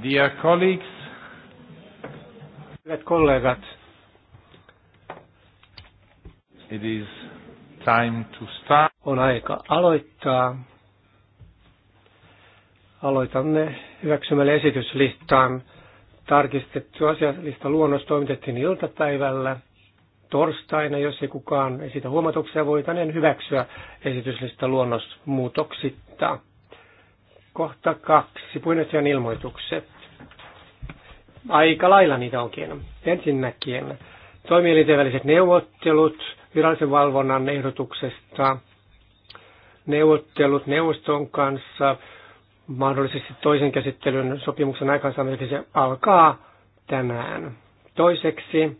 Dear colleagues, hyvät kollegat, it is time to start. On aika aloittaa. Aloitamme hyväksymällä esityslistaan. Tarkistettu asialista luonnos toimitettiin iltapäivällä torstaina, jos ei kukaan esitä huomatuksia, voitaneen hyväksyä esityslista luonnos muutoksittaa. Kohta kaksi, puheenjohtajan ilmoitukset. Aika lailla niitä onkin. Ensinnäkin toimielinten väliset neuvottelut virallisen valvonnan ehdotuksesta, neuvottelut neuvoston kanssa, mahdollisesti toisen käsittelyn sopimuksen aikaansaamiseksi se alkaa tänään. Toiseksi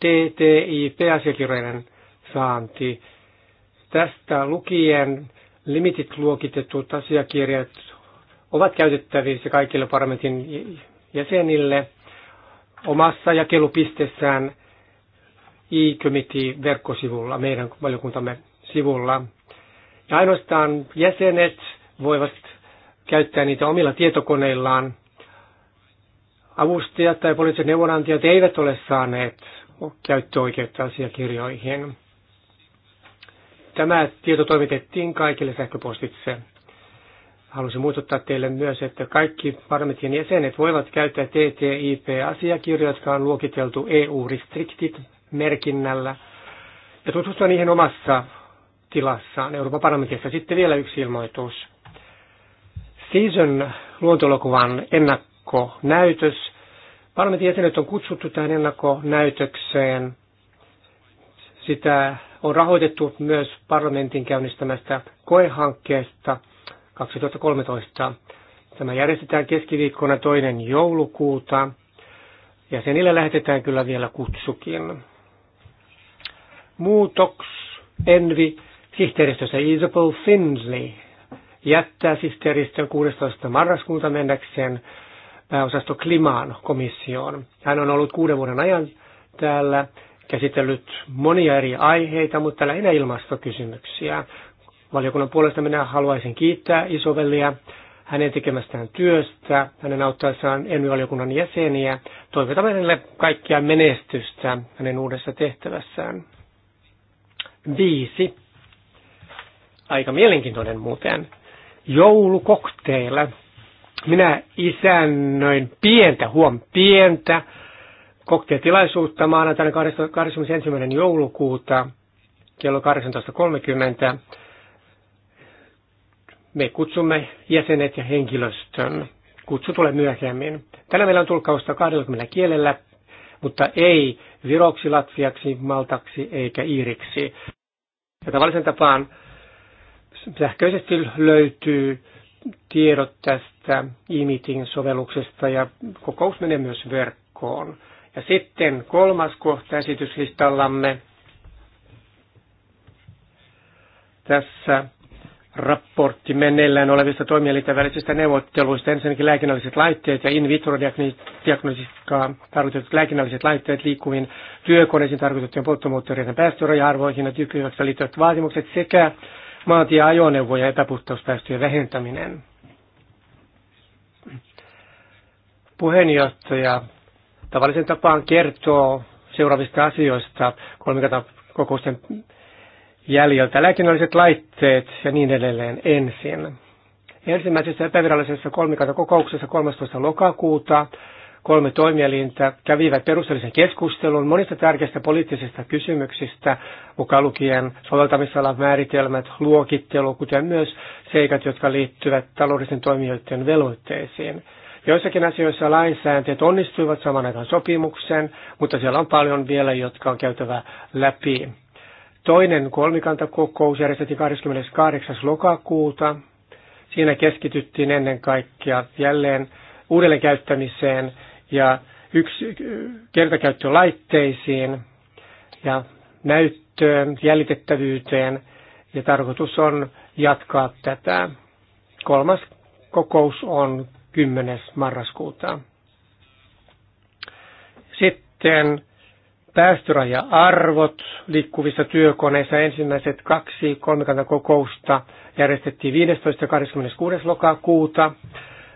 TTIP-asiakirjojen saanti. Tästä lukien limitit luokitetut asiakirjat ovat käytettävissä kaikille parlamentin jäsenille omassa jakelupisteessään e-committee-verkkosivulla, meidän valiokuntamme sivulla. Ja ainoastaan jäsenet voivat käyttää niitä omilla tietokoneillaan. Avustajat tai poliittiset neuvonantajat eivät ole saaneet käyttöoikeutta asiakirjoihin. Tämä tieto toimitettiin kaikille sähköpostitse. Haluaisin muistuttaa teille myös, että kaikki parlamentin jäsenet voivat käyttää TTIP-asiakirjoja, jotka on luokiteltu eu restrictit merkinnällä ja tutustua niihin omassa tilassaan Euroopan parlamentissa. Sitten vielä yksi ilmoitus. Season luontolokuvan ennakkonäytös. Parlamentin jäsenet on kutsuttu tähän ennakkonäytökseen. Sitä on rahoitettu myös parlamentin käynnistämästä koehankkeesta – 2013. Tämä järjestetään keskiviikkona toinen joulukuuta ja senillä lähetetään kyllä vielä kutsukin. Muutoks Envi sihteeristössä Isabel Finley jättää sihteeristön 16. marraskuuta mennäkseen pääosasto Klimaan komissioon. Hän on ollut kuuden vuoden ajan täällä käsitellyt monia eri aiheita, mutta lähinnä ilmastokysymyksiä. Valiokunnan puolesta minä haluaisin kiittää Isovellia hänen tekemästään työstä, hänen auttaessaan ENMY-valiokunnan jäseniä. Toivotamme hänelle kaikkia menestystä hänen uudessa tehtävässään. Viisi. Aika mielenkiintoinen muuten. Joulukokteilla. Minä isännöin pientä, huom, pientä kokteetilaisuutta maanantaina 21. joulukuuta kello 18.30 me kutsumme jäsenet ja henkilöstön. Kutsu tulee myöhemmin. Tänään meillä on tulkausta 20 kielellä, mutta ei viroksi, latviaksi, maltaksi eikä iiriksi. Ja tavallisen tapaan sähköisesti löytyy tiedot tästä e sovelluksesta ja kokous menee myös verkkoon. Ja sitten kolmas kohta esityslistallamme. Tässä raportti meneillään olevista toimielinten välisistä neuvotteluista. Ensinnäkin lääkinnälliset laitteet ja in vitro diagnostiikkaa tarkoitetut lääkinnälliset laitteet liikkuviin työkoneisiin tarkoitettujen polttomoottoreiden päästöraja-arvoihin ja tykyväksi liittyvät vaatimukset sekä maantie-ajoneuvoja epäpuhtauspäästöjen vähentäminen. Puheenjohtaja tavallisen tapaan kertoo seuraavista asioista kolmikata kokousten jäljeltä lääkinnälliset laitteet ja niin edelleen ensin. Ensimmäisessä epävirallisessa kolmikantakokouksessa 13. lokakuuta kolme toimielintä kävivät perusteellisen keskustelun monista tärkeistä poliittisista kysymyksistä, mukaan lukien soveltamisalan määritelmät, luokittelu, kuten myös seikat, jotka liittyvät taloudellisten toimijoiden velvoitteisiin. Joissakin asioissa lainsäänteet onnistuivat saman aikaan sopimuksen, mutta siellä on paljon vielä, jotka on käytävä läpi. Toinen kolmikantakokous järjestettiin 28. lokakuuta. Siinä keskityttiin ennen kaikkea jälleen uudelleenkäyttämiseen ja yksi kertakäyttölaitteisiin ja näyttöön, jäljitettävyyteen ja tarkoitus on jatkaa tätä. Kolmas kokous on 10. marraskuuta. Sitten päästöraja-arvot liikkuvissa työkoneissa. Ensimmäiset kaksi kokousta järjestettiin 15. ja 26. lokakuuta.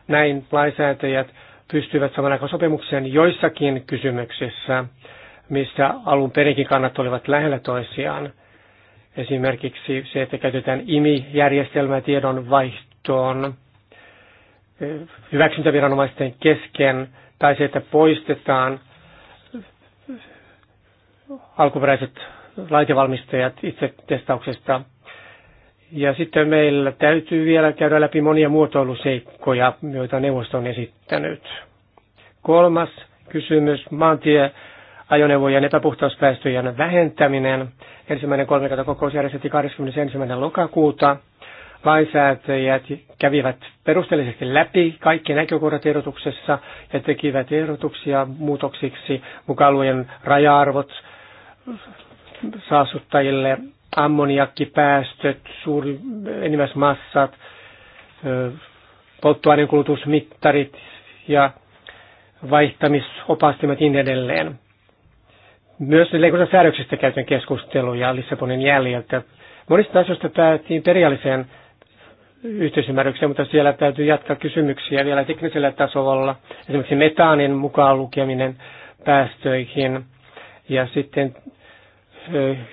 Näin lainsäätäjät pystyivät saman aikaan sopimukseen joissakin kysymyksissä, missä alun perinkin kannat olivat lähellä toisiaan. Esimerkiksi se, että käytetään IMI-järjestelmää tiedon vaihtoon eh, hyväksyntäviranomaisten kesken, tai se, että poistetaan – alkuperäiset laitevalmistajat itse testauksesta. Ja sitten meillä täytyy vielä käydä läpi monia muotoiluseikkoja, joita neuvosto on esittänyt. Kolmas kysymys, maantie ajoneuvojen epäpuhtauspäästöjen vähentäminen. Ensimmäinen kolmikata kokous järjestettiin 21. lokakuuta. Lainsäätäjät kävivät perusteellisesti läpi kaikki näkökohdat ehdotuksessa ja tekivät ehdotuksia muutoksiksi, mukaan raja-arvot, saastuttajille, ammoniakkipäästöt, suuri, enimmäismassat, polttoaineen kulutusmittarit ja vaihtamisopastimet niin edelleen. Myös leikunnan säädöksistä käytiin keskusteluja Lissabonin jäljiltä. Monista asioista päättiin periaaliseen yhteisymmärrykseen, mutta siellä täytyy jatkaa kysymyksiä vielä teknisellä tasolla. Esimerkiksi metaanin mukaan lukeminen päästöihin – ja sitten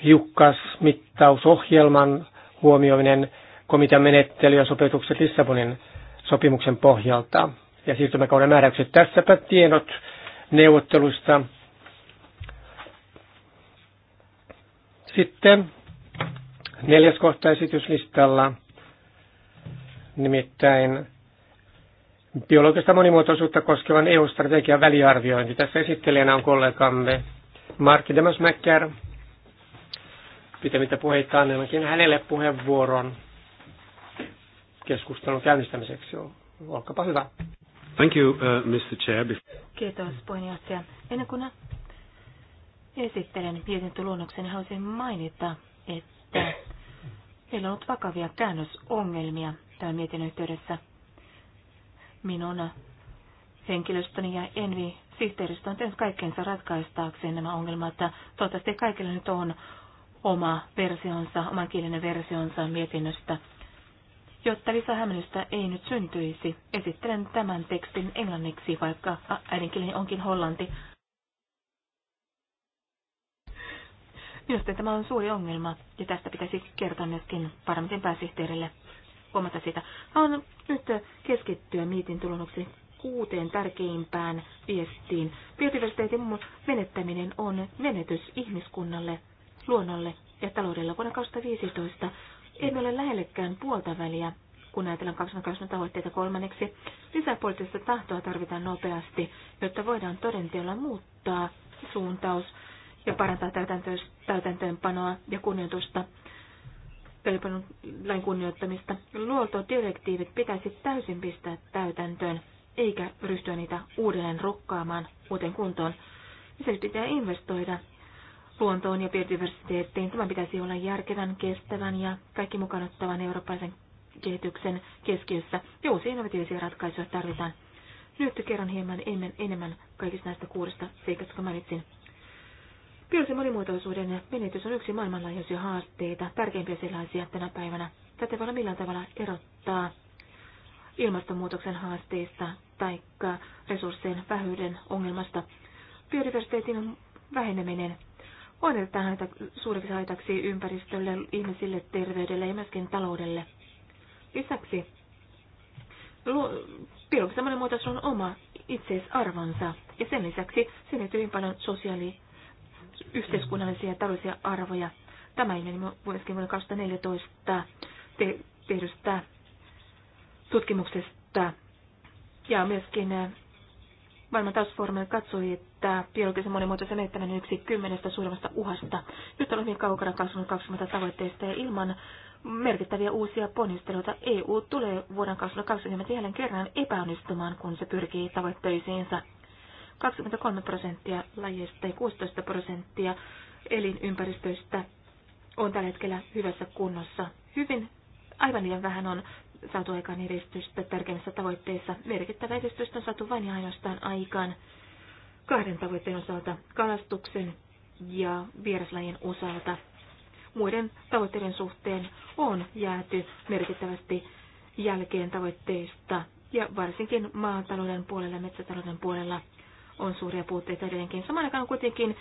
hiukkasmittausohjelman huomioiminen, komitean menettely ja sopetukset Lissabonin sopimuksen pohjalta ja siirtymäkauden määräykset. Tässäpä tiedot neuvotteluista. Sitten neljäs kohta esityslistalla, nimittäin biologista monimuotoisuutta koskevan EU-strategian väliarviointi. Tässä esittelijänä on kollegamme Markki Demasmäkkär pitemmittä puheita annankin hänelle puheenvuoron keskustelun käynnistämiseksi. Olkaapa hyvä. Thank you, uh, Mr. Chair. Kiitos puheenjohtaja. Ennen kuin esittelen mietintöluonnoksen, haluaisin mainita, että meillä on ollut vakavia käännösongelmia tämän mietinnön yhteydessä. Minun henkilöstöni ja Envi Sihteeristö on tehnyt kaikkensa ratkaistaakseen nämä ongelmat. Toivottavasti kaikilla nyt on oma versionsa, oman kielinen versionsa mietinnöstä. Jotta lisähämmennystä ei nyt syntyisi, esittelen tämän tekstin englanniksi, vaikka äidinkieleni onkin hollanti. Minusta tämä on suuri ongelma, ja tästä pitäisi kertoa myöskin parlamentin pääsihteerille huomata sitä. Haluan nyt keskittyä mietin tulonnuksiin kuuteen tärkeimpään viestiin. Biodiversiteetin menettäminen on menetys ihmiskunnalle, luonnolle ja taloudelle vuonna 2015. Emme ole lähellekään puolta väliä, kun ajatellaan 2020 tavoitteita kolmanneksi. Lisäpoliittista tahtoa tarvitaan nopeasti, jotta voidaan todenteolla muuttaa suuntaus ja parantaa täytäntöönpanoa ja kunnioitusta lain kunnioittamista. Luoltodirektiivit pitäisi täysin pistää täytäntöön eikä ryhtyä niitä uudelleen rukkaamaan uuteen kuntoon. Se pitää investoida luontoon ja biodiversiteettiin. Tämä pitäisi olla järkevän, kestävän ja kaikki mukaan ottavan eurooppalaisen kehityksen keskiössä. Ja uusia innovatiivisia ratkaisuja tarvitaan. Nyt kerron hieman enemmän kaikista näistä kuudesta seikasta, jotka mainitsin. Biologisen monimuotoisuuden menetys on yksi maailmanlaajuisia haasteita, tärkeimpiä sellaisia tänä päivänä. Tätä ei voi millään tavalla erottaa ilmastonmuutoksen haasteista tai resurssien vähyyden ongelmasta. Biodiversiteetin väheneminen voi näyttää haita, suuriksi haitaksi ympäristölle, ihmisille, terveydelle ja myöskin taloudelle. Lisäksi biologisen monimuotoisuus on oma itseisarvonsa ja sen lisäksi sinne hyvin paljon sosiaali- yhteiskunnallisia ja taloudellisia arvoja. Tämä ilmeni myöskin vuonna 2014 te- tehdystä tutkimuksesta ja myöskin eh, maailman talousfoorumi katsoi, että biologisen monimuotoisen menettäminen yksi kymmenestä suurimmasta uhasta. Nyt on hyvin kaukana 2020 tavoitteista ja ilman merkittäviä uusia ponnisteluita EU tulee vuoden 2020 jälleen kerran epäonnistumaan, kun se pyrkii tavoitteisiinsa. 23 prosenttia lajeista ja 16 prosenttia elinympäristöistä on tällä hetkellä hyvässä kunnossa. Hyvin aivan liian vähän on saatu aikaan edistystä tärkeimmissä tavoitteissa. Merkittävä edistystä on saatu vain ja ainoastaan aikaan kahden tavoitteen osalta, kalastuksen ja vieraslajien osalta. Muiden tavoitteiden suhteen on jääty merkittävästi jälkeen tavoitteista ja varsinkin maatalouden puolella ja metsätalouden puolella on suuria puutteita edelleenkin. Samaan aikaan kuitenkin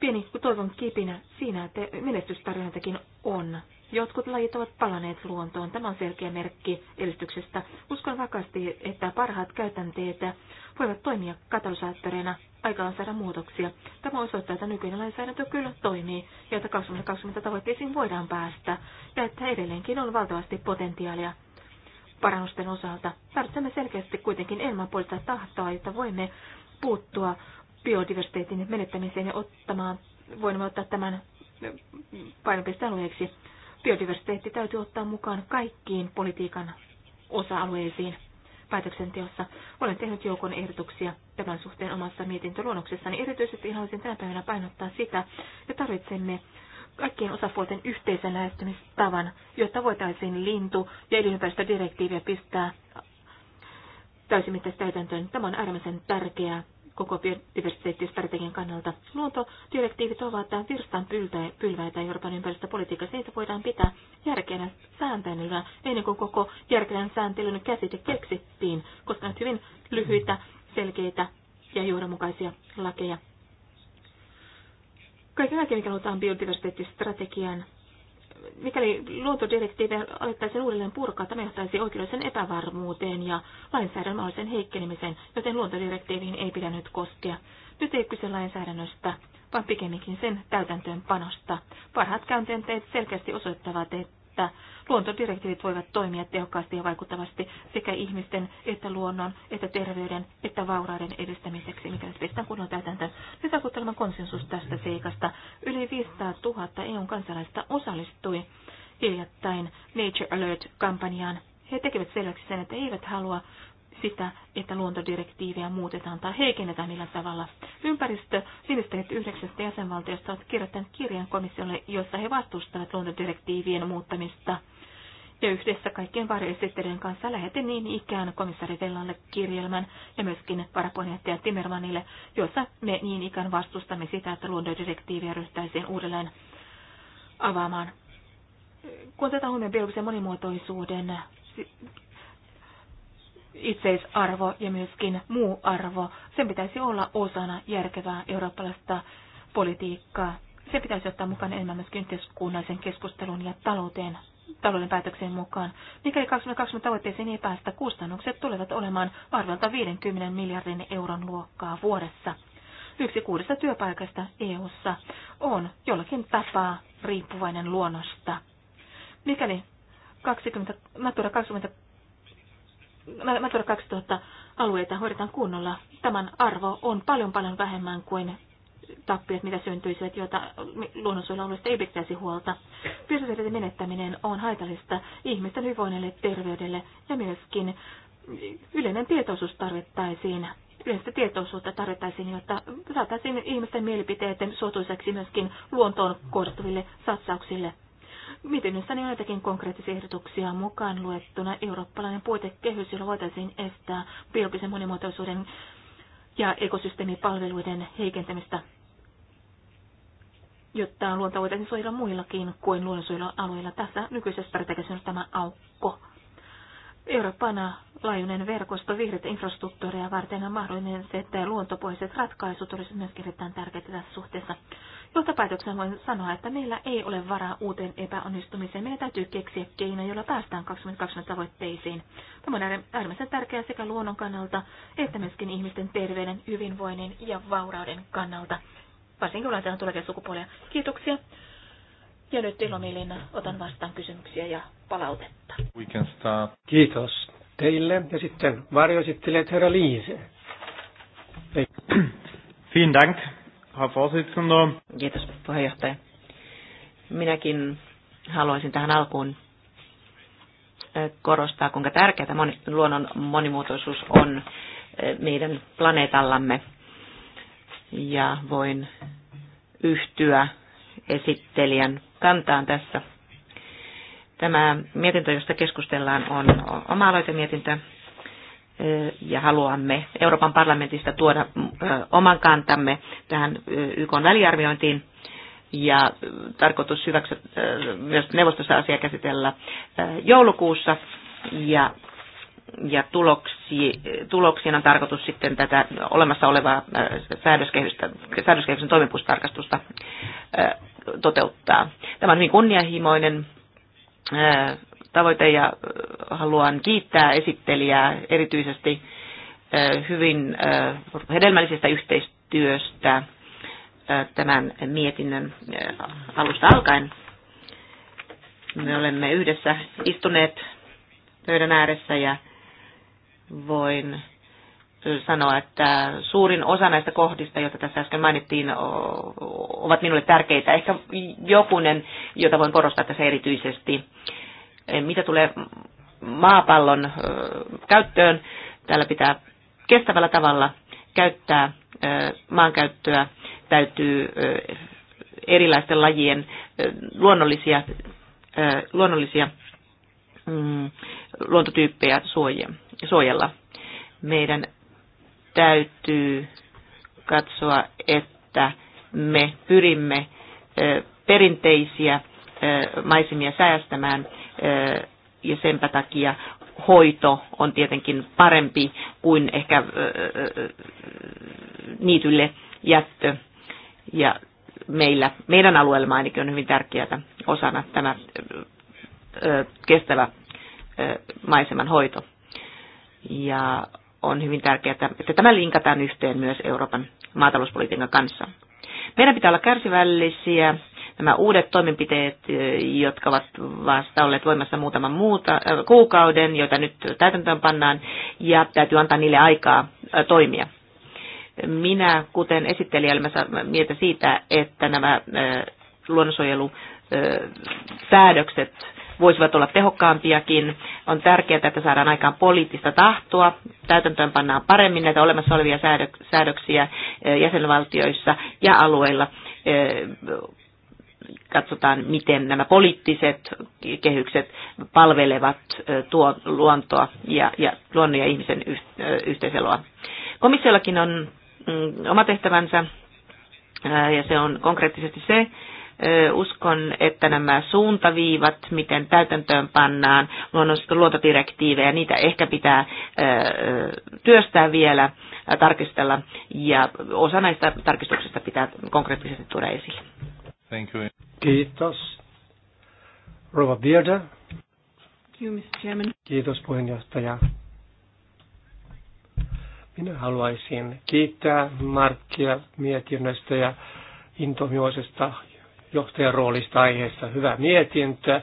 pieni toivon kipinä siinä, että menestystarinatakin on. Jotkut lajit ovat palaneet luontoon. Tämä on selkeä merkki edistyksestä. Uskon vakaasti, että parhaat käytänteet voivat toimia katalysaattoreina on saada muutoksia. Tämä osoittaa, että nykyinen lainsäädäntö kyllä toimii ja että 2020 tavoitteisiin voidaan päästä ja että edelleenkin on valtavasti potentiaalia parannusten osalta. Tarvitsemme selkeästi kuitenkin enemmän poliittista tahtoa, että voimme puuttua biodiversiteetin menettämiseen ja ottamaan, voimme ottaa tämän painopistealueeksi. Biodiversiteetti täytyy ottaa mukaan kaikkiin politiikan osa-alueisiin päätöksenteossa. Olen tehnyt joukon ehdotuksia tämän suhteen omassa mietintöluonnoksessani. Erityisesti haluaisin tänä päivänä painottaa sitä, että tarvitsemme kaikkien osapuolten yhteisen lähestymistavan, jotta voitaisiin lintu- ja elinympäristödirektiiviä pistää täysimittaisesti täytäntöön. Tämä on äärimmäisen tärkeää koko diversiteettistrategian kannalta. Luontodirektiivit ovat virstan pylväitä Euroopan ympäristöpolitiikassa. Niitä voidaan pitää järkeänä sääntelynä ennen kuin koko järkeän sääntelyn käsite keksittiin, koska ne ovat hyvin lyhyitä, selkeitä ja johdonmukaisia lakeja. Kaiken jälkeen, mikä halutaan biodiversiteettistrategian mikäli luontodirektiivi alettaisiin uudelleen purkaa, tämä johtaisi oikeudellisen epävarmuuteen ja lainsäädännön mahdollisen heikkenemiseen, joten luontodirektiiviin ei pidä nyt koskea. Nyt ei kyse lainsäädännöstä, vaan pikemminkin sen täytäntöönpanosta. Parhaat käyntenteet selkeästi osoittavat, että Luontodirektiivit voivat toimia tehokkaasti ja vaikuttavasti sekä ihmisten, että luonnon, että terveyden, että vaurauden edistämiseksi, mikä nyt pistetään kunnolla täytäntöön. Nyt konsensus tästä seikasta. Yli 500 000 eu kansalaista osallistui hiljattain Nature Alert-kampanjaan. He tekevät selväksi sen, että he eivät halua sitä, että luontodirektiiviä muutetaan tai heikennetään millä tavalla. Ympäristöministerit yhdeksästä jäsenvaltiosta ovat kirjoittaneet kirjan komissiolle, jossa he vastustavat luontodirektiivien muuttamista ja yhdessä kaikkien varjoesittelyjen kanssa lähetin niin ikään komissari Vellalle kirjelmän ja myöskin varapuheenjohtaja Timmermanille, jossa me niin ikään vastustamme sitä, että luontodirektiiviä ryhtäisiin uudelleen avaamaan. Kun otetaan huomioon biologisen monimuotoisuuden itseisarvo ja myöskin muu arvo, sen pitäisi olla osana järkevää eurooppalaista politiikkaa. Se pitäisi ottaa mukaan enemmän myöskin yhteiskunnallisen keskustelun ja talouteen talouden päätöksien mukaan. Mikäli 2020 tavoitteeseen ei päästä, kustannukset tulevat olemaan arvelta 50 miljardin euron luokkaa vuodessa. Yksi kuudesta työpaikasta EU:ssa on jollakin tapaa riippuvainen luonnosta. Mikäli 20, Natura 20 Natura 2000 alueita hoidetaan kunnolla, tämän arvo on paljon paljon vähemmän kuin tappiot, mitä syntyisivät, joita luonnonsuojelualueista ei pitäisi huolta. Biodiversiteetin menettäminen on haitallista ihmisten hyvinvoinnille, terveydelle ja myöskin yleinen tietoisuus tarvittaisiin yleistä tietoisuutta tarvittaisiin, jotta saataisiin ihmisten mielipiteiden suotuiseksi myöskin luontoon kohdistuville satsauksille. nyt on joitakin konkreettisia ehdotuksia mukaan luettuna eurooppalainen puitekehys, jolla voitaisiin estää biologisen monimuotoisuuden ja ekosysteemipalveluiden heikentämistä jotta luonto voitaisiin suojella muillakin kuin luonnonsuojelualueilla. Tässä nykyisessä strategiassa on tämä aukko. Euroopan laajuinen verkosto vihreät infrastruktuuria varten on mahdollinen se, että luontopoiset ratkaisut olisivat myös erittäin tärkeitä tässä suhteessa. Johtopäätöksen voin sanoa, että meillä ei ole varaa uuteen epäonnistumiseen. Meidän täytyy keksiä keino, jolla päästään 2020 tavoitteisiin. Tämä on äärimmäisen tärkeää sekä luonnon kannalta että myöskin ihmisten terveyden, hyvinvoinnin ja vaurauden kannalta varsinkin kun ajatellaan tulevia sukupuolia. Kiitoksia. Ja nyt ilomielin otan vastaan kysymyksiä ja palautetta. We can start. Kiitos teille. Ja sitten varjoesittelijät herra Liise. Vielen Dank, Herr Vorsitzender. Kiitos puheenjohtaja. Minäkin haluaisin tähän alkuun korostaa, kuinka tärkeää luonnon monimuotoisuus on meidän planeetallamme ja voin yhtyä esittelijän kantaan tässä. Tämä mietintö, josta keskustellaan, on oma aloitemietintö ja haluamme Euroopan parlamentista tuoda oman kantamme tähän YK väliarviointiin ja tarkoitus hyväksyä myös neuvostossa asia käsitellä joulukuussa ja ja tuloksi, tuloksiin on tarkoitus sitten tätä olemassa olevaa äh, säädöskehyksen toimipuustarkastusta äh, toteuttaa. Tämä on hyvin kunnianhimoinen äh, tavoite ja haluan kiittää esittelijää erityisesti hyvin hedelmällisestä yhteistyöstä tämän mietinnön alusta alkaen. Me olemme yhdessä istuneet pöydän ääressä ja voin sanoa, että suurin osa näistä kohdista, joita tässä äsken mainittiin, ovat minulle tärkeitä. Ehkä jokunen, jota voin korostaa tässä erityisesti. Mitä tulee maapallon käyttöön, täällä pitää kestävällä tavalla käyttää maankäyttöä, täytyy erilaisten lajien luonnollisia, luonnollisia mm, luontotyyppejä suojia suojella. Meidän täytyy katsoa, että me pyrimme perinteisiä maisemia säästämään ja senpä takia hoito on tietenkin parempi kuin ehkä niitylle jättö. Ja meillä, meidän alueella ainakin on hyvin tärkeää osana tämä kestävä maiseman hoito. Ja on hyvin tärkeää, että tämä linkataan yhteen myös Euroopan maatalouspolitiikan kanssa. Meidän pitää olla kärsivällisiä. Nämä uudet toimenpiteet, jotka ovat vasta olleet voimassa muutaman muuta, kuukauden, joita nyt täytäntöön pannaan, ja täytyy antaa niille aikaa toimia. Minä, kuten esittelijä, olen mieltä siitä, että nämä luonnonsuojelusäädökset, voisivat olla tehokkaampiakin. On tärkeää, että saadaan aikaan poliittista tahtoa, täytäntöön pannaan paremmin näitä olemassa olevia säädöksiä jäsenvaltioissa ja alueilla katsotaan, miten nämä poliittiset kehykset palvelevat tuo luontoa ja, ja luonnon ja ihmisen yhteiseloa. Komissiollakin on mm, oma tehtävänsä, ja se on konkreettisesti se, Uskon, että nämä suuntaviivat, miten täytäntöön pannaan luonnollisesti luontodirektiivejä, niitä ehkä pitää työstää vielä, tarkistella, ja osa näistä tarkistuksista pitää konkreettisesti tuoda esille. Thank you. Kiitos. Rova Bierda. Kiitos puheenjohtaja. Minä haluaisin kiittää Markkia mietinnöstä ja intohimoisesta johtajan roolista aiheessa. Hyvä mietintö,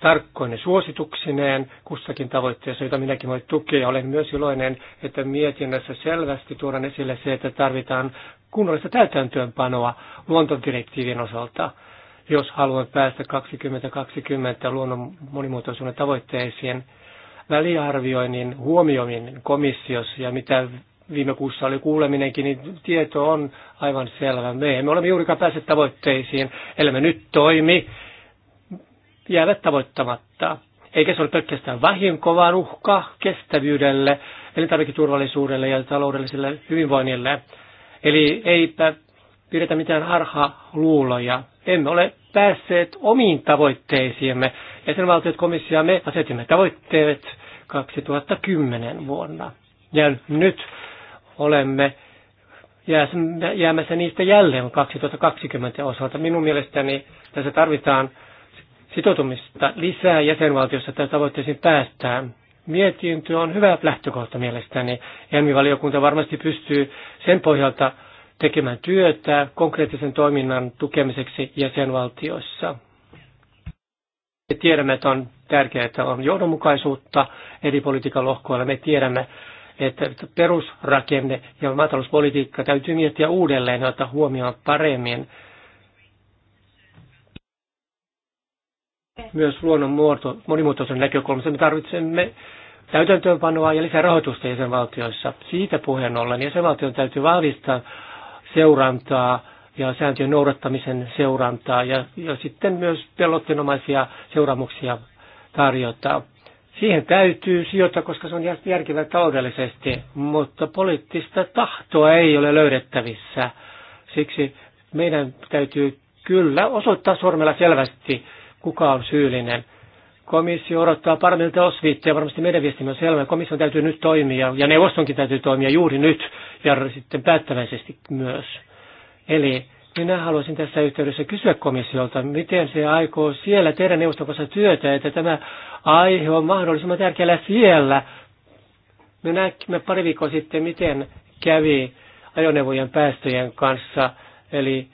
tarkkoinen suosituksineen kussakin tavoitteessa, jota minäkin voin tukea. Olen myös iloinen, että mietinnässä selvästi tuodaan esille se, että tarvitaan kunnollista täytäntöönpanoa luontodirektiivin osalta, jos haluan päästä 2020 luonnon monimuotoisuuden tavoitteisiin väliarvioinnin huomioiminen komissiossa ja mitä viime kuussa oli kuuleminenkin, niin tieto on aivan selvä. Me emme ole juurikaan päässeet tavoitteisiin, ellei me nyt toimi, jäävät tavoittamatta. Eikä se ole pelkästään vahinko, vaan uhka kestävyydelle, elintarviketurvallisuudelle ja taloudelliselle hyvinvoinnille. Eli eipä pidetä mitään harha luuloja. Emme ole päässeet omiin tavoitteisiimme. Jäsenvaltiot komissio me asetimme tavoitteet 2010 vuonna. Ja nyt olemme jäämässä niistä jälleen 2020 osalta. Minun mielestäni tässä tarvitaan sitoutumista lisää jäsenvaltiossa että tavoitteisiin päästään. Mietintö on hyvä lähtökohta mielestäni. Enmivaliokunta varmasti pystyy sen pohjalta tekemään työtä konkreettisen toiminnan tukemiseksi jäsenvaltioissa. Me tiedämme, että on tärkeää, että on johdonmukaisuutta eri politiikan lohkoilla. Me tiedämme, että perusrakenne ja maatalouspolitiikka täytyy miettiä uudelleen ja ottaa huomioon paremmin myös luonnon muoto, monimuotoisen näkökulmasta. Me tarvitsemme täytäntöönpanoa ja lisää rahoitusta jäsenvaltioissa. Siitä puheen ollen jäsenvaltion täytyy vahvistaa seurantaa ja sääntöjen noudattamisen seurantaa ja, ja sitten myös pelottinomaisia seuraamuksia tarjota. Siihen täytyy sijoittaa, koska se on järkevää taloudellisesti, mutta poliittista tahtoa ei ole löydettävissä. Siksi meidän täytyy kyllä osoittaa sormella selvästi, kuka on syyllinen. Komissio odottaa paremmilta osviitteja, varmasti meidän viestimme on selvä. Komissio täytyy nyt toimia, ja neuvostonkin täytyy toimia juuri nyt, ja sitten päättäväisesti myös. Eli minä haluaisin tässä yhteydessä kysyä komissiolta, miten se aikoo siellä tehdä neuvostokossa työtä, että tämä aihe on mahdollisimman tärkeällä siellä. Me näimme pari viikkoa sitten, miten kävi ajoneuvojen päästöjen kanssa, eli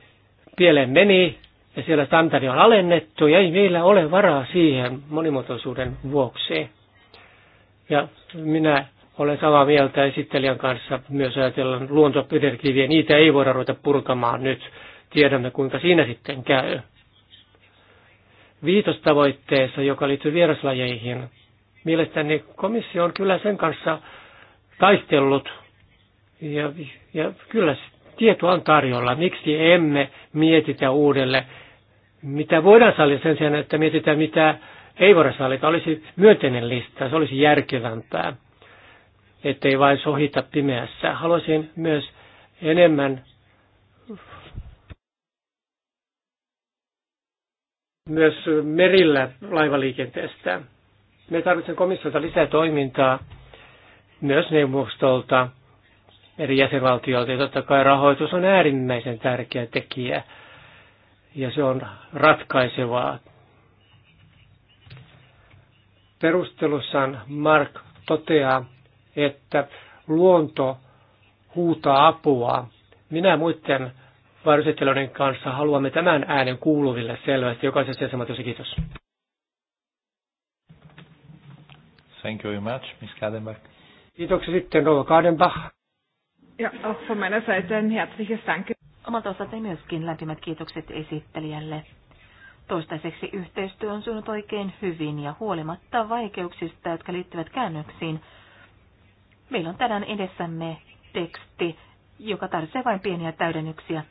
pieleen meni ja siellä standardi on alennettu ja ei meillä ole varaa siihen monimuotoisuuden vuoksi. Ja minä olen samaa mieltä esittelijän kanssa myös ajatellaan luontodirektiiviä. Niitä ei voida ruveta purkamaan nyt tiedämme kuinka siinä sitten käy. Viitostavoitteessa, joka liittyy vieraslajeihin, mielestäni komissio on kyllä sen kanssa taistellut ja, ja kyllä tietoa on tarjolla. Miksi emme mietitä uudelle, mitä voidaan sallia sen sijaan, että mietitään mitä ei voida sallita. Olisi myönteinen lista, se olisi järkevämpää, ettei vain sohita pimeässä. Haluaisin myös enemmän myös merillä laivaliikenteestä. Me tarvitsemme komissiolta lisää toimintaa myös neuvostolta eri jäsenvaltioilta. Ja totta kai rahoitus on äärimmäisen tärkeä tekijä ja se on ratkaisevaa. Perustelussaan Mark toteaa, että luonto huutaa apua. Minä muiden varusettelijoiden kanssa. Haluamme tämän äänen kuuluville selvästi jokaisessa jäsenmatossa Kiitos. Thank you very much, Ms. Kadenbach. Kiitoksia sitten Rova Kadenbach. Ja auch von meiner Seite ein herzliches Danke. Omalta osalta myöskin lämpimät kiitokset esittelijälle. Toistaiseksi yhteistyö on sujunut oikein hyvin ja huolimatta vaikeuksista, jotka liittyvät käännöksiin, meillä on tänään edessämme teksti, joka tarvitsee vain pieniä täydennyksiä.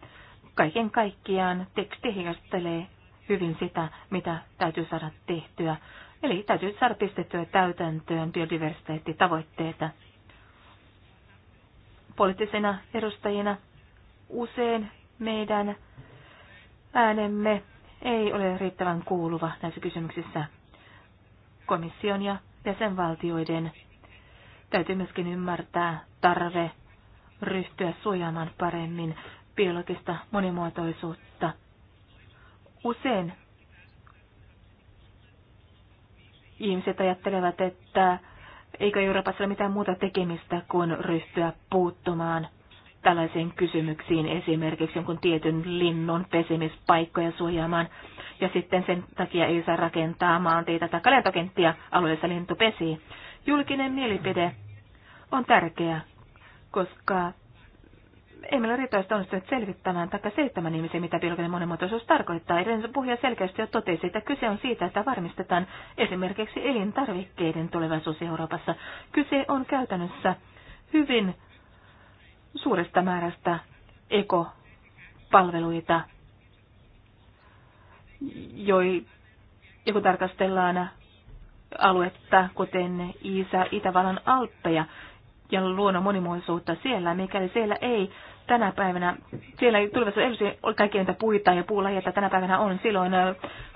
Kaiken kaikkiaan teksti heijastelee hyvin sitä, mitä täytyy saada tehtyä. Eli täytyy saada pistettyä täytäntöön biodiversiteettitavoitteita. Poliittisena edustajina usein meidän äänemme ei ole riittävän kuuluva näissä kysymyksissä. Komission ja jäsenvaltioiden täytyy myöskin ymmärtää tarve ryhtyä suojaamaan paremmin biologista monimuotoisuutta. Usein ihmiset ajattelevat, että eikö Euroopassa ole mitään muuta tekemistä kuin ryhtyä puuttumaan tällaisiin kysymyksiin, esimerkiksi jonkun tietyn linnun pesimispaikkoja suojaamaan, ja sitten sen takia ei saa rakentaa maanteita tai lentokenttiä alueessa lintu pesii. Julkinen mielipide on tärkeä, koska ei meillä riittävästi onnistunut selvittämään taikka selittämään ihmisiä, mitä biologinen monimuotoisuus tarkoittaa. Edellinen puhuja selkeästi jo totesi, että kyse on siitä, että varmistetaan esimerkiksi elintarvikkeiden tulevaisuus Euroopassa. Kyse on käytännössä hyvin suuresta määrästä ekopalveluita, joi, ja kun tarkastellaan aluetta, kuten Iisa, Itävallan alppeja, ja luonnon monimuotoisuutta siellä, mikäli siellä ei tänä päivänä, siellä ei tulevaisuudessa ei ole kaikkia niitä puita ja puulajia, että tänä päivänä on, silloin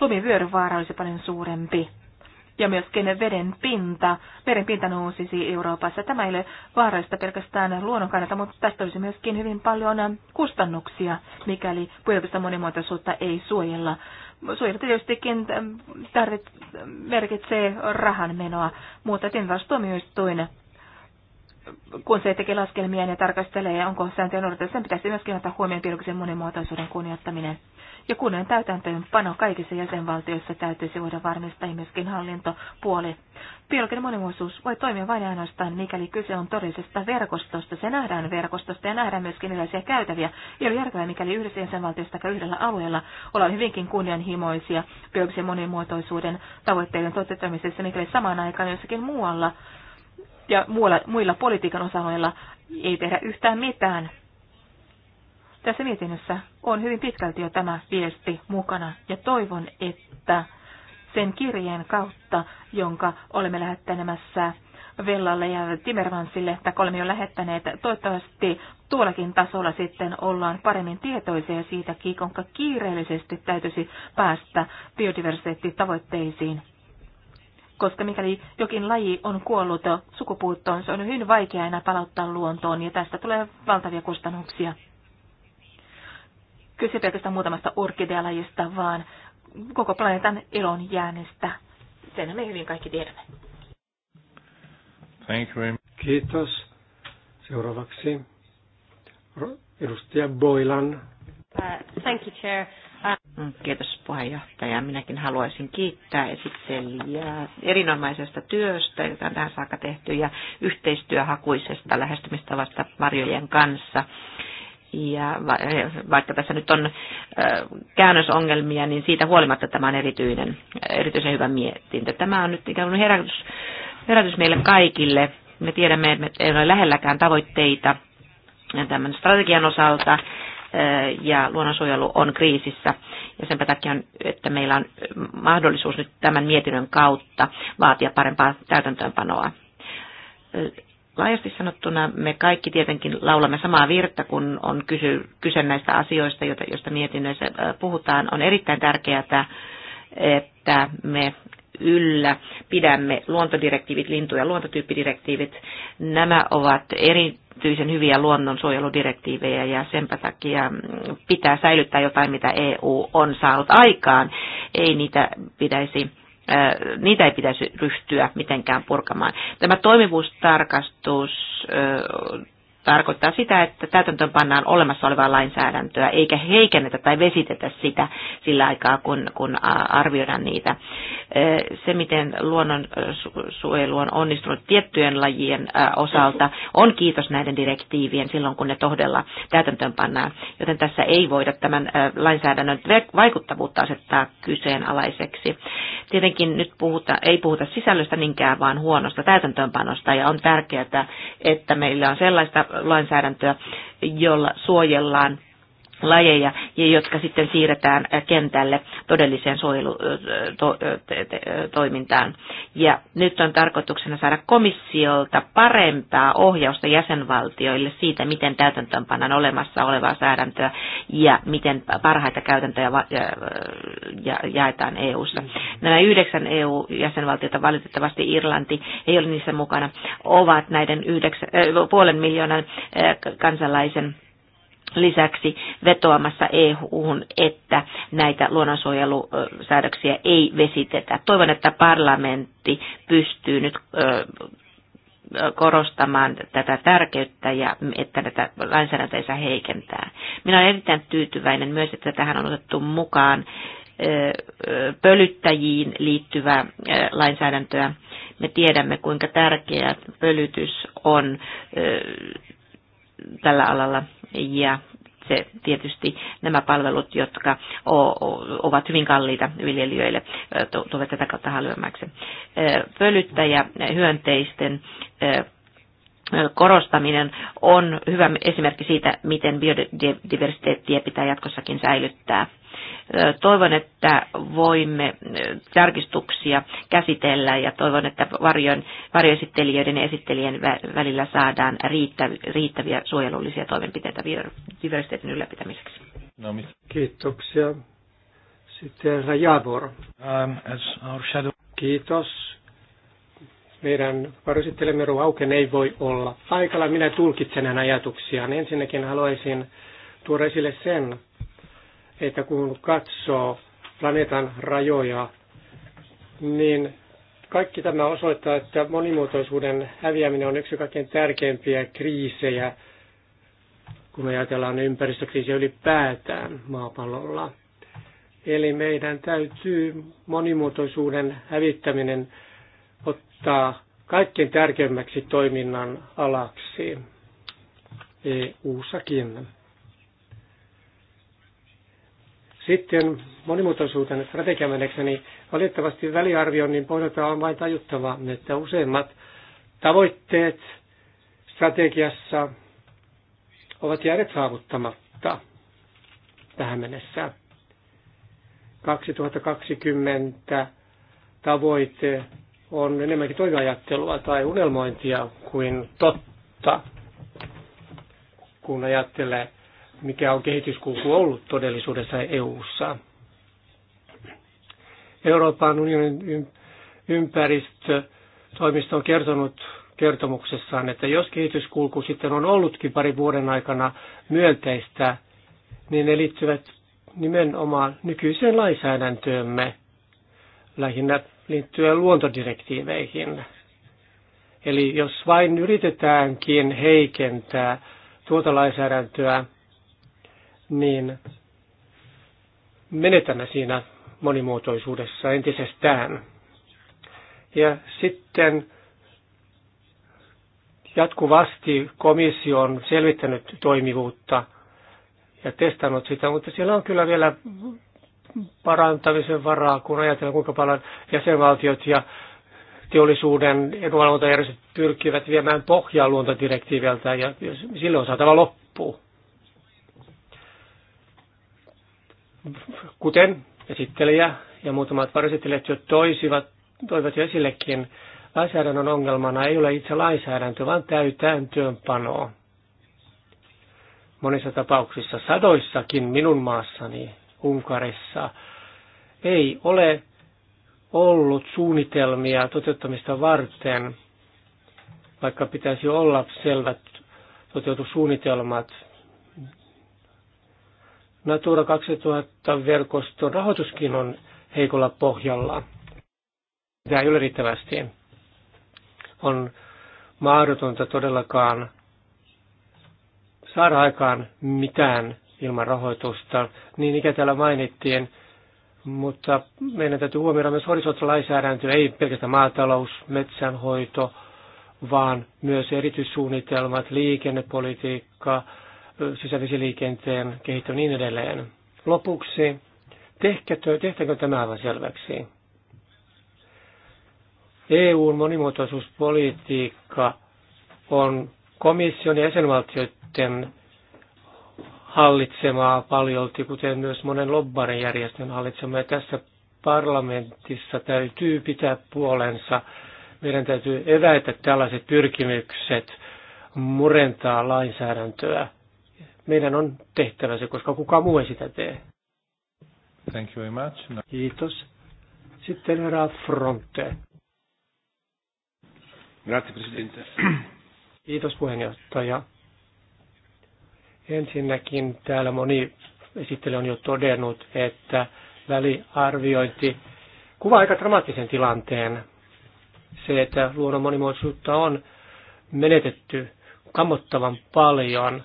lumivyöryvaara olisi paljon suurempi. Ja myöskin veden pinta, meren pinta nousisi Euroopassa. Tämä ei ole vaarallista pelkästään luonnon kannalta, mutta tästä olisi myöskin hyvin paljon kustannuksia, mikäli puolivista monimuotoisuutta ei suojella. Suojelu tietystikin tarvit, merkitsee rahan menoa, mutta tietysti tuomioistuin kun se tekee laskelmia ja tarkastelee, onko sääntöjä noudatettu, sen pitäisi myöskin ottaa huomioon biologisen monimuotoisuuden kunnioittaminen. Ja täytäntöön täytäntöönpano kaikissa jäsenvaltioissa täytyisi voida varmistaa myöskin hallintopuoli. Biologinen monimuotoisuus voi toimia vain ainoastaan, mikäli kyse on todellisesta verkostosta. Se nähdään verkostosta ja nähdään myöskin erilaisia käytäviä. Ei ole järkevää, mikäli yhdessä jäsenvaltiosta tai yhdellä alueella ollaan hyvinkin kunnianhimoisia biologisen monimuotoisuuden tavoitteiden toteuttamisessa, mikäli samaan aikaan jossakin muualla ja muilla, muilla politiikan osa-alueilla ei tehdä yhtään mitään. Tässä mietinnössä on hyvin pitkälti jo tämä viesti mukana ja toivon, että sen kirjeen kautta, jonka olemme lähettänemässä Vellalle ja Timmermansille, tai olemme jo lähettäneet. Toivottavasti tuollakin tasolla sitten ollaan paremmin tietoisia siitä, kuinka kiireellisesti täytyisi päästä biodiversiteettitavoitteisiin koska mikäli jokin laji on kuollut sukupuuttoon, se on hyvin vaikea enää palauttaa luontoon ja tästä tulee valtavia kustannuksia. Kyse pelkästään muutamasta orkidealajista, vaan koko planeetan elon jäänestä. Sen me hyvin kaikki tiedämme. Thank you. Kiitos. Seuraavaksi edustaja Boylan. Uh, thank you, Chair. Kiitos puheenjohtaja. Minäkin haluaisin kiittää esittelijää erinomaisesta työstä, jota tähän saakka tehty, ja yhteistyöhakuisesta lähestymistavasta varjojen kanssa. Ja vaikka tässä nyt on käännösongelmia, niin siitä huolimatta tämä on erityinen, erityisen hyvä mietintö. Tämä on nyt ikään kuin herätys, herätys meille kaikille. Me tiedämme, että me ei ole lähelläkään tavoitteita tämän strategian osalta, ja luonnonsuojelu on kriisissä. Ja sen takia, on, että meillä on mahdollisuus nyt tämän mietinnön kautta vaatia parempaa täytäntöönpanoa. Laajasti sanottuna me kaikki tietenkin laulamme samaa virttä, kun on kysy, kyse näistä asioista, joista mietinnöissä puhutaan. On erittäin tärkeää, että me yllä pidämme luontodirektiivit, lintu- ja luontotyyppidirektiivit. Nämä ovat erityisen hyviä luonnonsuojeludirektiivejä ja senpä takia pitää säilyttää jotain, mitä EU on saanut aikaan. Ei niitä pitäisi äh, niitä ei pitäisi ryhtyä mitenkään purkamaan. Tämä toimivuustarkastus äh, tarkoittaa sitä, että täytäntöön pannaan olemassa olevaa lainsäädäntöä, eikä heikennetä tai vesitetä sitä sillä aikaa, kun, kun arvioidaan niitä. Se, miten luonnonsuojelu on onnistunut tiettyjen lajien osalta, on kiitos näiden direktiivien silloin, kun ne todella täytäntöön pannaan. Joten tässä ei voida tämän lainsäädännön vaikuttavuutta asettaa kyseenalaiseksi. Tietenkin nyt puhuta, ei puhuta sisällöstä niinkään, vaan huonosta täytäntöönpanosta, ja on tärkeää, että meillä on sellaista lainsäädäntöä, jolla suojellaan lajeja, jotka sitten siirretään äh, kentälle todelliseen suojelutoimintaan. Äh, äh, ja nyt on tarkoituksena saada komissiolta parempaa ohjausta jäsenvaltioille siitä, miten täytäntöönpannan olemassa olevaa säädäntöä ja miten parhaita käytäntöjä jaetaan EU-ssa. Nämä yhdeksän EU-jäsenvaltiota, valitettavasti Irlanti ei ole niissä mukana, ovat näiden yhdeksän, äh, puolen miljoonan äh, kansalaisen lisäksi vetoamassa eu että näitä luonnonsuojelusäädöksiä ei vesitetä. Toivon, että parlamentti pystyy nyt korostamaan tätä tärkeyttä ja että tätä lainsäädäntöä heikentää. Minä olen erittäin tyytyväinen myös, että tähän on otettu mukaan pölyttäjiin liittyvää lainsäädäntöä. Me tiedämme, kuinka tärkeä pölytys on tällä alalla ja se tietysti nämä palvelut, jotka ovat hyvin kalliita viljelijöille, tulevat tätä kautta halvemmaksi. Pölyttäjä hyönteisten korostaminen on hyvä esimerkki siitä, miten biodiversiteettiä pitää jatkossakin säilyttää Toivon, että voimme tarkistuksia käsitellä ja toivon, että varjon, varjoesittelijöiden ja esittelijän välillä saadaan riittäviä suojelullisia toimenpiteitä diversiteetin ylläpitämiseksi. No, Kiitoksia. Sitten Javor. Um, Kiitos. Meidän varusittelemme Rauken ei voi olla paikalla. Minä tulkitsen hänen ajatuksiaan. Ensinnäkin haluaisin tuoda esille sen, että kun katsoo planeetan rajoja, niin kaikki tämä osoittaa, että monimuotoisuuden häviäminen on yksi kaikkein tärkeimpiä kriisejä, kun me ajatellaan ympäristökriisiä ylipäätään maapallolla. Eli meidän täytyy monimuotoisuuden hävittäminen ottaa kaikkein tärkeimmäksi toiminnan alaksi EU-sakin. Sitten monimuotoisuuden strategiamenekseni niin valitettavasti väliarvioinnin pohjalta on vain tajuttava, että useimmat tavoitteet strategiassa ovat jääneet saavuttamatta tähän mennessä. 2020 tavoite on enemmänkin toiveajattelua tai unelmointia kuin totta, kun ajattelee mikä on kehityskulku ollut todellisuudessa EU:ssa. Euroopan unionin ympäristötoimisto on kertonut kertomuksessaan, että jos kehityskulku sitten on ollutkin pari vuoden aikana myönteistä, niin ne liittyvät nimenomaan nykyiseen lainsäädäntöömme, lähinnä liittyen luontodirektiiveihin. Eli jos vain yritetäänkin heikentää tuota lainsäädäntöä, niin menetämme siinä monimuotoisuudessa entisestään. Ja sitten jatkuvasti komissio on selvittänyt toimivuutta ja testannut sitä, mutta siellä on kyllä vielä parantamisen varaa, kun ajatellaan kuinka paljon jäsenvaltiot ja teollisuuden edunvalvontajärjestöt pyrkivät viemään pohjaa luontodirektiiviltä ja sille on saatava loppuun. Kuten esittelijä ja muutamat varsittelijat jo toisivat, toivat jo esillekin, lainsäädännön ongelmana ei ole itse lainsäädäntö, vaan työnpanoa. Monissa tapauksissa, sadoissakin minun maassani, Unkarissa, ei ole ollut suunnitelmia toteuttamista varten, vaikka pitäisi olla selvät toteutussuunnitelmat Natura 2000-verkoston rahoituskin on heikolla pohjalla. Tämä ei ole riittävästi. On mahdotonta todellakaan saada aikaan mitään ilman rahoitusta, niin ikä täällä mainittiin, mutta meidän täytyy huomioida myös horisonttilainsäädäntö, ei pelkästään maatalous, metsänhoito, vaan myös erityissuunnitelmat, liikennepolitiikka, sisävesiliikenteen kehitto niin edelleen. Lopuksi, tehtäkö, tehtäkö tämä aivan selväksi? EUn monimuotoisuuspolitiikka on komission ja jäsenvaltioiden hallitsemaa paljolti, kuten myös monen lobbarin järjestön hallitsemaa. Ja tässä parlamentissa täytyy pitää puolensa. Meidän täytyy evätä tällaiset pyrkimykset murentaa lainsäädäntöä meidän on tehtävä se, koska kukaan muu ei sitä tee. Thank you very much. No. Kiitos. Sitten herra Fronte. Grazie, Presidente. Kiitos puheenjohtaja. Ensinnäkin täällä moni esittely on jo todennut, että väliarviointi kuvaa aika dramaattisen tilanteen. Se, että luonnon monimuotoisuutta on menetetty kammottavan paljon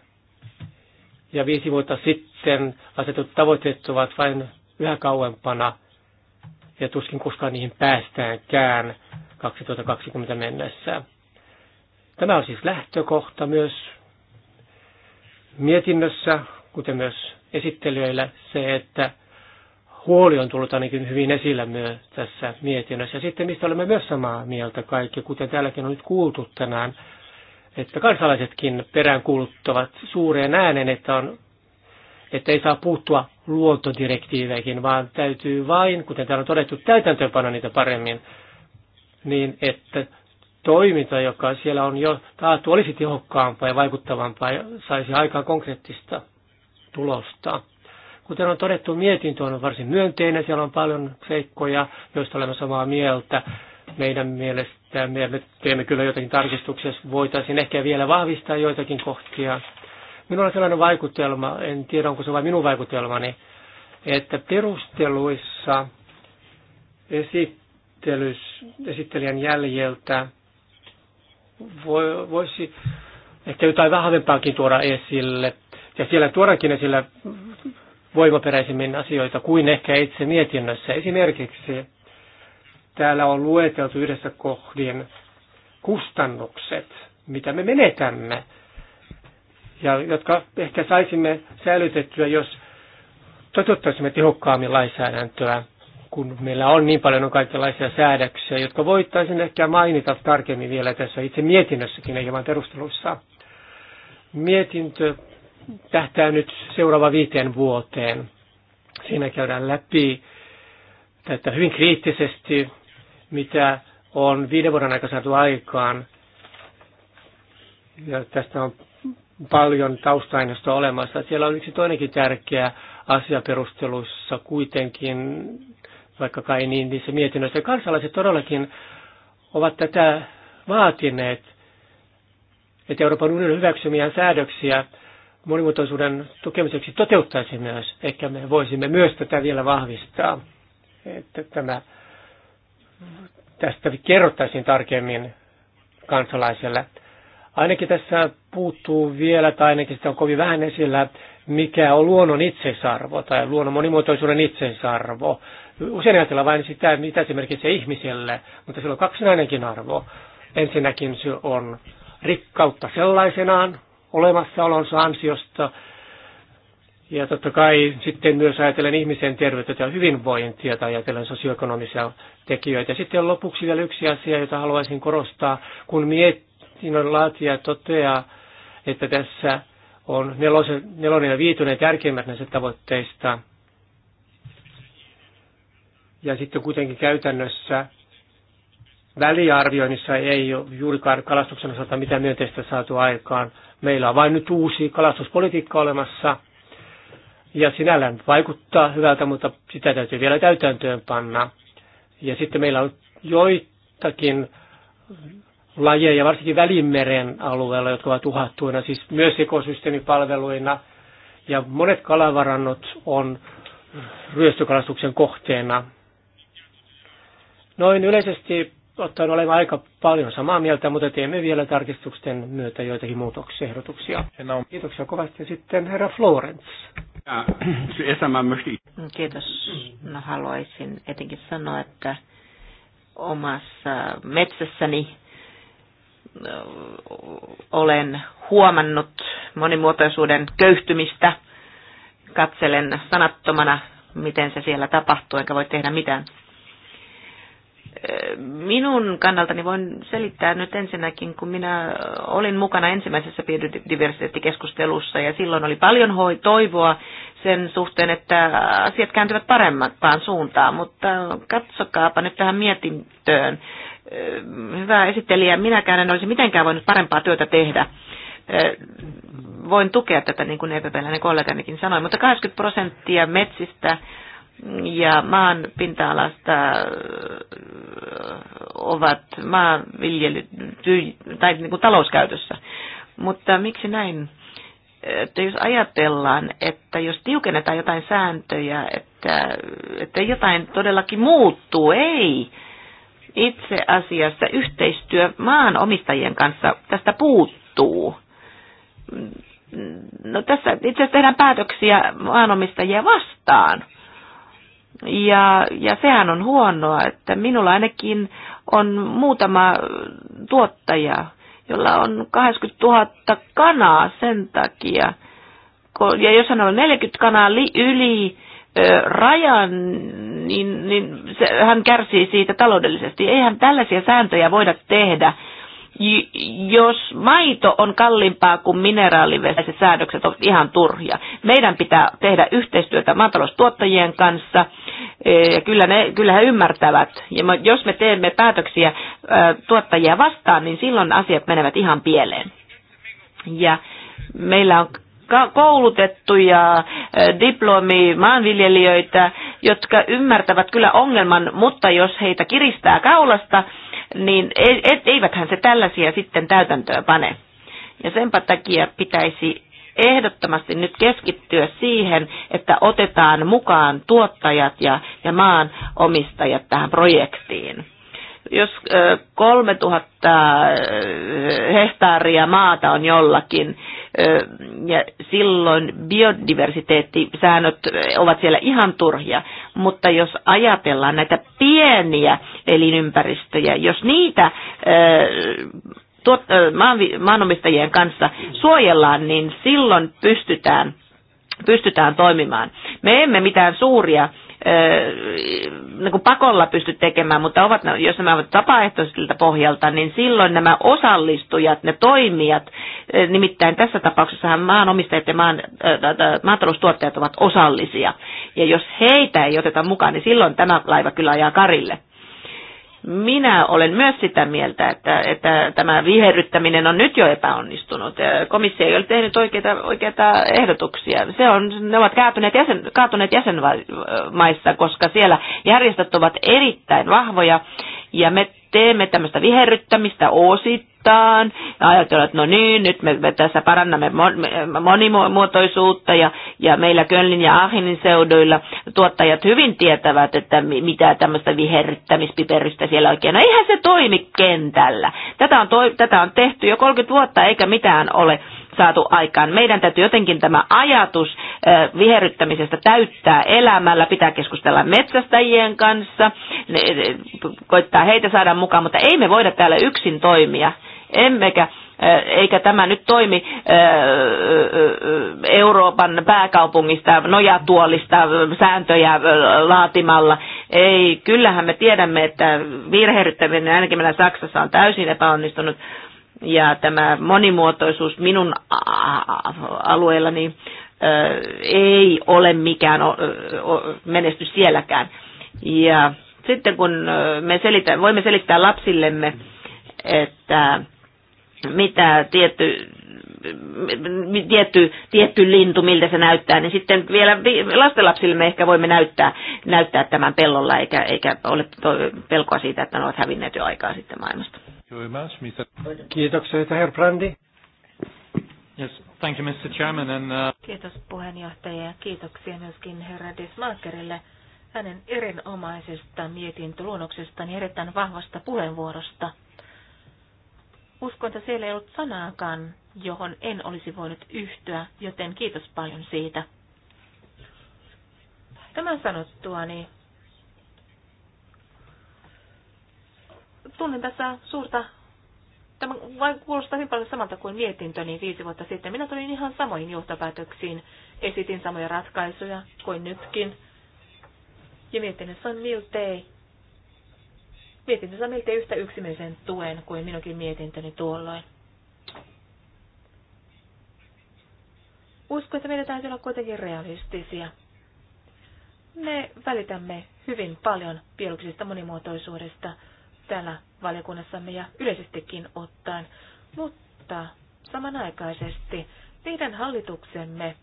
ja viisi vuotta sitten asetut tavoitteet ovat vain yhä kauempana ja tuskin koskaan niihin päästäänkään 2020 mennessä. Tämä on siis lähtökohta myös mietinnössä, kuten myös esittelijöillä, se, että huoli on tullut ainakin hyvin esillä myös tässä mietinnössä. Ja sitten mistä olemme myös samaa mieltä kaikki, kuten täälläkin on nyt kuultu tänään, että kansalaisetkin peräänkuuluttavat suureen äänen, että, on, että ei saa puuttua luontodirektiiveihin, vaan täytyy vain, kuten täällä on todettu, täytäntöönpano niitä paremmin, niin että toiminta, joka siellä on jo taattu, olisi tehokkaampaa ja vaikuttavampaa ja saisi aikaa konkreettista tulosta. Kuten on todettu, mietintö on varsin myönteinen, siellä on paljon seikkoja, joista olemme samaa mieltä. Meidän mielestä sitä me teemme kyllä jotakin tarkistuksia, voitaisiin ehkä vielä vahvistaa joitakin kohtia. Minulla on sellainen vaikutelma, en tiedä onko se vain minun vaikutelmani, että perusteluissa esittelys, esittelijän jäljeltä voi, voisi ehkä jotain vahvempaakin tuoda esille. Ja siellä tuodaankin esillä voimaperäisemmin asioita kuin ehkä itse mietinnössä. Esimerkiksi Täällä on lueteltu yhdessä kohdin kustannukset, mitä me menetämme, ja jotka ehkä saisimme säilytettyä, jos toteuttaisimme tehokkaammin lainsäädäntöä, kun meillä on niin paljon kaikenlaisia säädöksiä, jotka voitaisiin ehkä mainita tarkemmin vielä tässä itse mietinnössäkin, eikä vain perusteluissa. Mietintö tähtää nyt seuraava viiteen vuoteen. Siinä käydään läpi tätä hyvin kriittisesti mitä on viiden vuoden aikana saatu aikaan. Ja tästä on paljon tausta olemassa. Siellä on yksi toinenkin tärkeä asia perusteluissa kuitenkin, vaikka kai niin niissä mietinnöissä. Kansalaiset todellakin ovat tätä vaatineet, että Euroopan unionin hyväksymiä säädöksiä monimuotoisuuden tukemiseksi toteuttaisi myös. Ehkä me voisimme myös tätä vielä vahvistaa, että tämä tästä kerrottaisiin tarkemmin kansalaiselle. Ainakin tässä puuttuu vielä, tai ainakin sitä on kovin vähän esillä, mikä on luonnon itsesarvo tai luonnon monimuotoisuuden itsesarvo. Usein ajatellaan vain sitä, mitä se merkitsee ihmiselle, mutta sillä on kaksinainenkin arvo. Ensinnäkin se on rikkautta sellaisenaan olemassaolonsa ansiosta, ja totta kai sitten myös ajatellen ihmisen terveyttä ja hyvinvointia tai ajatellen sosioekonomisia tekijöitä. Ja Sitten lopuksi vielä yksi asia, jota haluaisin korostaa. Kun mietinnön laatia toteaa, että tässä on nelosen, nelonen ja viitonen tärkeimmät näistä tavoitteista, ja sitten kuitenkin käytännössä väliarvioinnissa ei ole juurikaan kalastuksen osalta mitään myönteistä saatu aikaan. Meillä on vain nyt uusi kalastuspolitiikka olemassa – ja sinällään vaikuttaa hyvältä, mutta sitä täytyy vielä täytäntöön panna. Ja sitten meillä on joitakin lajeja, varsinkin Välimeren alueella, jotka ovat uhattuina, siis myös ekosysteemipalveluina. Ja monet kalavarannot on ryöstökalastuksen kohteena. Noin yleisesti ottaen olemme aika paljon samaa mieltä, mutta teemme vielä tarkistuksen myötä joitakin muutosehdotuksia. Kiitoksia kovasti. Sitten herra Florence. Kiitos. No, haluaisin etenkin sanoa, että omassa metsässäni olen huomannut monimuotoisuuden köyhtymistä. Katselen sanattomana, miten se siellä tapahtuu, enkä voi tehdä mitään minun kannaltani voin selittää nyt ensinnäkin, kun minä olin mukana ensimmäisessä biodiversiteettikeskustelussa ja silloin oli paljon hoi toivoa sen suhteen, että asiat kääntyvät parempaan suuntaan, mutta katsokaapa nyt tähän mietintöön. Hyvä esittelijä, minäkään en olisi mitenkään voinut parempaa työtä tehdä voin tukea tätä, niin kuin EPP-läinen kolleganikin sanoi, mutta 80 prosenttia metsistä ja maan pinta-alasta äh, ovat maanviljely tai niin kuin talouskäytössä. Mutta miksi näin? Että jos ajatellaan, että jos tiukennetaan jotain sääntöjä, että, että jotain todellakin muuttuu, ei. Itse asiassa yhteistyö maanomistajien kanssa tästä puuttuu. No tässä itse asiassa tehdään päätöksiä maanomistajia vastaan – ja, ja sehän on huonoa, että minulla ainakin on muutama tuottaja, jolla on 80 000 kanaa sen takia. Ja jos hän on 40 kanaa yli ö, rajan, niin, niin se, hän kärsii siitä taloudellisesti. Eihän tällaisia sääntöjä voida tehdä jos maito on kalliimpaa kuin se säädökset ovat ihan turhia. Meidän pitää tehdä yhteistyötä maataloustuottajien kanssa. E, ja kyllä, ne, kyllä he ymmärtävät. Ja jos me teemme päätöksiä e, tuottajia vastaan, niin silloin asiat menevät ihan pieleen. Ja meillä on koulutettuja e, diplomi maanviljelijöitä, jotka ymmärtävät kyllä ongelman, mutta jos heitä kiristää kaulasta, niin e, eiväthän se tällaisia sitten täytäntöön pane. Ja senpä takia pitäisi ehdottomasti nyt keskittyä siihen, että otetaan mukaan tuottajat ja, ja maanomistajat tähän projektiin. Jos 3000 hehtaaria maata on jollakin, ja silloin biodiversiteettisäännöt ovat siellä ihan turhia. Mutta jos ajatellaan näitä pieniä elinympäristöjä, jos niitä maanomistajien kanssa suojellaan, niin silloin pystytään, pystytään toimimaan. Me emme mitään suuria niin kuin pakolla pysty tekemään, mutta ovat, jos nämä ovat vapaaehtoisilta pohjalta, niin silloin nämä osallistujat, ne toimijat, nimittäin tässä tapauksessahan maanomistajat ja maan, maataloustuottajat ovat osallisia. Ja jos heitä ei oteta mukaan, niin silloin tämä laiva kyllä ajaa karille. Minä olen myös sitä mieltä, että, että tämä viherryttäminen on nyt jo epäonnistunut. Komissio ei ole tehnyt oikeita, oikeita ehdotuksia. Se on, ne ovat kaatuneet, jäsen, kaatuneet jäsenmaissa, koska siellä järjestöt ovat erittäin vahvoja ja me teemme tämmöistä viherryttämistä osittain ja ajatellaan, että no niin, nyt me, me tässä parannamme monimuotoisuutta ja, ja meillä Kölnin ja Ahinin seuduilla tuottajat hyvin tietävät, että mitä tämmöistä viherryttämispiperystä siellä oikein. No eihän se toimi kentällä. Tätä on, toi, tätä on tehty jo 30 vuotta eikä mitään ole saatu aikaan. Meidän täytyy jotenkin tämä ajatus viherryttämisestä täyttää elämällä, pitää keskustella metsästäjien kanssa, koittaa heitä saada mukaan, mutta ei me voida täällä yksin toimia, emmekä eikä tämä nyt toimi Euroopan pääkaupungista nojatuolista sääntöjä laatimalla. Ei, kyllähän me tiedämme, että virheryttäminen ainakin meillä Saksassa on täysin epäonnistunut ja tämä monimuotoisuus minun alueellani ei ole mikään menestys sielläkään. Ja sitten kun me selitä, voimme selittää lapsillemme, että mitä tietty, tietty, tietty lintu, miltä se näyttää, niin sitten vielä lastenlapsille me ehkä voimme näyttää, näyttää tämän pellolla, eikä, eikä ole pelkoa siitä, että ne ovat hävinneet jo aikaa sitten maailmasta very much, Mr. Kiitoksia, herra Brandi. Yes, thank you, Mr. Chairman. And, uh... Kiitos puheenjohtaja ja kiitoksia myöskin herra Desmakerille hänen erinomaisesta mietintöluonnoksesta ja erittäin vahvasta puheenvuorosta. Uskon, että siellä ei ollut sanaakaan, johon en olisi voinut yhtyä, joten kiitos paljon siitä. Tämän sanottuani tunnen tässä suurta, tämä vain kuulostaa hyvin paljon samalta kuin mietintöni niin viisi vuotta sitten. Minä tulin ihan samoihin johtopäätöksiin, esitin samoja ratkaisuja kuin nytkin. Ja mietinnössä on miltei, mietinnössä on miltei yhtä yksimielisen tuen kuin minunkin mietintöni tuolloin. Uskon, että meidän täytyy olla kuitenkin realistisia me välitämme hyvin paljon biologisesta monimuotoisuudesta täällä valiokunnassamme ja yleisestikin ottaen, mutta samanaikaisesti meidän hallituksemme,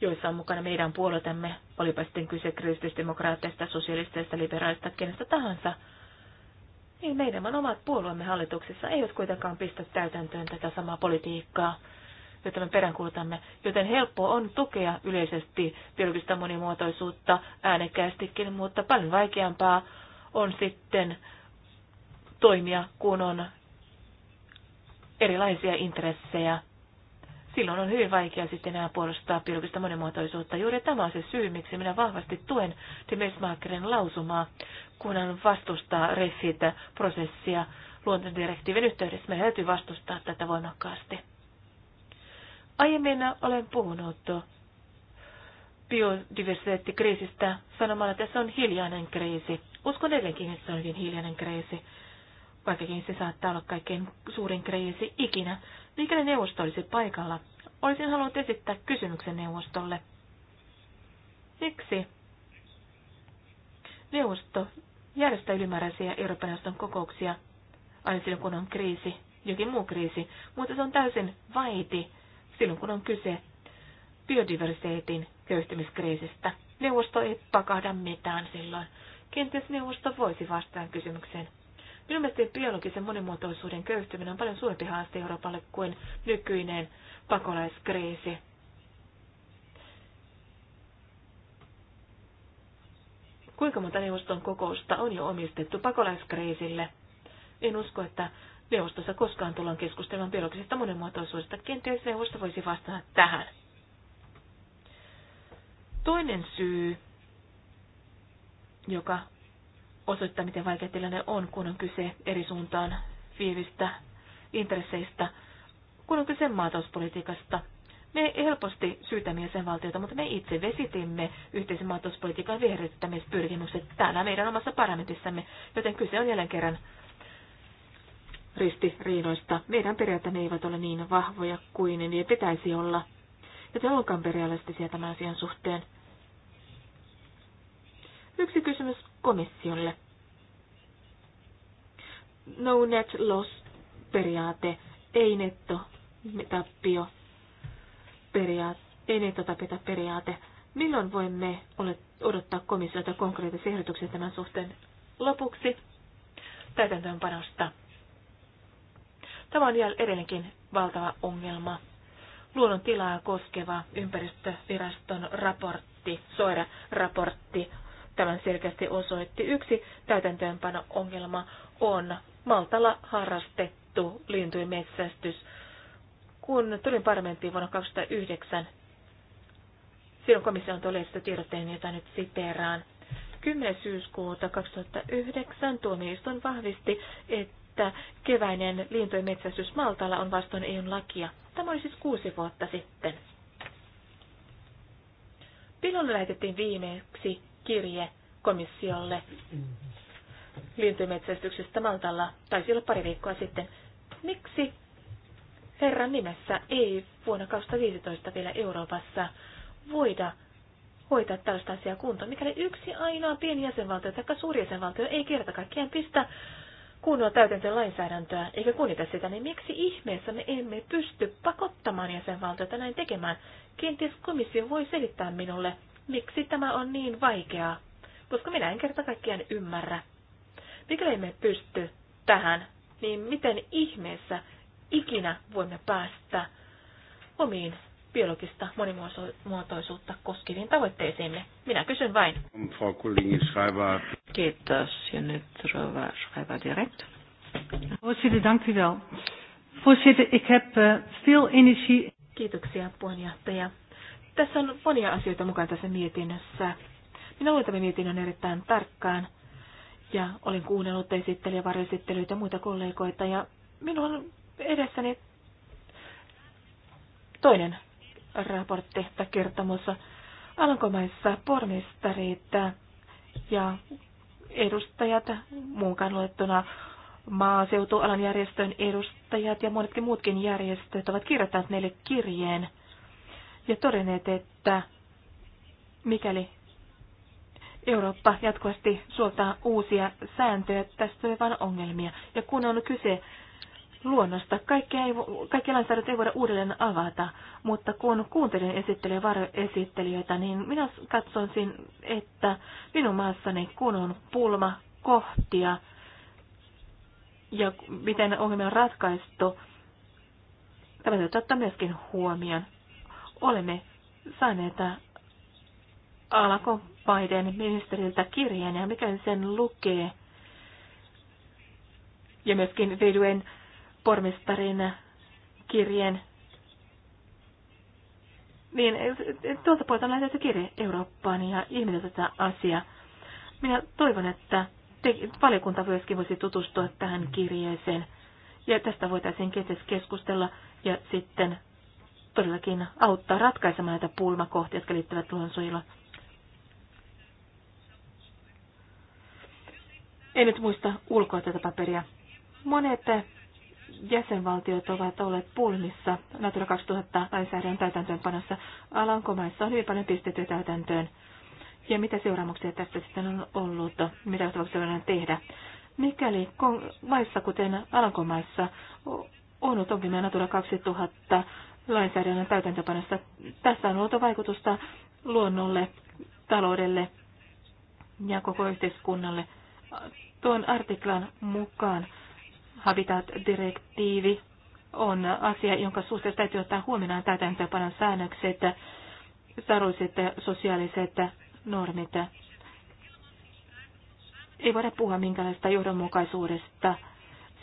joissa on mukana meidän puolueemme, olipa sitten kyse kristillisdemokraatteista, sosialisteista, liberaalista, kenestä tahansa, niin meidän on omat puolueemme hallituksessa eivät kuitenkaan pistä täytäntöön tätä samaa politiikkaa, jota me peräänkuulutamme, joten helppo on tukea yleisesti biologista monimuotoisuutta äänekkäästikin, mutta paljon vaikeampaa on sitten toimia, kun on erilaisia intressejä. Silloin on hyvin vaikea sitten enää puolustaa biologista monimuotoisuutta. Juuri tämä on se syy, miksi minä vahvasti tuen Demesmakerin lausumaa, kun hän vastustaa REFIT-prosessia luontodirektiivin yhteydessä. Meidän täytyy vastustaa tätä voimakkaasti. Aiemmin olen puhunut biodiversiteettikriisistä sanomalla, että se on hiljainen kriisi. Uskon edelleenkin, että se on hyvin hiljainen kreisi, vaikkakin se saattaa olla kaikkein suurin kreisi ikinä. Mikäli neuvosto olisi paikalla, olisin halunnut esittää kysymyksen neuvostolle. Miksi neuvosto järjestää ylimääräisiä Euroopan neuvoston kokouksia aina silloin, kun on kriisi, jokin muu kriisi, mutta se on täysin vaiti silloin, kun on kyse biodiversiteetin köyhtymiskriisistä. Neuvosto ei pakahda mitään silloin. Kenties neuvosto voisi vastata kysymykseen. Ilmeisesti biologisen monimuotoisuuden köyhtyminen on paljon suurempi haaste Euroopalle kuin nykyinen pakolaiskriisi. Kuinka monta neuvoston kokousta on jo omistettu pakolaiskriisille? En usko, että neuvostossa koskaan tullaan keskustelemaan biologisesta monimuotoisuudesta. Kenties neuvosto voisi vastata tähän. Toinen syy joka osoittaa, miten vaikea tilanne on, kun on kyse eri suuntaan viivistä intresseistä, kun on kyse maatalouspolitiikasta. Me helposti syytämme jäsenvaltiota, mutta me itse vesitimme yhteisen maatalouspolitiikan viherryttämispyrkimykset täällä meidän omassa parlamentissamme, joten kyse on jälleen kerran ristiriidoista. Meidän periaatteemme eivät ole niin vahvoja kuin ne pitäisi olla, joten olkaan periaalistisia tämän asian suhteen. Yksi kysymys komissiolle. No net loss periaate, ei netto tappio periaate, ei netto tapeta periaate. Milloin voimme odottaa komissiolta konkreettisia ehdotuksia tämän suhteen lopuksi täytäntöönpanosta? Tämä on vielä edelleenkin valtava ongelma. Luonnon tilaa koskeva ympäristöviraston raportti, soira raportti tämän selkeästi osoitti. Yksi täytäntöönpano-ongelma on Maltalla harrastettu lintujen metsästys. Kun tulin parlamenttiin vuonna 2009, silloin komissio antoi tiedotteen jota nyt siteeraan. 10. syyskuuta 2009 tuomioistuin vahvisti, että keväinen lintujen metsästys Maltalla on vastoin EUn lakia. Tämä oli siis kuusi vuotta sitten. Pilolle lähetettiin viimeksi kirje komissiolle lintumetsästyksestä Maltalla, taisi olla pari viikkoa sitten. Miksi Herran nimessä ei vuonna 2015 vielä Euroopassa voida hoitaa tällaista asiaa kuntoon, mikäli yksi ainoa pieni jäsenvaltio tai suuri jäsenvaltio ei kerta kaikkiaan pistä kunnolla täytäntöön lainsäädäntöä eikä kunnita sitä, niin miksi ihmeessä me emme pysty pakottamaan jäsenvaltiota näin tekemään? Kenties komissio voi selittää minulle, Miksi tämä on niin vaikeaa? Koska minä en kerta kaikkiaan ymmärrä. Mikäli emme pysty tähän, niin miten ihmeessä ikinä voimme päästä omiin biologista monimuotoisuutta koskeviin tavoitteisiimme. Minä kysyn vain. Kiitos. Ja nyt Rova Schreiber direkt. Voorzitter, dank u wel. Voorzitter, ik heb eh, veel energie. Kiitoksia, puheenjohtaja. Tässä on monia asioita mukana tässä mietinnössä. Minä luin tämän mietinnön erittäin tarkkaan ja olin kuunnellut esittelijä, varjoesittelyitä ja muita kollegoita ja minulla on edessäni toinen raportti tai kertomus Alankomaissa pormestariita ja edustajat, muunkaan luettuna maaseutualan järjestön edustajat ja monetkin muutkin järjestöt ovat kirjoittaneet neille kirjeen – ja todenneet, että mikäli Eurooppa jatkuvasti suoltaa uusia sääntöjä, tästä tulee vain ongelmia. Ja kun on kyse luonnosta, kaikki, ei, kaikki lainsäädäntö ei voida uudelleen avata, mutta kun kuuntelin esittelyä varjoesittelijöitä, niin minä katsoisin, että minun maassani kun on pulma kohtia ja miten ongelmia on ratkaistu, tämä täytyy ottaa myöskin huomioon. Olemme saaneet Biden ministeriltä kirjeen ja mikä sen lukee. Ja myöskin Veduen pormistarin kirjeen. Niin, tuolta puolta on lähdetty kirje Eurooppaan ja ihmetä tätä asiaa. Minä toivon, että te, valiokunta myöskin voisi tutustua tähän kirjeeseen. Ja tästä voitaisiin kenties keskustella ja sitten todellakin auttaa ratkaisemaan näitä pulmakohtia, jotka liittyvät luonnonsuojeluun. En nyt muista ulkoa tätä paperia. Monet jäsenvaltiot ovat olleet pulmissa Natura 2000 lainsäädännön täytäntöönpanossa. Alankomaissa on hyvin paljon pistetty täytäntöön. Ja mitä seuraamuksia tästä sitten on ollut? Mitä seuraamuksia voidaan tehdä? Mikäli maissa, kuten Alankomaissa, on ollut ongelmia Natura 2000 lainsäädännön täytäntöpanosta. Tässä on ollut vaikutusta luonnolle, taloudelle ja koko yhteiskunnalle. Tuon artiklan mukaan Habitat-direktiivi on asia, jonka suhteessa täytyy ottaa huomioon täytäntöpanon säännökset, taloudelliset sosiaaliset normit. Ei voida puhua minkälaista johdonmukaisuudesta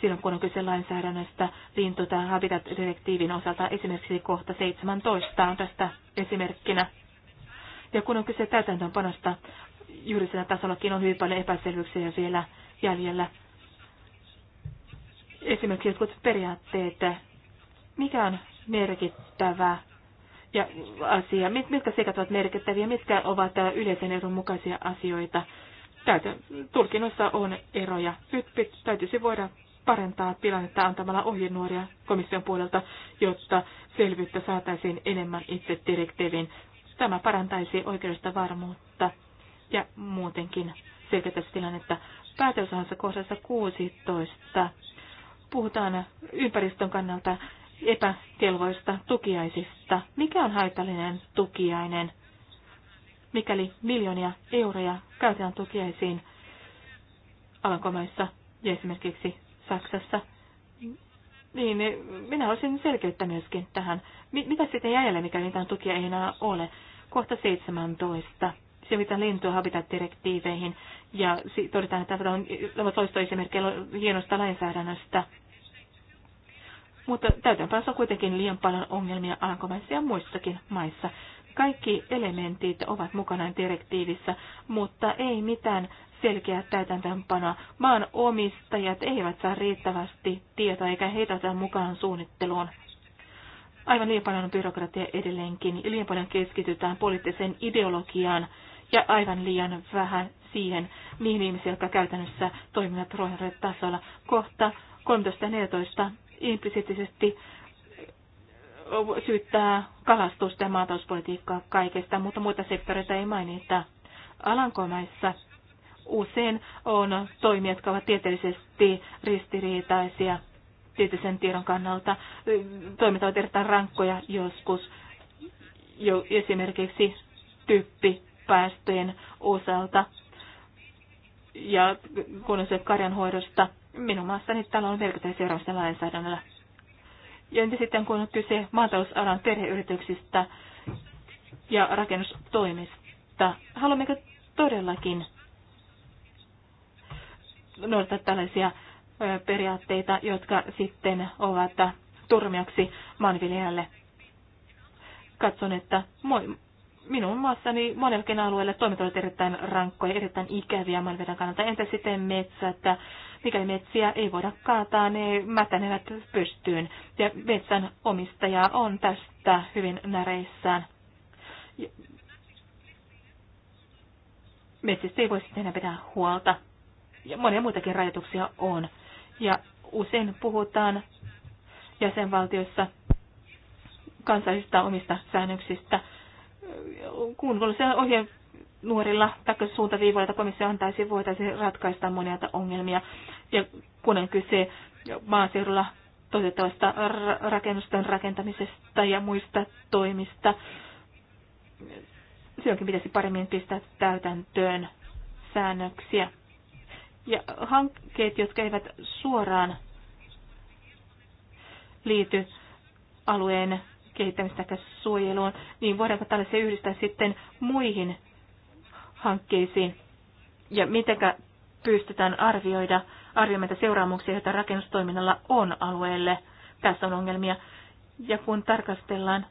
silloin kun on kyse lainsäädännöstä lintu- tai habitat-direktiivin osalta. Esimerkiksi kohta 17 on tästä esimerkkinä. Ja kun on kyse täytäntöönpanosta, juridisella tasollakin on hyvin paljon epäselvyyksiä vielä jäljellä. Esimerkiksi jotkut periaatteet, mikä on merkittävä ja asia, mitkä seikat ovat merkittäviä, mitkä ovat yleisen edun mukaisia asioita. Täytä, tulkinnoissa on eroja. Nyt täytyisi voida parantaa tilannetta antamalla ohjenuoria komission puolelta, jotta selvyyttä saataisiin enemmän itse direktiivin. Tämä parantaisi oikeudesta varmuutta ja muutenkin selkeyttäisi tilannetta. Päätösosassa kohdassa 16 puhutaan ympäristön kannalta epäkelvoista tukiaisista. Mikä on haitallinen tukiainen? Mikäli miljoonia euroja käytetään tukiaisiin Alankomaissa ja esimerkiksi Saksassa, niin, niin minä olisin selkeyttä myöskin tähän. Mitä sitten jäljellä, mikäli mitään tukia ei enää ole? Kohta 17 se, mitä lintu- habitat-direktiiveihin. Ja todetaan, että tämä on toistoesimerkkejä hienosta lainsäädännöstä. Mutta täytäntöönpanossa on kuitenkin liian paljon ongelmia alankomaissa ja muissakin maissa. Kaikki elementit ovat mukana direktiivissä, mutta ei mitään selkeää täytäntöönpano. Maan omistajat eivät saa riittävästi tietoa eikä heitä saa mukaan suunnitteluun. Aivan liian paljon on byrokratia edelleenkin, liian paljon keskitytään poliittiseen ideologiaan ja aivan liian vähän siihen, mihin ihmisiä jotka käytännössä toimivat tasolla. Kohta 13.14 implisiittisesti syyttää kalastusta ja maatalouspolitiikkaa kaikesta, mutta muita sektoreita ei mainita. Alankomaissa usein on toimia, jotka ovat tieteellisesti ristiriitaisia tieteellisen tiedon kannalta. Toiminta ovat erittäin rankkoja joskus, jo esimerkiksi tyyppipäästöjen osalta ja kun on se karjanhoidosta. Minun maassani täällä on merkittävä seurausta lainsäädännöllä. Ja entä sitten kun on kyse maatalousalan perheyrityksistä ja rakennustoimista, haluammeko todellakin noudattaa tällaisia periaatteita, jotka sitten ovat turmiaksi maanviljelijälle. Katson, että minun maassani monellakin alueella toimet ovat erittäin rankkoja, erittäin ikäviä maanviljelijän kannalta. Entä sitten että Mikäli metsiä ei voida kaataa, ne mätänevät pystyyn. Ja metsän omistaja on tästä hyvin näreissään. Metsistä ei voi sitten enää pitää huolta ja monia muitakin rajoituksia on. Ja usein puhutaan jäsenvaltioissa kansallisista omista säännöksistä, kun ohje nuorilla tai suuntaviivoilla, että komissio antaisi, voitaisiin ratkaista monia ongelmia. Ja kun on kyse maaseudulla toteuttavasta rakennusten rakentamisesta ja muista toimista, silloinkin pitäisi paremmin pistää täytäntöön säännöksiä ja hankkeet, jotka eivät suoraan liity alueen kehittämistä suojeluun, niin voidaanko tällaisia yhdistää sitten muihin hankkeisiin ja mitenkä pystytään arvioida arvioimatta seuraamuksia, joita rakennustoiminnalla on alueelle. Tässä on ongelmia. Ja kun tarkastellaan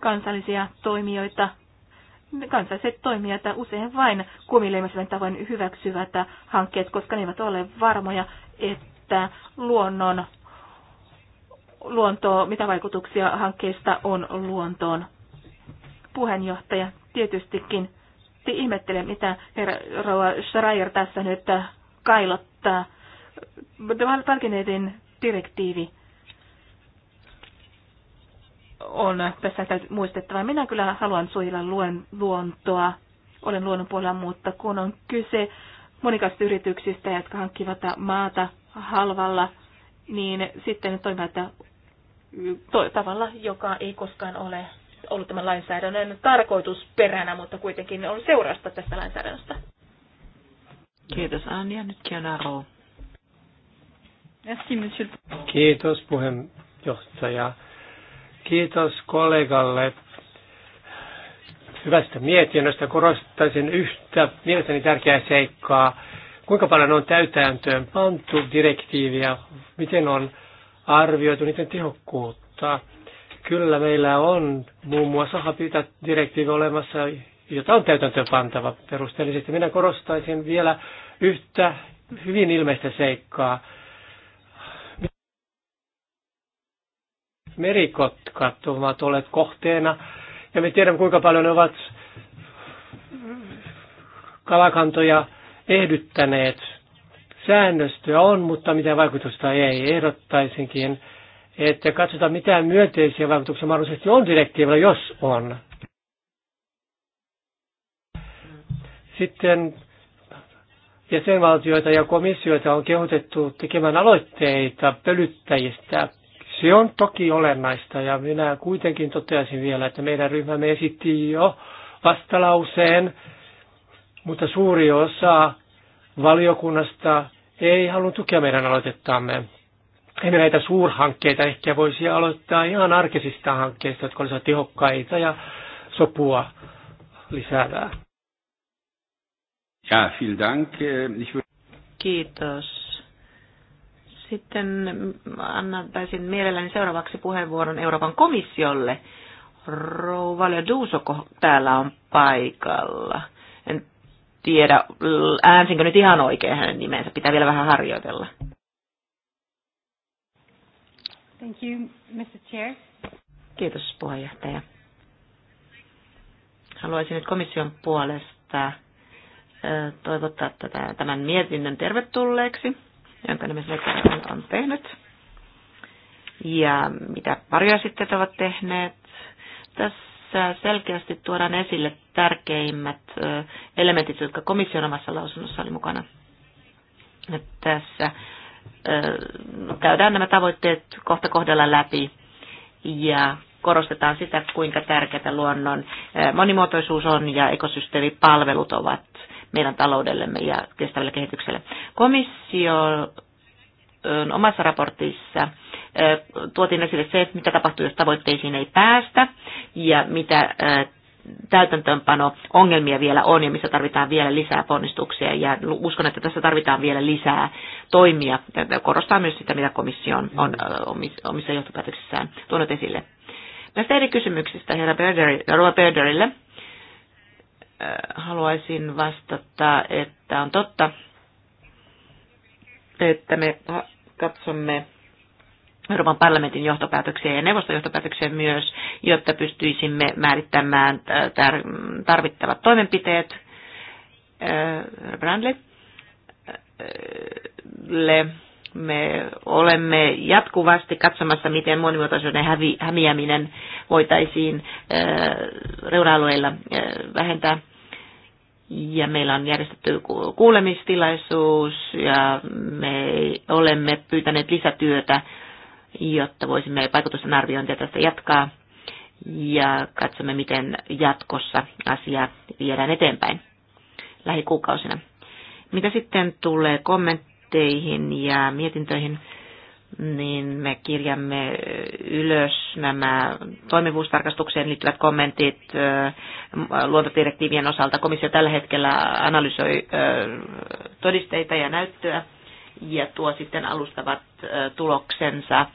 kansallisia toimijoita, kansalliset toimijat usein vain kumileimaisen tavoin hyväksyvät hankkeet, koska ne eivät ole varmoja, että luonnon luonto, mitä vaikutuksia hankkeista on luontoon. Puheenjohtaja, tietystikin te ihmettelen, mitä herra Rauha Schreier tässä nyt kailottaa. Valkineiden direktiivi on tässä muistettava. Minä kyllä haluan suojella luen, luontoa, olen luonnon puolella, mutta kun on kyse monikaisista yrityksistä, jotka hankkivat maata halvalla, niin sitten ne toimivat to, tavalla, joka ei koskaan ole ollut tämän lainsäädännön tarkoitusperänä, mutta kuitenkin on seurausta tästä lainsäädännöstä. Kiitos Anja. Nyt Kianaro. Merci, monsieur. Kiitos puheenjohtaja Kiitos kollegalle hyvästä mietinnöstä. Korostaisin yhtä mielestäni tärkeää seikkaa. Kuinka paljon on täytäntöön pantu direktiiviä, miten on arvioitu niiden tehokkuutta. Kyllä meillä on muun muassa Habitat-direktiivi olemassa, jota on täytäntöön pantava perusteellisesti. Minä korostaisin vielä yhtä hyvin ilmeistä seikkaa. merikotkat ovat olleet kohteena. Ja me tiedämme, kuinka paljon ne ovat kalakantoja ehdyttäneet. Säännöstöä on, mutta mitä vaikutusta ei. Ehdottaisinkin, että katsotaan mitä myönteisiä vaikutuksia mahdollisesti on direktiivillä, jos on. Sitten jäsenvaltioita ja komissioita on kehotettu tekemään aloitteita pölyttäjistä se on toki olennaista ja minä kuitenkin toteaisin vielä, että meidän ryhmämme esitti jo vastalauseen, mutta suuri osa valiokunnasta ei halunnut tukea meidän aloitettamme. Emme näitä suurhankkeita ehkä voisi aloittaa ihan arkisista hankkeista, jotka olisivat tehokkaita ja sopua lisäävää. Ja, vielen Dank. Kiitos. Sitten annantaisin siis mielelläni seuraavaksi puheenvuoron Euroopan komissiolle. Rouva Duusoko täällä on paikalla. En tiedä, äänsinkö nyt ihan oikein hänen nimensä. Pitää vielä vähän harjoitella. Thank you, Mr. Chair. Kiitos puheenjohtaja. Haluaisin nyt komission puolesta toivottaa tätä, tämän mietinnön tervetulleeksi jonka nimisleikkaus on, on tehnyt ja mitä te ovat tehneet. Tässä selkeästi tuodaan esille tärkeimmät elementit, jotka komission omassa lausunnossa oli mukana. Tässä käydään nämä tavoitteet kohta kohdalla läpi ja korostetaan sitä, kuinka tärkeätä luonnon monimuotoisuus on ja ekosysteemipalvelut ovat meidän taloudellemme ja kestävälle kehitykselle. Komissio omassa raportissa tuotiin esille se, mitä tapahtuu, jos tavoitteisiin ei päästä ja mitä täytäntöönpano ongelmia vielä on ja missä tarvitaan vielä lisää ponnistuksia ja uskon, että tässä tarvitaan vielä lisää toimia. Korostaa myös sitä, mitä komissio on, omissa johtopäätöksissään tuonut esille. Näistä eri kysymyksistä herra Berderille Äh, haluaisin vastata, että on totta, että me katsomme Euroopan parlamentin johtopäätöksiä ja neuvoston johtopäätöksiä myös, jotta pystyisimme määrittämään äh, tarvittavat toimenpiteet äh, Brandlille. Me olemme jatkuvasti katsomassa, miten monimuotoisuuden hävi, hämiäminen voitaisiin reuna-alueilla vähentää ja meillä on järjestetty kuulemistilaisuus ja me olemme pyytäneet lisätyötä, jotta voisimme vaikutusten arviointia tästä jatkaa ja katsomme, miten jatkossa asia viedään eteenpäin lähikuukausina. Mitä sitten tulee kommentteihin ja mietintöihin? niin me kirjamme ylös nämä toimivuustarkastukseen liittyvät kommentit luontodirektiivien osalta. Komissio tällä hetkellä analysoi todisteita ja näyttöä ja tuo sitten alustavat tuloksensa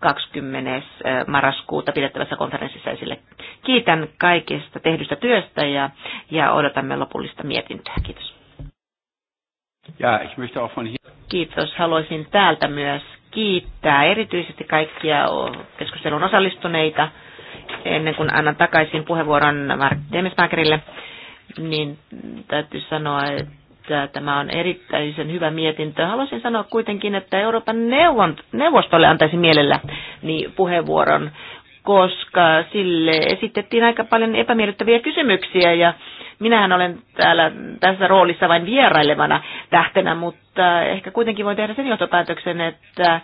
20. marraskuuta pidettävässä konferenssissa esille. Kiitän kaikesta tehdystä työstä ja, ja odotamme lopullista mietintöä. Kiitos. Ja, ich möchte auch von hier... Kiitos. Haluaisin täältä myös kiittää erityisesti kaikkia keskustelun osallistuneita. Ennen kuin annan takaisin puheenvuoron Mark niin täytyy sanoa, että tämä on erittäin hyvä mietintö. Haluaisin sanoa kuitenkin, että Euroopan neuvostolle antaisi mielellä niin puheenvuoron, koska sille esitettiin aika paljon epämiellyttäviä kysymyksiä ja Minähän olen täällä tässä roolissa vain vierailevana tähtenä, mutta ehkä kuitenkin voin tehdä sen johtopäätöksen, että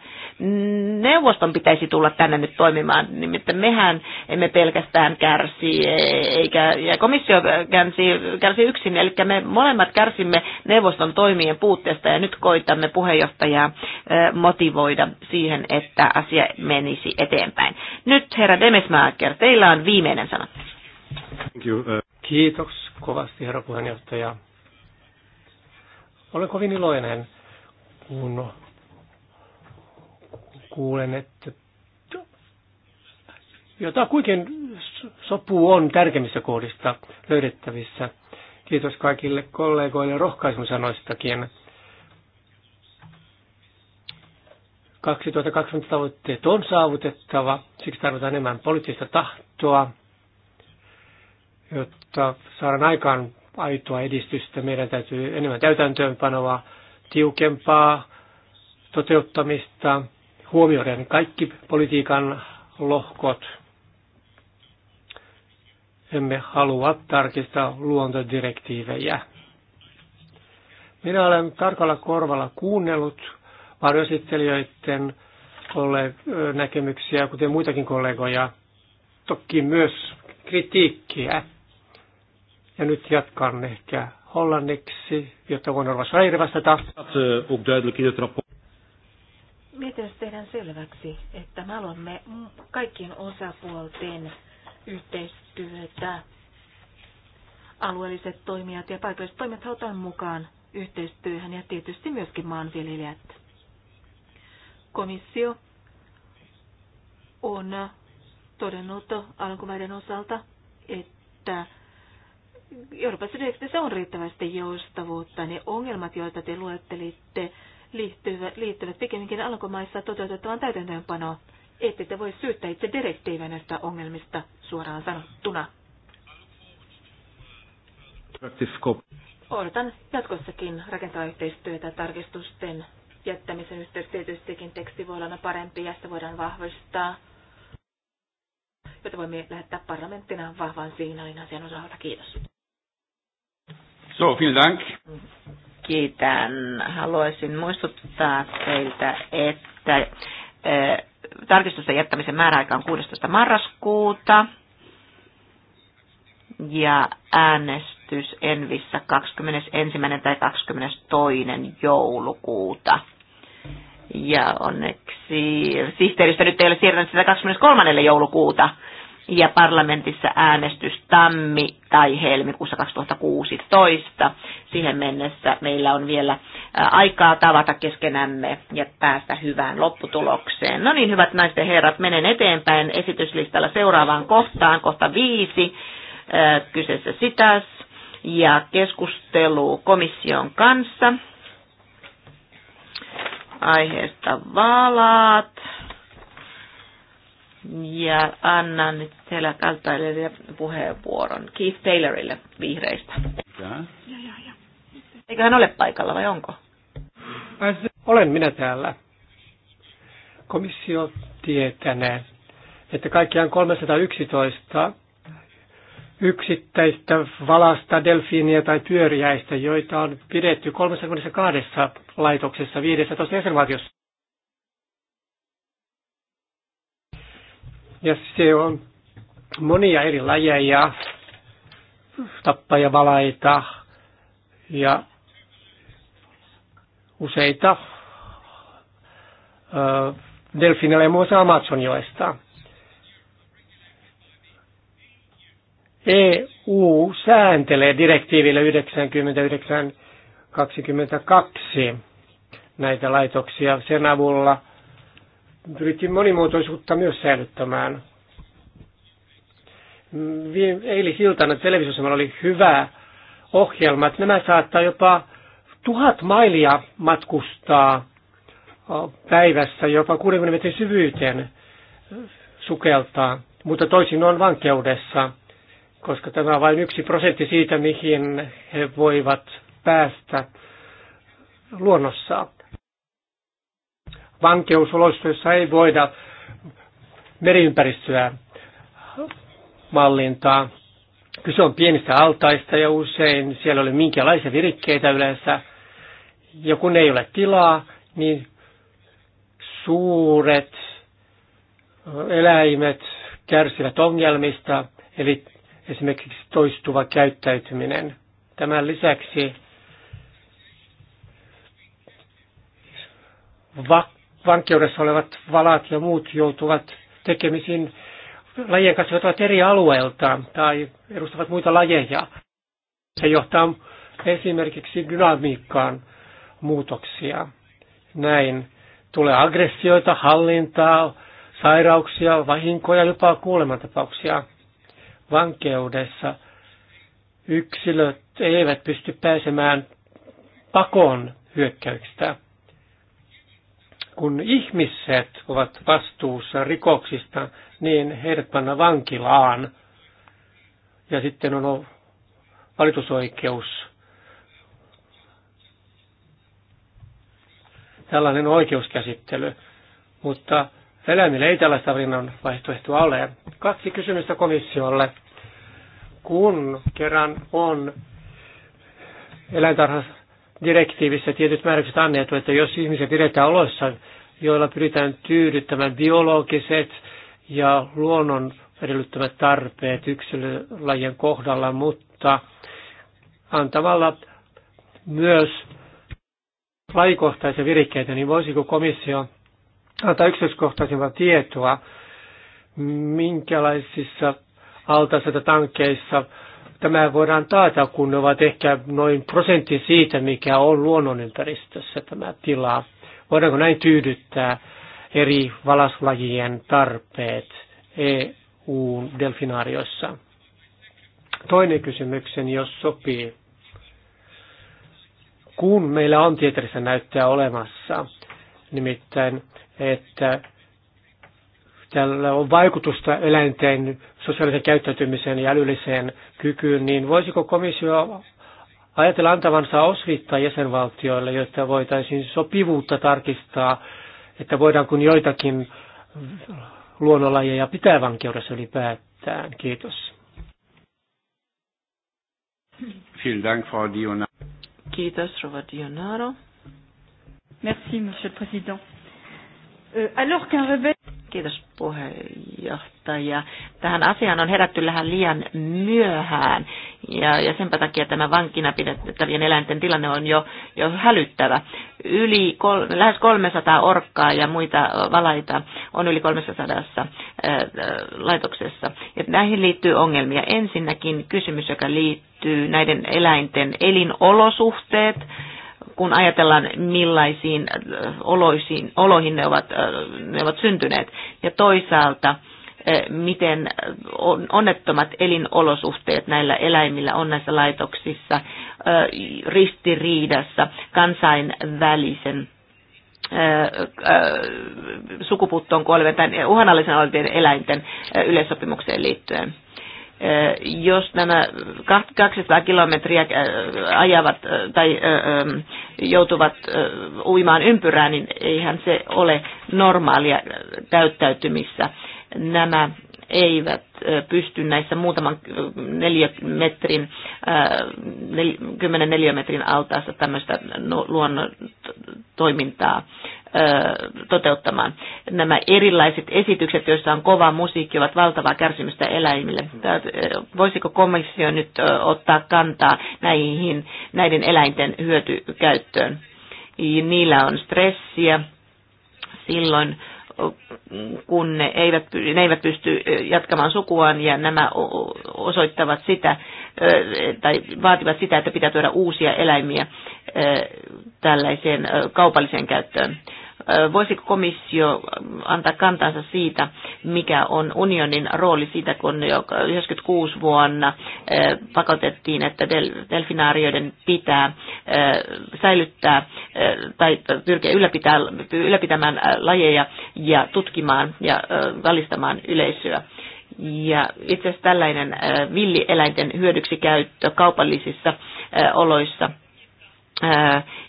neuvoston pitäisi tulla tänne nyt toimimaan. Nimittäin mehän emme pelkästään kärsi, eikä ja komissio kärsi, kärsi yksin, eli me molemmat kärsimme neuvoston toimien puutteesta ja nyt koitamme puheenjohtajaa motivoida siihen, että asia menisi eteenpäin. Nyt herra Demesmaaker, teillä on viimeinen sana. Kiitos kovasti, herra puheenjohtaja. Olen kovin iloinen, kun kuulen, että kuitenkin sopu on tärkeimmistä kohdista löydettävissä. Kiitos kaikille kollegoille rohkaisun sanoistakin. 2020 tavoitteet on saavutettava, siksi tarvitaan enemmän poliittista tahtoa Jotta saadaan aikaan aitoa edistystä, meidän täytyy enemmän täytäntöönpanoa, tiukempaa toteuttamista, huomioiden kaikki politiikan lohkot. Emme halua tarkistaa luontodirektiivejä. Minä olen tarkalla korvalla kuunnellut varjoesittelijöiden näkemyksiä, kuten muitakin kollegoja. Toki myös kritiikkiä ja nyt jatkan ehkä hollanniksi, jotta voin olla Sairi vastata. Eh, Mietinnössä tehdään selväksi, että me haluamme kaikkien osapuolten yhteistyötä. Alueelliset toimijat ja paikalliset toimijat halutaan mukaan yhteistyöhön ja tietysti myöskin maanviljelijät. Komissio on todennut alankomaiden osalta, että Euroopassa direktiivissä on riittävästi joustavuutta. niin ongelmat, joita te luettelitte, liittyvät, liittyvät pikemminkin alkomaissa toteutettavaan täytäntöönpanoon. Ette te voi syyttää itse direktiivä näistä ongelmista suoraan sanottuna. Odotan jatkossakin rakentaa yhteistyötä tarkistusten jättämisen yhteydessä. Tietystikin teksti voi olla parempi ja sitä voidaan vahvistaa, jotta voimme lähettää parlamenttina vahvan signaalin asian osalta. Kiitos. So, vielen Dank. Kiitän. Haluaisin muistuttaa teiltä, että tarkistusten jättämisen määräaika on 16. marraskuuta ja äänestys Envissä 21. tai 22. joulukuuta. Ja onneksi sihteeristä nyt ei ole siirtänyt sitä 23. joulukuuta, ja parlamentissa äänestys tammi- tai helmikuussa 2016. Siihen mennessä meillä on vielä aikaa tavata keskenämme ja päästä hyvään lopputulokseen. No niin, hyvät naiset ja herrat, menen eteenpäin esityslistalla seuraavaan kohtaan, kohta viisi, kyseessä sitäs, ja keskustelu komission kanssa aiheesta vaalaat ja annan nyt siellä Kaltailille puheenvuoron Keith Taylorille vihreistä. Eikö hän ole paikalla vai onko? Olen minä täällä. Komissio tietää, että kaikkiaan 311 yksittäistä valasta, delfiiniä tai pyöriäistä, joita on pidetty 32 laitoksessa 15 jäsenvaltiossa. Ja se on monia eri lajeja, valaita ja useita delfinille ja muassa Amazonjoista. EU sääntelee direktiivillä 9922 näitä laitoksia. Sen avulla pyrittiin monimuotoisuutta myös säilyttämään. Eilisiltana televisiossa oli hyvä ohjelma, että nämä saattaa jopa tuhat mailia matkustaa päivässä jopa 60 metrin syvyyteen sukeltaa, mutta toisin on vankeudessa, koska tämä on vain yksi prosentti siitä, mihin he voivat päästä luonnossa vankeusolosuhteissa ei voida meriympäristöä mallintaa. Kyse on pienistä altaista ja usein siellä oli minkälaisia virikkeitä yleensä. Ja kun ei ole tilaa, niin suuret eläimet kärsivät ongelmista, eli esimerkiksi toistuva käyttäytyminen. Tämän lisäksi vak vankeudessa olevat valat ja muut joutuvat tekemisiin lajien kanssa, jotka ovat eri alueelta tai edustavat muita lajeja. Se johtaa esimerkiksi dynamiikkaan muutoksia. Näin tulee aggressioita, hallintaa, sairauksia, vahinkoja, jopa kuolemantapauksia vankeudessa. Yksilöt eivät pysty pääsemään pakoon hyökkäyksistä kun ihmiset ovat vastuussa rikoksista, niin heidät panna vankilaan. Ja sitten on valitusoikeus. Tällainen oikeuskäsittely. Mutta eläimille ei tällaista valinnan vaihtoehtoa ole. Kaksi kysymystä komissiolle. Kun kerran on eläintarhassa direktiivissä tietyt määräykset annettu, että jos ihmisiä pidetään olossa, joilla pyritään tyydyttämään biologiset ja luonnon edellyttämät tarpeet yksilölajien kohdalla, mutta antamalla myös lajikohtaisia virikkeitä, niin voisiko komissio antaa yksityiskohtaisempaa tietoa, minkälaisissa altaissa tai tämä voidaan taata, kun ne ovat ehkä noin prosentti siitä, mikä on luonnonympäristössä tämä tila. Voidaanko näin tyydyttää eri valaslajien tarpeet EU-delfinaarioissa? Toinen kysymykseni, jos sopii. Kun meillä on tieteellistä näyttöä olemassa, nimittäin, että tällä on vaikutusta eläinten sosiaalisen käyttäytymiseen ja älylliseen kykyyn, niin voisiko komissio ajatella antavansa osvittaa jäsenvaltioille, jotta voitaisiin sopivuutta tarkistaa, että voidaan kun joitakin luonnonlajeja pitää vankeudessa ylipäätään. Kiitos. Kiitos, Rova Dionaro. Merci, Monsieur le Président. Euh, alors qu'un rebelle... Kiitos puheenjohtaja. Tähän asiaan on herätty lähden liian myöhään ja, ja senpä takia tämä vankina pidettävien eläinten tilanne on jo, jo hälyttävä. Yli kol, lähes 300 orkkaa ja muita valaita on yli 300 ää, äh, äh, laitoksessa. Ja näihin liittyy ongelmia. Ensinnäkin kysymys, joka liittyy näiden eläinten elinolosuhteet kun ajatellaan millaisiin äh, oloisiin, oloihin ne ovat, äh, ne ovat syntyneet. Ja toisaalta äh, miten onnettomat elinolosuhteet näillä eläimillä on näissä laitoksissa ristiriidassa kansainvälisen sukupuuttoon kuolevien tai uhanallisen olevien eläinten yleissopimukseen liittyen jos nämä 200 kilometriä ajavat tai joutuvat uimaan ympyrää, niin eihän se ole normaalia täyttäytymissä Nämä eivät pysty näissä muutaman metrin, 10 neliömetrin altaassa tämmöistä luonnon toimintaa toteuttamaan. Nämä erilaiset esitykset, joissa on kova musiikki, ovat valtavaa kärsimystä eläimille. Voisiko komissio nyt ottaa kantaa näihin, näiden eläinten hyötykäyttöön? Niillä on stressiä, silloin kun ne eivät, ne eivät pysty jatkamaan sukuaan ja nämä osoittavat sitä tai vaativat sitä, että pitää tuoda uusia eläimiä tällaiseen kaupalliseen käyttöön. Voisiko komissio antaa kantansa siitä, mikä on unionin rooli siitä, kun jo 96 vuonna pakotettiin, että delfinaarioiden pitää säilyttää tai pyrkiä ylläpitämään lajeja ja tutkimaan ja valistamaan yleisöä. Ja itse asiassa tällainen villieläinten hyödyksikäyttö kaupallisissa oloissa –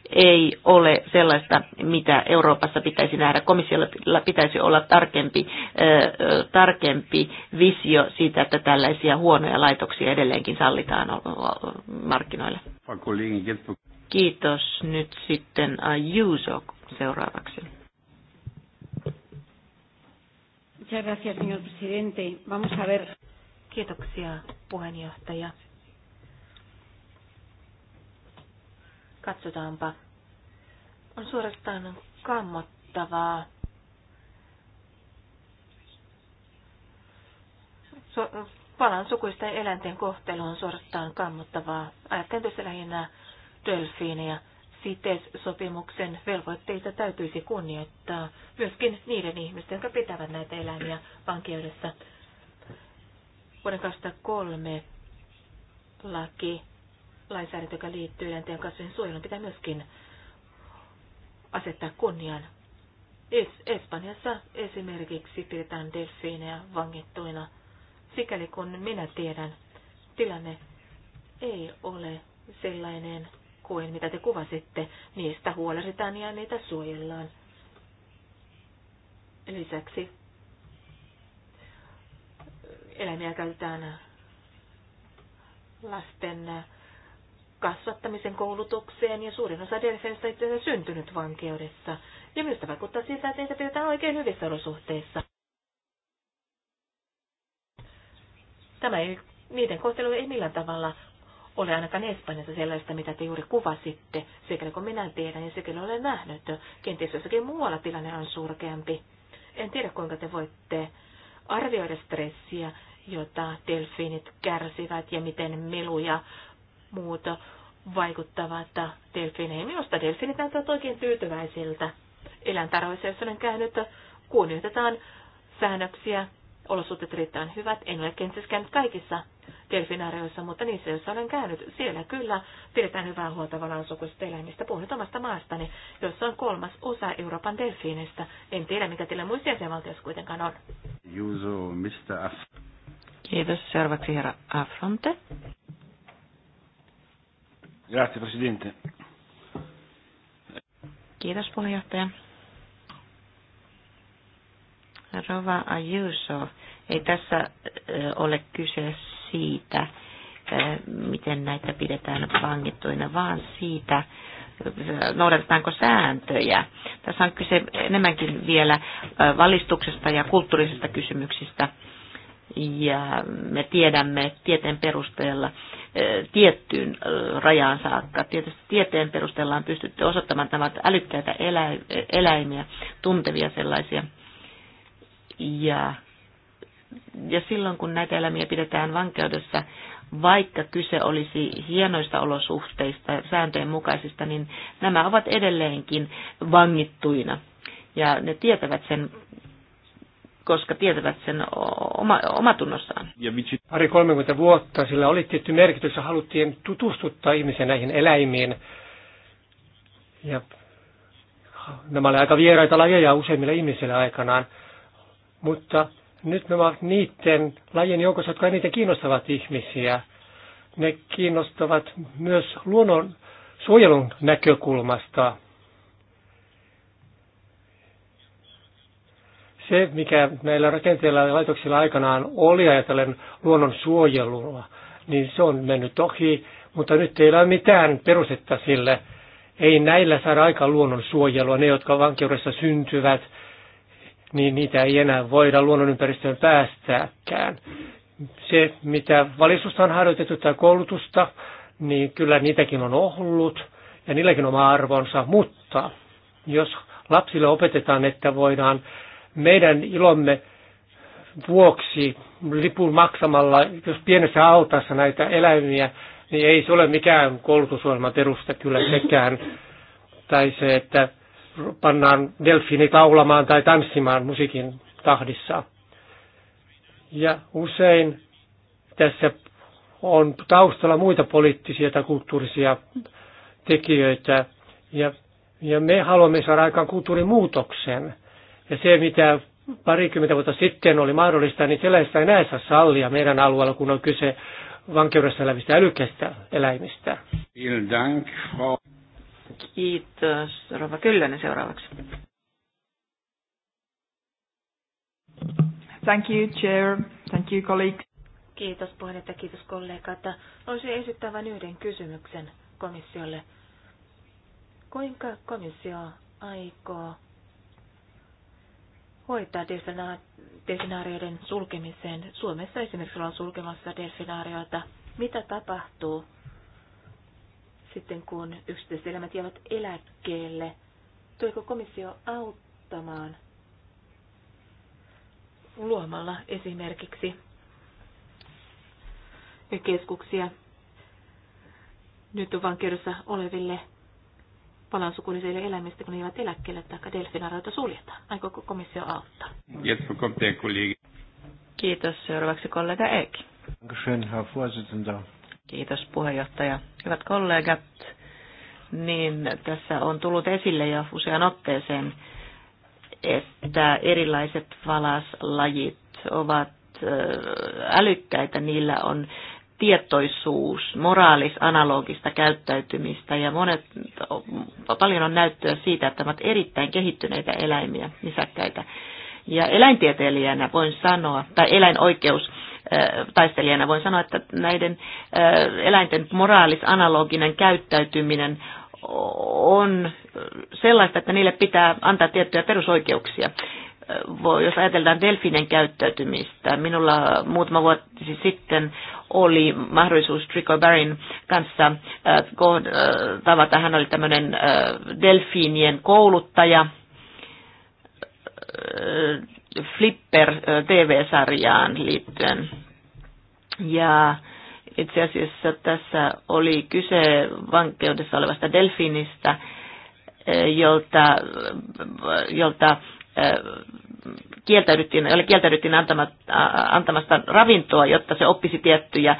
ei ole sellaista, mitä Euroopassa pitäisi nähdä. Komissiolla pitäisi olla tarkempi, tarkempi visio siitä, että tällaisia huonoja laitoksia edelleenkin sallitaan markkinoille. Kiitos. Nyt sitten Ayuso seuraavaksi. Kiitoksia, puheenjohtaja Katsotaanpa. On suorastaan kammottavaa. Su- palan ja eläinten kohtelu on suorastaan kammottavaa. Ajattelen tässä lähinnä delfiinejä. CITES-sopimuksen velvoitteita täytyisi kunnioittaa myöskin niiden ihmisten, jotka pitävät näitä eläimiä vankeudessa. Vuoden 2003 laki lainsäädäntö, joka liittyy eläinten kasvien suojeluun, pitää myöskin asettaa kunnian. Es- Espanjassa esimerkiksi pidetään delfiinejä vangittuina. Sikäli kun minä tiedän, tilanne ei ole sellainen kuin mitä te kuvasitte. Niistä huolehditaan ja niitä suojellaan. Lisäksi eläimiä käytetään lasten kasvattamisen koulutukseen ja suurin osa delfeistä itse asiassa syntynyt vankeudessa. Ja minusta vaikuttaa siltä, että niitä pidetään oikein hyvissä olosuhteissa. Tämä ei, niiden kohtelu ei millään tavalla ole ainakaan Espanjassa sellaista, mitä te juuri kuvasitte, sikäli kun minä tiedän ja sikäli olen nähnyt. Kenties jossakin muualla tilanne on surkeampi. En tiedä, kuinka te voitte arvioida stressiä, jota delfiinit kärsivät ja miten meluja muut vaikuttavat delfiineihin. Minusta delfiinit näyttävät oikein tyytyväisiltä. jos olen käynyt, kunnioitetaan säännöksiä, olosuhteet riittävän hyvät. En ole kenties käynyt kaikissa delfinaarioissa, mutta niissä, joissa olen käynyt, siellä kyllä pidetään hyvää huolta valansukuisista eläimistä. Puhun nyt omasta maastani, jossa on kolmas osa Euroopan delfiineistä. En tiedä, mikä teillä muissa jäsenvaltioissa kuitenkaan on. Juso, mistä Kiitos. Seuraavaksi herra Afronte. Grazie, Presidente. Kiitos puheenjohtaja. Rova Ayuso, ei tässä ole kyse siitä, miten näitä pidetään vangittuina, vaan siitä, noudatetaanko sääntöjä. Tässä on kyse enemmänkin vielä valistuksesta ja kulttuurisista kysymyksistä ja me tiedämme tieteen perusteella eh, tiettyyn rajaan saakka. Tietysti tieteen perusteella on pystytty osoittamaan, että nämä älykkäitä eläimiä, tuntevia sellaisia. Ja, ja silloin, kun näitä eläimiä pidetään vankeudessa, vaikka kyse olisi hienoista olosuhteista, sääntöjen mukaisista, niin nämä ovat edelleenkin vangittuina. Ja ne tietävät sen koska tietävät sen oma, omatunnossaan. Ja pari 30 vuotta sillä oli tietty merkitys ja haluttiin tutustuttaa ihmisiä näihin eläimiin. Ja nämä olivat aika vieraita lajeja useimmille ihmisille aikanaan, mutta nyt nämä ovat niiden lajien joukossa, jotka eniten kiinnostavat ihmisiä. Ne kiinnostavat myös luonnon suojelun näkökulmasta Se, mikä meillä rakenteilla ja laitoksilla aikanaan oli ajatellen luonnon suojelua, niin se on mennyt ohi, mutta nyt ei ole mitään perustetta sille. Ei näillä saada aika luonnon suojelua. Ne, jotka vankeudessa syntyvät, niin niitä ei enää voida luonnonympäristöön päästääkään. Se, mitä valistusta on harjoitettu tai koulutusta, niin kyllä niitäkin on ollut ja niilläkin oma arvonsa, mutta jos lapsille opetetaan, että voidaan meidän ilomme vuoksi lipun maksamalla, jos pienessä autassa näitä eläimiä, niin ei se ole mikään koulutusohjelman perusta kyllä sekään. Tai se, että pannaan delfiini taulamaan tai tanssimaan musiikin tahdissa. Ja usein tässä on taustalla muita poliittisia tai kulttuurisia tekijöitä. Ja, ja me haluamme saada aikaan kulttuurimuutoksen. muutoksen ja se, mitä parikymmentä vuotta sitten oli mahdollista, niin sellaista ei näe saa sallia meidän alueella, kun on kyse vankeudessa elävistä älykkäistä eläimistä. Kiitos. Rova Kyllönen seuraavaksi. Thank you, Chair. Thank you, colleagues. Kiitos puheenjohtaja, kiitos kollegat. Olisin esittää vain yhden kysymyksen komissiolle. Kuinka komissio aikoo hoitaa delfinaarioiden sulkemiseen. Suomessa esimerkiksi ollaan sulkemassa delfinaarioita. Mitä tapahtuu sitten, kun yksityiset elämät jäävät eläkkeelle? Tuleeko komissio auttamaan luomalla esimerkiksi keskuksia nyt on vankeudessa oleville palansukulisille eläimistä, kun ne eivät eläkkeelle tai delfinaroita suljetaan. Aikooko komissio auttaa? Kiitos. Seuraavaksi kollega Eek. Kiitos puheenjohtaja. Hyvät kollegat, niin tässä on tullut esille jo usean otteeseen, että erilaiset valaslajit ovat älykkäitä, niillä on tietoisuus moraalis analogista käyttäytymistä ja monet, paljon on näyttöä siitä, että ovat erittäin kehittyneitä eläimiä, nisäkkäitä. Ja eläintieteilijänä voin sanoa, tai eläinoikeus, äh, taistelijana voin sanoa, että näiden äh, eläinten moraalis analoginen käyttäytyminen on sellaista, että niille pitää antaa tiettyjä perusoikeuksia voi, jos ajatellaan delfinen käyttäytymistä, minulla muutama vuosi sitten oli mahdollisuus Trico Barin kanssa äh, äh, tavata. Hän oli tämmöinen äh, delfiinien kouluttaja Flipper TV-sarjaan liittyen. Ja itse asiassa tässä oli kyse vankeudessa olevasta delfiinistä, jolta, jolta kieltäydyttiin, jolle kieltäydyttiin antamasta ravintoa, jotta se oppisi tiettyjä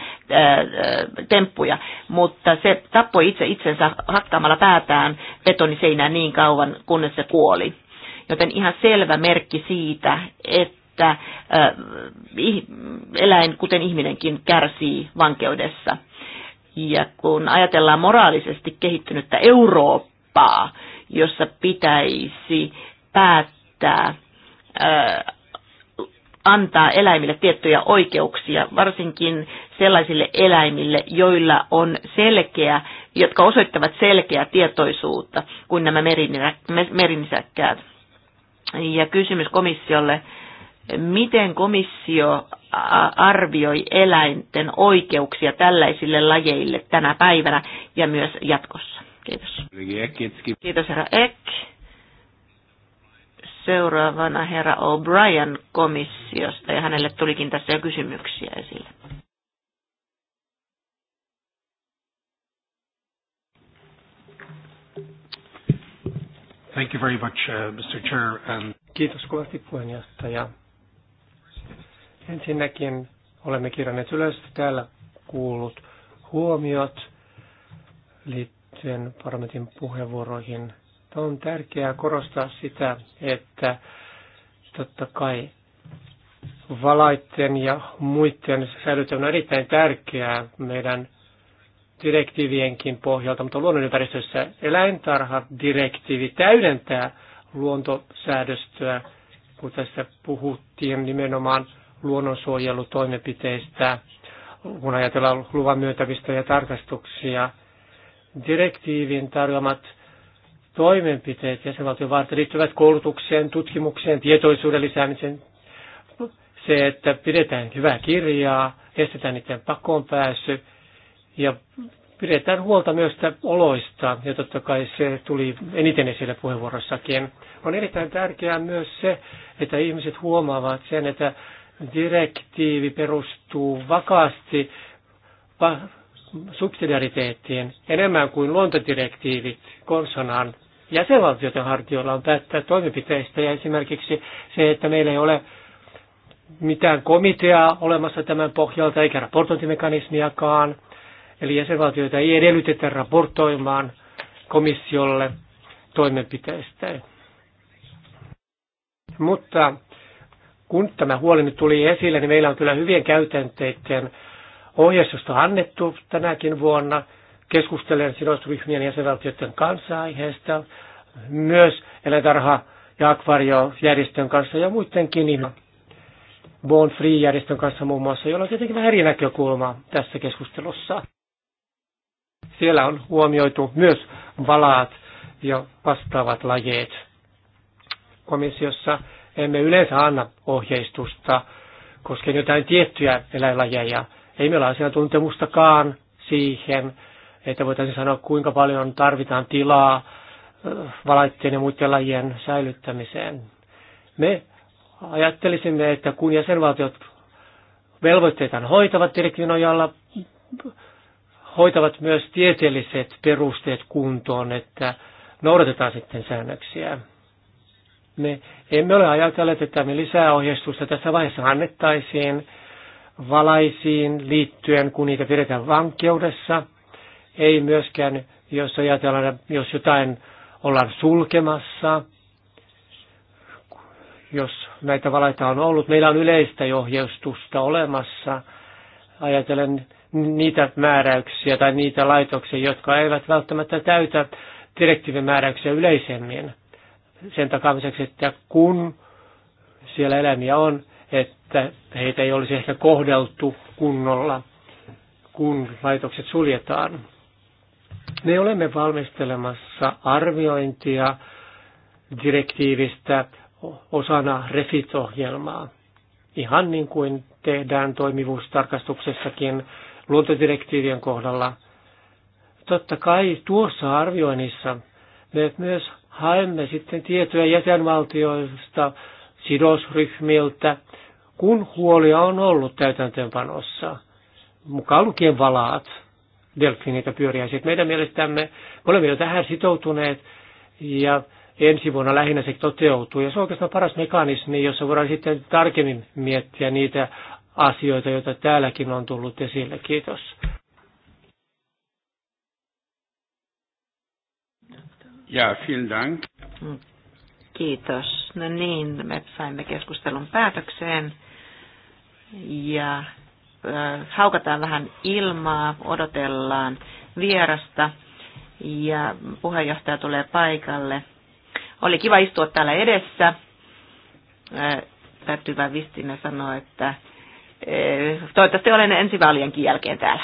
temppuja, mutta se tappoi itse itsensä hakkaamalla päätään betoniseinään niin kauan, kunnes se kuoli. Joten ihan selvä merkki siitä, että eläin, kuten ihminenkin, kärsii vankeudessa. Ja kun ajatellaan moraalisesti kehittynyttä Eurooppaa, jossa pitäisi päättää, pitää antaa eläimille tiettyjä oikeuksia, varsinkin sellaisille eläimille, joilla on selkeä, jotka osoittavat selkeää tietoisuutta kuin nämä merinisäkkäät. Ja kysymys komissiolle, miten komissio arvioi eläinten oikeuksia tällaisille lajeille tänä päivänä ja myös jatkossa? Kiitos. Kiitos herra Ek seuraavana herra O'Brien komissiosta, ja hänelle tulikin tässä jo kysymyksiä esille. Thank you very much, uh, Mr. Chair. Um... Kiitos kovasti puheenjohtaja. Ensinnäkin olemme kirjanneet ylös täällä kuulut huomiot liittyen parlamentin puheenvuoroihin – on tärkeää korostaa sitä, että totta kai valaitten ja muiden säilyttäminen on erittäin tärkeää meidän direktiivienkin pohjalta, mutta luonnonympäristössä eläintarhadirektiivi täydentää luontosäädöstöä, kun tässä puhuttiin nimenomaan luonnonsuojelutoimenpiteistä, kun ajatellaan luvan myöntämistä ja tarkastuksia. Direktiivin tarjoamat toimenpiteet jäsenvaltion varten liittyvät koulutukseen, tutkimukseen, tietoisuuden lisäämiseen, se, että pidetään hyvää kirjaa, estetään niiden pakoon pääsy ja pidetään huolta myös oloista, ja totta kai se tuli eniten esille puheenvuorossakin. On erittäin tärkeää myös se, että ihmiset huomaavat sen, että direktiivi perustuu vakaasti subsidiariteettiin enemmän kuin luontodirektiivi konsonaan jäsenvaltioiden hartioilla on päättää toimenpiteistä ja esimerkiksi se, että meillä ei ole mitään komiteaa olemassa tämän pohjalta eikä raportointimekanismiakaan. Eli jäsenvaltioita ei edellytetä raportoimaan komissiolle toimenpiteistä. Mutta kun tämä huoli nyt tuli esille, niin meillä on kyllä hyvien käytänteiden ohjeistusta annettu tänäkin vuonna. Keskustelen sidosryhmien jäsenvaltioiden kanssa aiheesta, myös eläintarha- ja akvariojärjestön kanssa ja muidenkin Bone Free-järjestön kanssa muun muassa, jolla on tietenkin vähän eri näkökulma tässä keskustelussa. Siellä on huomioitu myös valaat ja vastaavat lajeet. Komissiossa emme yleensä anna ohjeistusta koskien jotain tiettyjä eläinlajeja – ei meillä asiantuntemustakaan siihen, että voitaisiin sanoa, kuinka paljon tarvitaan tilaa valaitteen ja muiden lajien säilyttämiseen. Me ajattelisimme, että kun jäsenvaltiot velvoitteitaan hoitavat direktiivin nojalla, hoitavat myös tieteelliset perusteet kuntoon, että noudatetaan sitten säännöksiä. Me emme ole ajatelleet, että me lisää ohjeistusta tässä vaiheessa annettaisiin, valaisiin liittyen, kun niitä pidetään vankeudessa. Ei myöskään, jos ajatellaan, jos jotain ollaan sulkemassa, jos näitä valaita on ollut. Meillä on yleistä ohjeistusta olemassa. Ajatellen niitä määräyksiä tai niitä laitoksia, jotka eivät välttämättä täytä direktiivin määräyksiä yleisemmin sen takaamiseksi, että kun siellä eläimiä on, että heitä ei olisi ehkä kohdeltu kunnolla, kun laitokset suljetaan. Me olemme valmistelemassa arviointia direktiivistä osana REFIT-ohjelmaa. Ihan niin kuin tehdään toimivuustarkastuksessakin luontodirektiivien kohdalla. Totta kai tuossa arvioinnissa me myös haemme sitten tietoja jäsenvaltioista, sidosryhmiltä, kun huolia on ollut täytäntöönpanossa, mukaan lukien valaat, delfiinit ja pyöriäiset. Meidän mielestämme me olemme jo tähän sitoutuneet ja ensi vuonna lähinnä se toteutuu. Ja se on oikeastaan paras mekanismi, jossa voidaan sitten tarkemmin miettiä niitä asioita, joita täälläkin on tullut esille. Kiitos. Ja, vielen Dank. Mm. Kiitos. No niin, me saimme keskustelun päätökseen ja haukataan vähän ilmaa, odotellaan vierasta ja puheenjohtaja tulee paikalle. Oli kiva istua täällä edessä. Täytyy vain vistinä sanoa, että toivottavasti olen ensi vaalienkin jälkeen täällä.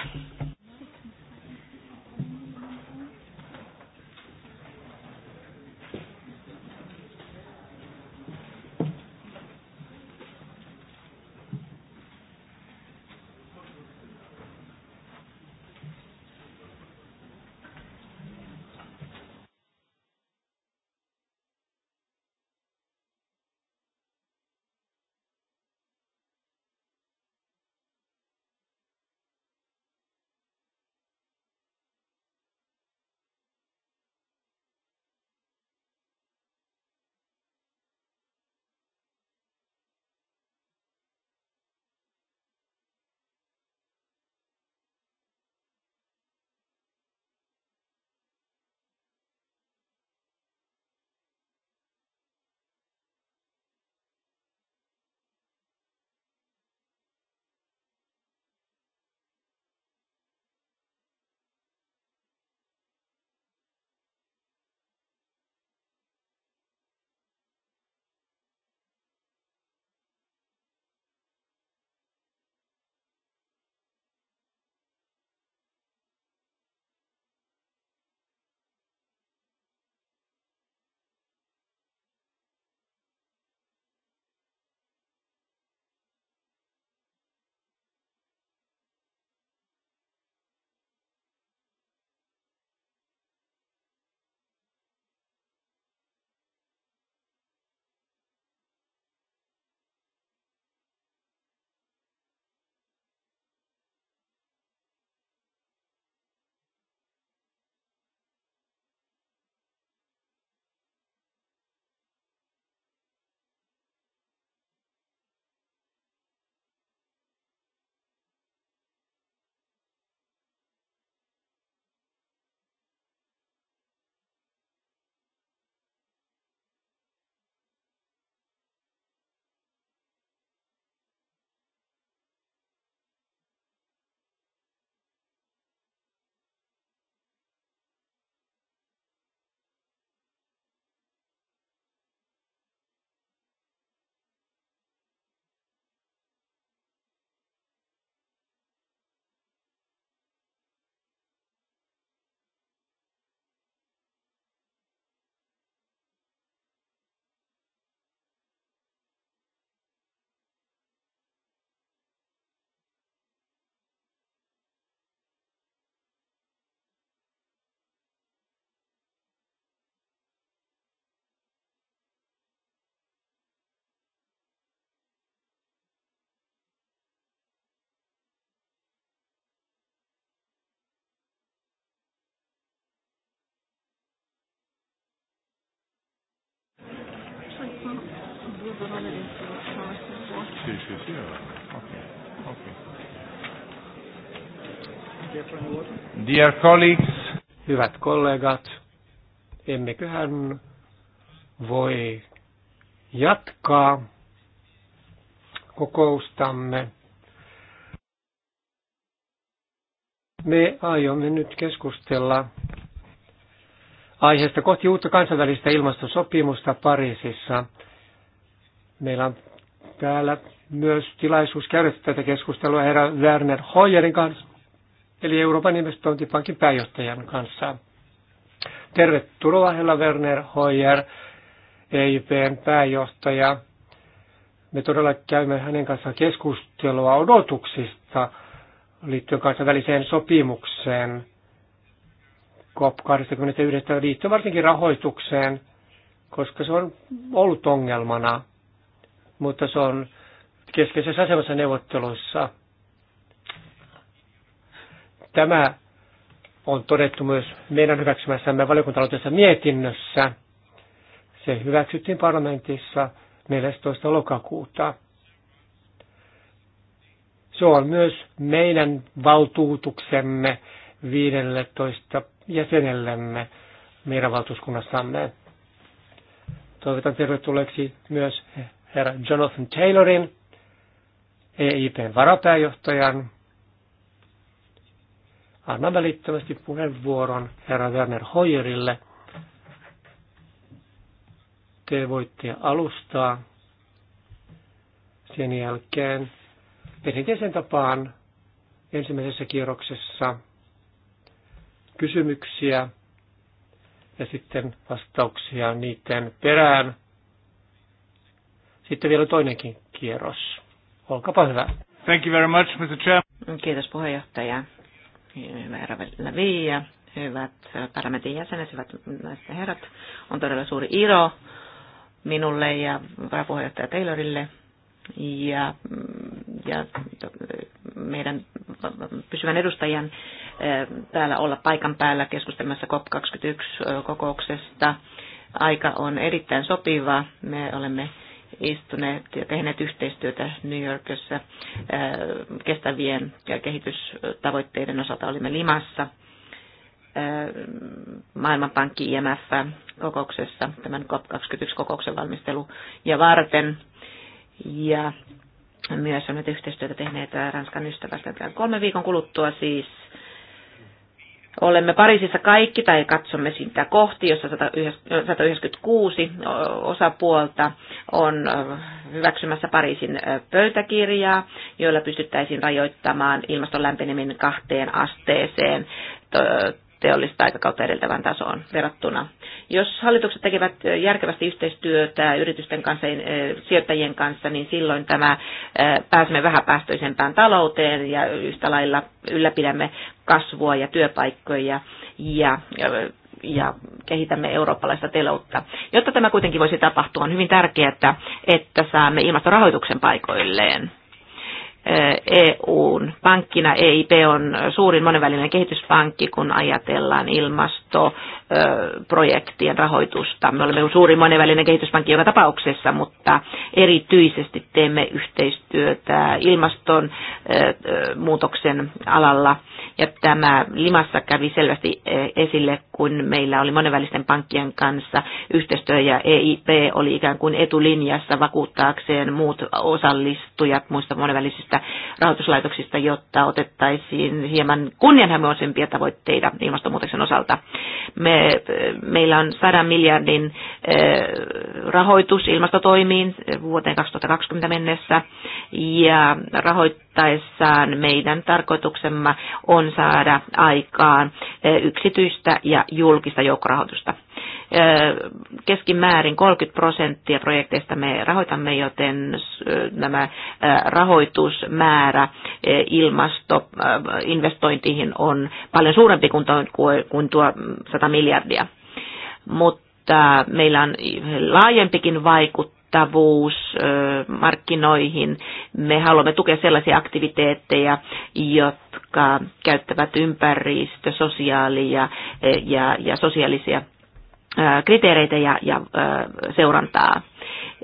Sì, sì, sì. Ok. okay. Dear colleagues. Hyvät kollegat, emmeköhän voi jatkaa kokoustamme. Me aiomme nyt keskustella aiheesta kohti uutta kansainvälistä ilmastosopimusta Pariisissa – Meillä on täällä myös tilaisuus käydä tätä keskustelua herra Werner Hoyerin kanssa, eli Euroopan investointipankin pääjohtajan kanssa. Tervetuloa herra Werner Hoyer, EIPn pääjohtaja. Me todella käymme hänen kanssaan keskustelua odotuksista liittyen kansainväliseen sopimukseen COP21 liittyen varsinkin rahoitukseen, koska se on ollut ongelmana – mutta se on keskeisessä asemassa neuvotteluissa. Tämä on todettu myös meidän hyväksymässämme valiokuntaloitteessa mietinnössä. Se hyväksyttiin parlamentissa 14. lokakuuta. Se on myös meidän valtuutuksemme 15 jäsenellemme meidän valtuuskunnassamme. Toivotan tervetulleeksi myös herra Jonathan Taylorin, EIPn varapääjohtajan. Annan välittömästi puheenvuoron herra Werner Hoyerille. Te voitte alustaa. Sen jälkeen perinteisen tapaan ensimmäisessä kierroksessa kysymyksiä ja sitten vastauksia niiden perään sitten vielä toinenkin kierros. Olkaapa hyvä. Thank you very much, Mr. Chairman. Kiitos puheenjohtaja. Hyvä herra Lävi ja hyvät parlamentin jäsenet, hyvät naiset ja herrat. On todella suuri ilo minulle ja varapuheenjohtaja Taylorille ja, ja meidän pysyvän edustajan eh, täällä olla paikan päällä keskustelmassa COP21-kokouksesta. Eh, Aika on erittäin sopiva. Me olemme istuneet ja tehneet yhteistyötä New Yorkissa äh, kestävien ja kehitystavoitteiden osalta. Olimme Limassa äh, Maailmanpankki IMF-kokouksessa tämän COP21-kokouksen valmistelu ja varten. Ja myös olemme yhteistyötä tehneet Ranskan ystävästä. Kolme viikon kuluttua siis Olemme Pariisissa kaikki tai katsomme sitä kohti, jossa 196 osapuolta on hyväksymässä Pariisin pöytäkirjaa, joilla pystyttäisiin rajoittamaan ilmaston lämpeneminen kahteen asteeseen teollista aikakautta edeltävän tasoon verrattuna. Jos hallitukset tekevät järkevästi yhteistyötä yritysten kanssa, sijoittajien kanssa, niin silloin tämä pääsemme vähäpäästöisempään talouteen ja yhtä lailla ylläpidämme kasvua ja työpaikkoja ja ja kehitämme eurooppalaista teloutta. Jotta tämä kuitenkin voisi tapahtua, on hyvin tärkeää, että saamme ilmastorahoituksen paikoilleen EUn pankkina EIP on suurin monenvälinen kehityspankki, kun ajatellaan ilmastoprojektien rahoitusta. Me olemme suurin monenvälinen kehityspankki joka tapauksessa, mutta erityisesti teemme yhteistyötä ilmastonmuutoksen alalla. Ja tämä Limassa kävi selvästi esille, kun meillä oli monenvälisten pankkien kanssa yhteistyö ja EIP oli ikään kuin etulinjassa vakuuttaakseen muut osallistujat muista monenvälisistä näistä rahoituslaitoksista, jotta otettaisiin hieman kunnianhimoisempia tavoitteita ilmastonmuutoksen osalta. Me, meillä on 100 miljardin eh, rahoitus ilmastotoimiin vuoteen 2020 mennessä ja rahoittaessaan meidän tarkoituksemme on saada aikaan eh, yksityistä ja julkista joukkorahoitusta Keskimäärin 30 prosenttia projekteista me rahoitamme, joten nämä rahoitusmäärä ilmastoinvestointiin on paljon suurempi kuin tuo 100 miljardia. Mutta meillä on laajempikin vaikuttavuus markkinoihin. Me haluamme tukea sellaisia aktiviteetteja, jotka käyttävät ympäristö, sosiaali- ja, ja, ja sosiaalisia kriteereitä ja, ja seurantaa.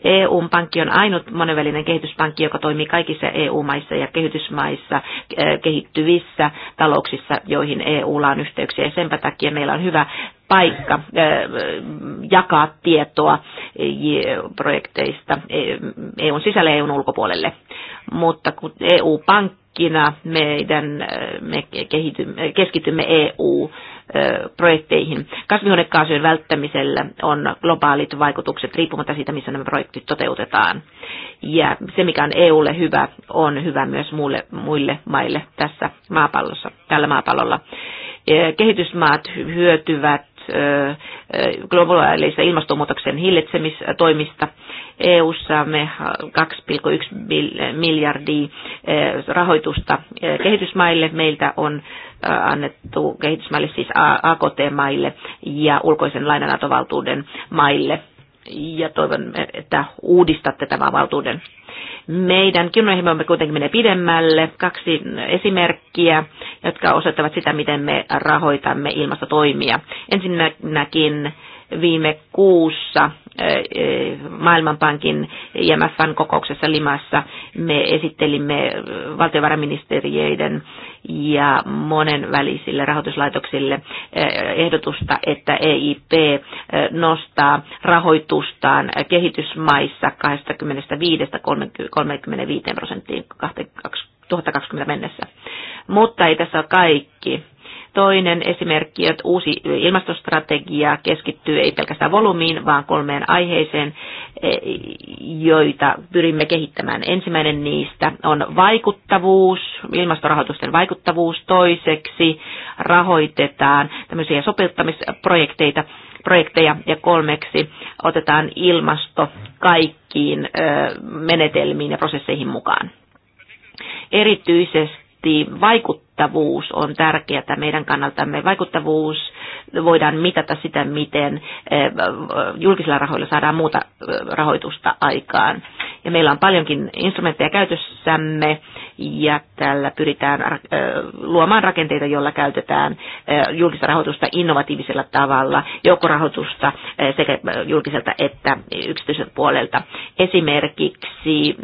eu pankki on ainut monenvälinen kehityspankki, joka toimii kaikissa EU-maissa ja kehitysmaissa, kehittyvissä talouksissa, joihin EUlla on yhteyksiä. Sen takia meillä on hyvä paikka jakaa tietoa projekteista EUn e sisällä ja EUn ulkopuolelle. Mutta kun eu pankkina meidän, me kehitymme, keskitymme EU, projekteihin. Kasvihuonekaasujen välttämisellä on globaalit vaikutukset riippumatta siitä, missä nämä projektit toteutetaan. Ja se, mikä on EUlle hyvä, on hyvä myös muille, muille maille tässä maapallossa, tällä maapallolla. Kehitysmaat hyötyvät globaaleista ilmastonmuutoksen hillitsemistoimista. EU-ssa me 2,1 miljardia rahoitusta kehitysmaille. Meiltä on annettu kehitysmaille, siis AKT-maille ja ulkoisen lainanatovaltuuden maille ja toivon, että uudistatte tämän valtuuden. Meidän kinnonhimomme kuitenkin menee pidemmälle. Kaksi esimerkkiä, jotka osoittavat sitä, miten me rahoitamme ilmastotoimia. Ensinnäkin viime kuussa Maailmanpankin IMFn kokouksessa Limassa me esittelimme valtiovarainministeriöiden ja monen välisille rahoituslaitoksille eh, ehdotusta, että EIP eh, nostaa rahoitustaan kehitysmaissa 25-35 prosenttiin 2020 mennessä. Mutta ei tässä ole kaikki Toinen esimerkki, että uusi ilmastostrategia keskittyy ei pelkästään volyymiin, vaan kolmeen aiheeseen, e, joita pyrimme kehittämään. Ensimmäinen niistä on vaikuttavuus, ilmastorahoitusten vaikuttavuus. Toiseksi rahoitetaan tämmöisiä sopeuttamisprojekteita, projekteja ja kolmeksi otetaan ilmasto kaikkiin e, menetelmiin ja prosesseihin mukaan. Erityisesti miettii, vaikuttavuus on tärkeää meidän kannaltamme. Vaikuttavuus voidaan mitata sitä, miten eh, julkisilla rahoilla saadaan muuta eh, rahoitusta aikaan. Ja meillä on paljonkin instrumentteja käytössämme, ja tällä pyritään äh, luomaan rakenteita, joilla käytetään äh, julkista rahoitusta innovatiivisella tavalla, joukkorahoitusta äh, sekä julkiselta että yksityiseltä puolelta. Esimerkiksi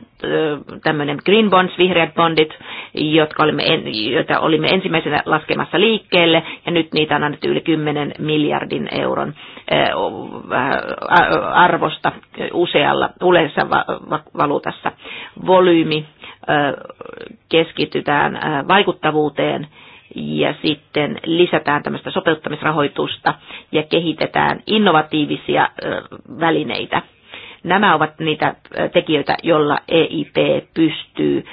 tämmöinen green bonds, vihreät bondit, jotka olimme, joita olimme ensimmäisenä laskemassa liikkeelle, ja nyt niitä on annettu yli 10 miljardin euron arvosta usealla, uleisessa valuutassa. Volyymi keskitytään vaikuttavuuteen ja sitten lisätään tämmöistä sopeuttamisrahoitusta ja kehitetään innovatiivisia välineitä. Nämä ovat niitä tekijöitä, joilla EIP pystyy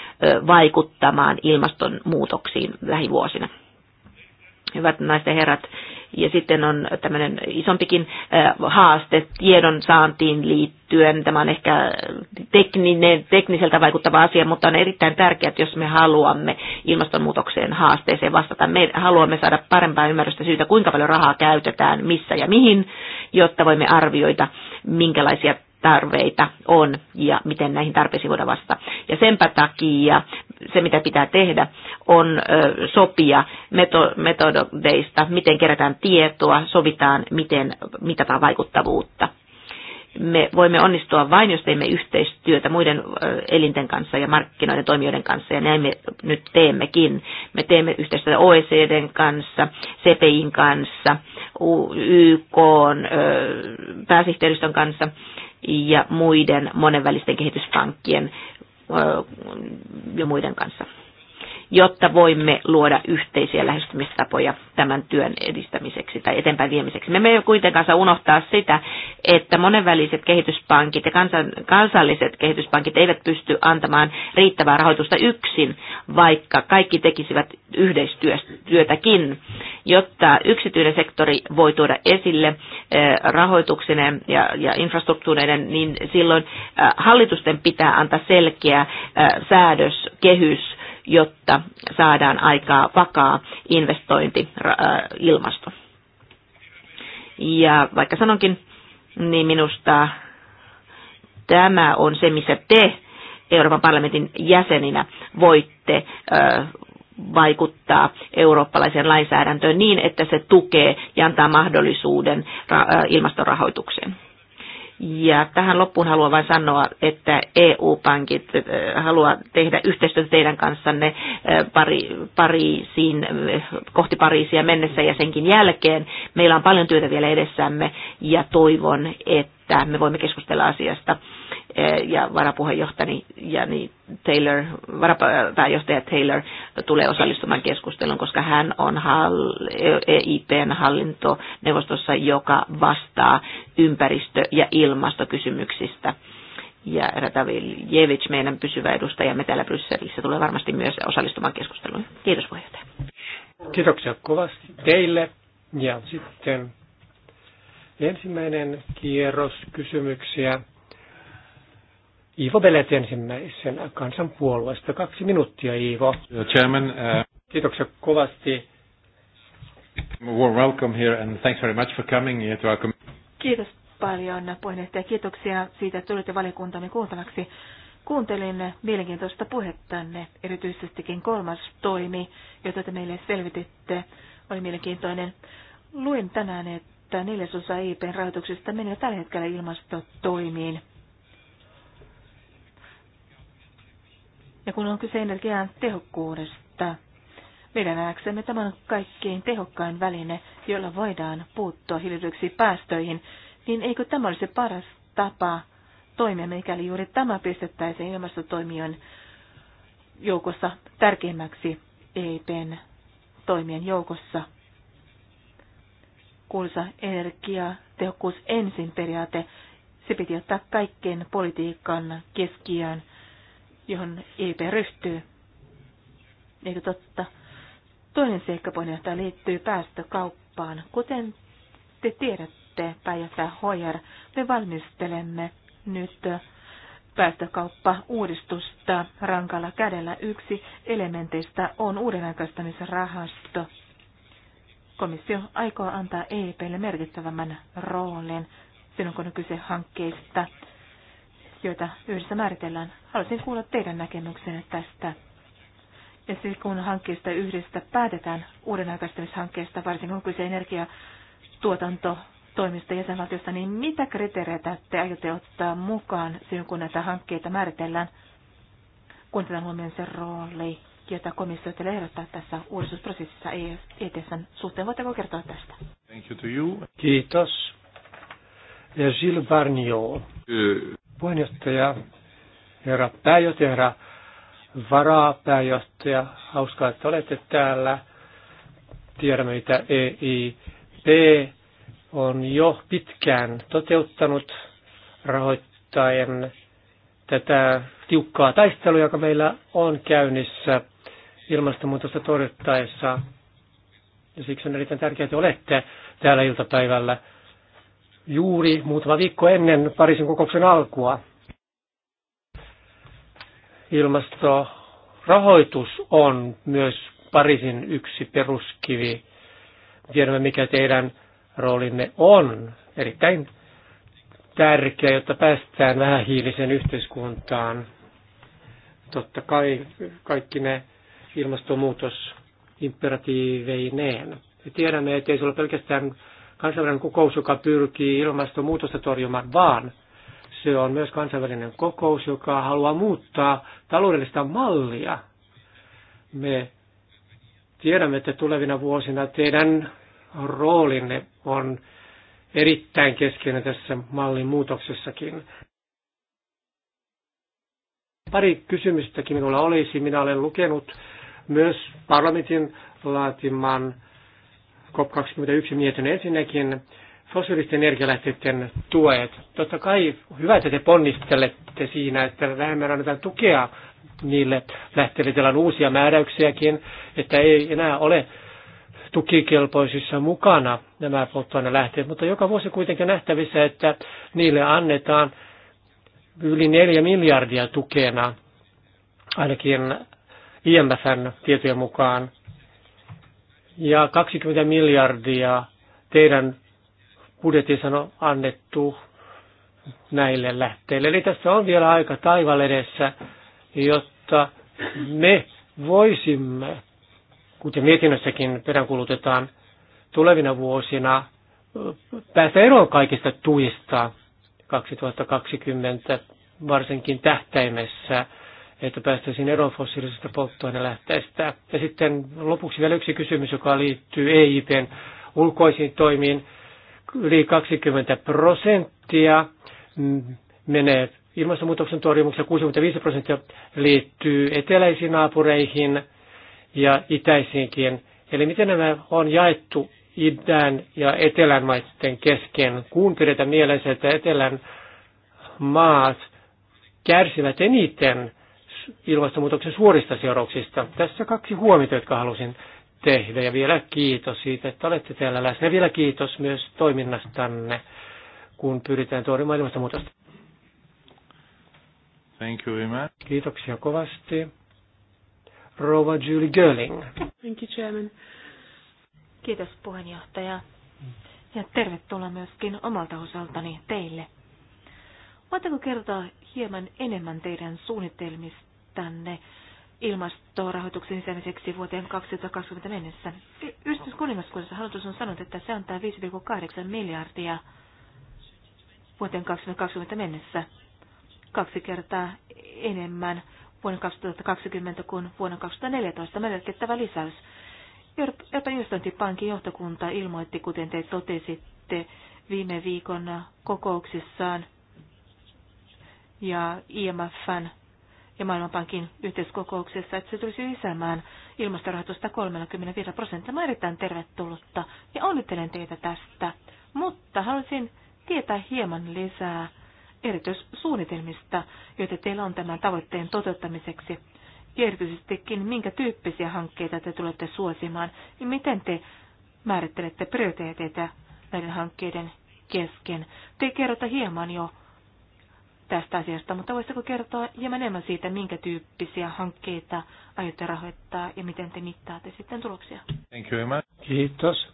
vaikuttamaan ilmastonmuutoksiin lähivuosina. Hyvät naiset ja herrat, ja sitten on tämmöinen isompikin haaste tiedon saantiin liittyen. Tämä on ehkä tekninen, tekniseltä vaikuttava asia, mutta on erittäin tärkeää, että jos me haluamme ilmastonmuutokseen haasteeseen vastata, me haluamme saada parempaa ymmärrystä siitä, kuinka paljon rahaa käytetään, missä ja mihin, jotta voimme arvioida, minkälaisia tarveita on ja miten näihin tarpeisiin voidaan vastata. Ja senpä takia se, mitä pitää tehdä, on sopia metodeista, miten kerätään tietoa, sovitaan, miten mitataan vaikuttavuutta me voimme onnistua vain, jos teemme yhteistyötä muiden elinten kanssa ja markkinoiden toimijoiden kanssa, ja näin me nyt teemmekin. Me teemme yhteistyötä OECDn kanssa, CPIn kanssa, YK pääsihteeristön kanssa, ja muiden monenvälisten kehityspankkien ja muiden kanssa jotta voimme luoda yhteisiä lähestymistapoja tämän työn edistämiseksi tai eteenpäin viemiseksi. Me emme kuitenkaan saa unohtaa sitä, että monenväliset kehityspankit ja kansalliset kehityspankit eivät pysty antamaan riittävää rahoitusta yksin, vaikka kaikki tekisivät yhteistyötäkin, jotta yksityinen sektori voi tuoda esille eh, rahoituksineen ja, ja infrastruktuureiden, niin silloin eh, hallitusten pitää antaa selkeä eh, säädös, kehys jotta saadaan aikaa vakaa investointiilmasto. Ja vaikka sanonkin, niin minusta tämä on se, missä te Euroopan parlamentin jäseninä voitte vaikuttaa eurooppalaiseen lainsäädäntöön niin, että se tukee ja antaa mahdollisuuden ilmastorahoitukseen. Ja tähän loppuun haluan vain sanoa, että EU-pankit äh, haluaa tehdä yhteistyötä teidän kanssanne äh, pari, Pariisiin, äh, kohti Pariisia mennessä ja senkin jälkeen. Meillä on paljon työtä vielä edessämme ja toivon, että me voimme keskustella asiasta. Ja varapuheenjohtani Jani Taylor, varapääjohtaja Taylor tulee osallistumaan keskusteluun, koska hän on EIPn hallintoneuvostossa, joka vastaa ympäristö- ja ilmastokysymyksistä. Ja Jevich, meidän pysyvä edustajamme täällä Brysselissä, tulee varmasti myös osallistumaan keskusteluun. Kiitos puheenjohtaja. Kiitoksia kovasti teille. Ja sitten ensimmäinen kierros kysymyksiä. Ivo Belet ensimmäisen kansanpuolueesta. Kaksi minuuttia, Ivo. Chairman, uh... Kiitoksia kovasti. Warm welcome here and thanks very much for coming here to our Kiitos paljon puheenjohtaja. Kiitoksia siitä, että tulitte valiokuntamme kuultavaksi. Kuuntelin mielenkiintoista puhettanne, erityisestikin kolmas toimi, jota te meille selvititte, oli mielenkiintoinen. Luin tänään, että neljäsosa IPn rahoituksesta jo tällä hetkellä ilmastotoimiin. Ja kun on kyse energian tehokkuudesta, meidän nähdäksemme tämän kaikkein tehokkain väline – jolla voidaan puuttua päästöihin, niin eikö tämä olisi paras tapa toimia, mikäli juuri tämä pistettäisiin ilmastotoimijoiden joukossa tärkeimmäksi EIPn toimien joukossa. Kuulsa energia, tehokkuus ensin periaate, se piti ottaa kaikkien politiikan keskiään, johon EIP ryhtyy. Eikö totta? Toinen seikka puheenjohtaja liittyy päästökauppaan kauppaan. Kuten te tiedätte, pääjohtaja Hoyer, me valmistelemme nyt päästökauppa-uudistusta rankalla kädellä. Yksi elementeistä on uudenaikaistamisrahasto. Komissio aikoo antaa EIPlle merkittävämmän roolin silloin, kun on kyse hankkeista, joita yhdessä määritellään. Haluaisin kuulla teidän näkemyksenne tästä ja siis kun hankkeesta yhdestä päätetään uuden aikaistamishankkeesta, varsin ulkoisen kyse energiatuotanto toimista jäsenvaltiosta, niin mitä kriteereitä te aiotte ottaa mukaan silloin, kun näitä hankkeita määritellään, kun tämän huomioon se rooli, jota komissio teille ehdottaa tässä uudistusprosessissa ETSn suhteen? Voitteko kertoa tästä? Thank you to you. Kiitos. Ja Gilles Barnio, puheenjohtaja, herra pääjohtaja, herra varapääjohtaja. Hauskaa, että olette täällä. Tiedämme, mitä EIP on jo pitkään toteuttanut rahoittajan tätä tiukkaa taistelua, joka meillä on käynnissä ilmastonmuutosta torjuttaessa. Ja siksi on erittäin tärkeää, että olette täällä iltapäivällä juuri muutama viikko ennen Pariisin kokouksen alkua. Ilmastorahoitus on myös Pariisin yksi peruskivi. Tiedämme, mikä teidän roolinne on. Erittäin tärkeä, jotta päästään vähähiiliseen yhteiskuntaan. Totta kai kaikki ne ilmastonmuutos imperatiiveineen. Me tiedämme, ei se ole pelkästään kansainvälinen kokous, joka pyrkii ilmastonmuutosta torjumaan, vaan – se on myös kansainvälinen kokous, joka haluaa muuttaa taloudellista mallia. Me tiedämme, että tulevina vuosina teidän roolinne on erittäin keskeinen tässä mallin muutoksessakin. Pari kysymystäkin minulla olisi. Minä olen lukenut myös parlamentin laatiman COP21 mietinnön ensinnäkin fossiilisten energialähteiden tuet. Totta kai hyvä, että te ponnistelette siinä, että vähemmän annetaan tukea niille lähteille. Teillä on uusia määräyksiäkin, että ei enää ole tukikelpoisissa mukana nämä polttoainelähteet, mutta joka vuosi kuitenkin nähtävissä, että niille annetaan yli 4 miljardia tukena, ainakin IMFn tietojen mukaan, ja 20 miljardia teidän budjetissa on annettu näille lähteille. Eli tässä on vielä aika taival edessä, jotta me voisimme, kuten mietinnössäkin peräänkuulutetaan, tulevina vuosina päästä eroon kaikista tuista 2020 varsinkin tähtäimessä, että päästäisiin eroon fossiilisista polttoainelähteistä. Ja sitten lopuksi vielä yksi kysymys, joka liittyy EIPn ulkoisiin toimiin yli 20 prosenttia menee ilmastonmuutoksen torjumukseen, 65 prosenttia liittyy eteläisiin naapureihin ja itäisiinkin. Eli miten nämä on jaettu idän ja etelän maiden kesken, kun pidetään mielessä, että etelän maat kärsivät eniten ilmastonmuutoksen suorista seurauksista. Tässä kaksi huomiota, jotka halusin tehdä. Ja vielä kiitos siitä, että olette täällä läsnä. Ja vielä kiitos myös toiminnastanne, kun pyritään torjumaan ilmastonmuutosta. Thank you very much. Kiitoksia kovasti. Rova Julie Görling. Thank you, Chairman. Kiitos puheenjohtaja. Ja tervetuloa myöskin omalta osaltani teille. Voitteko kertoa hieman enemmän teidän suunnitelmistanne? ilmastorahoituksen lisäämiseksi vuoteen 2020 mennessä. Yhdistys kuningaskunnassa hallitus on sanonut, että se antaa 5,8 miljardia vuoteen 2020 mennessä, kaksi kertaa enemmän vuonna 2020 kuin vuonna 2014 merkittävä lisäys. Euroopan investointipankin johtokunta ilmoitti, kuten te totesitte viime viikon kokouksissaan, ja IMFn ja Maailmanpankin yhteiskokouksessa, että se tulisi lisäämään ilmastorahoitusta 35 prosenttia. Mä erittäin tervetullutta ja onnittelen teitä tästä, mutta haluaisin tietää hieman lisää erityissuunnitelmista, joita teillä on tämän tavoitteen toteuttamiseksi. Ja erityisestikin, minkä tyyppisiä hankkeita te tulette suosimaan ja miten te määrittelette prioriteeteita näiden hankkeiden kesken. Te kerrota hieman jo tästä asiasta, mutta voisitko kertoa hieman enemmän siitä, minkä tyyppisiä hankkeita aiotte rahoittaa ja miten te mittaatte sitten tuloksia? Thank you very much. Kiitos.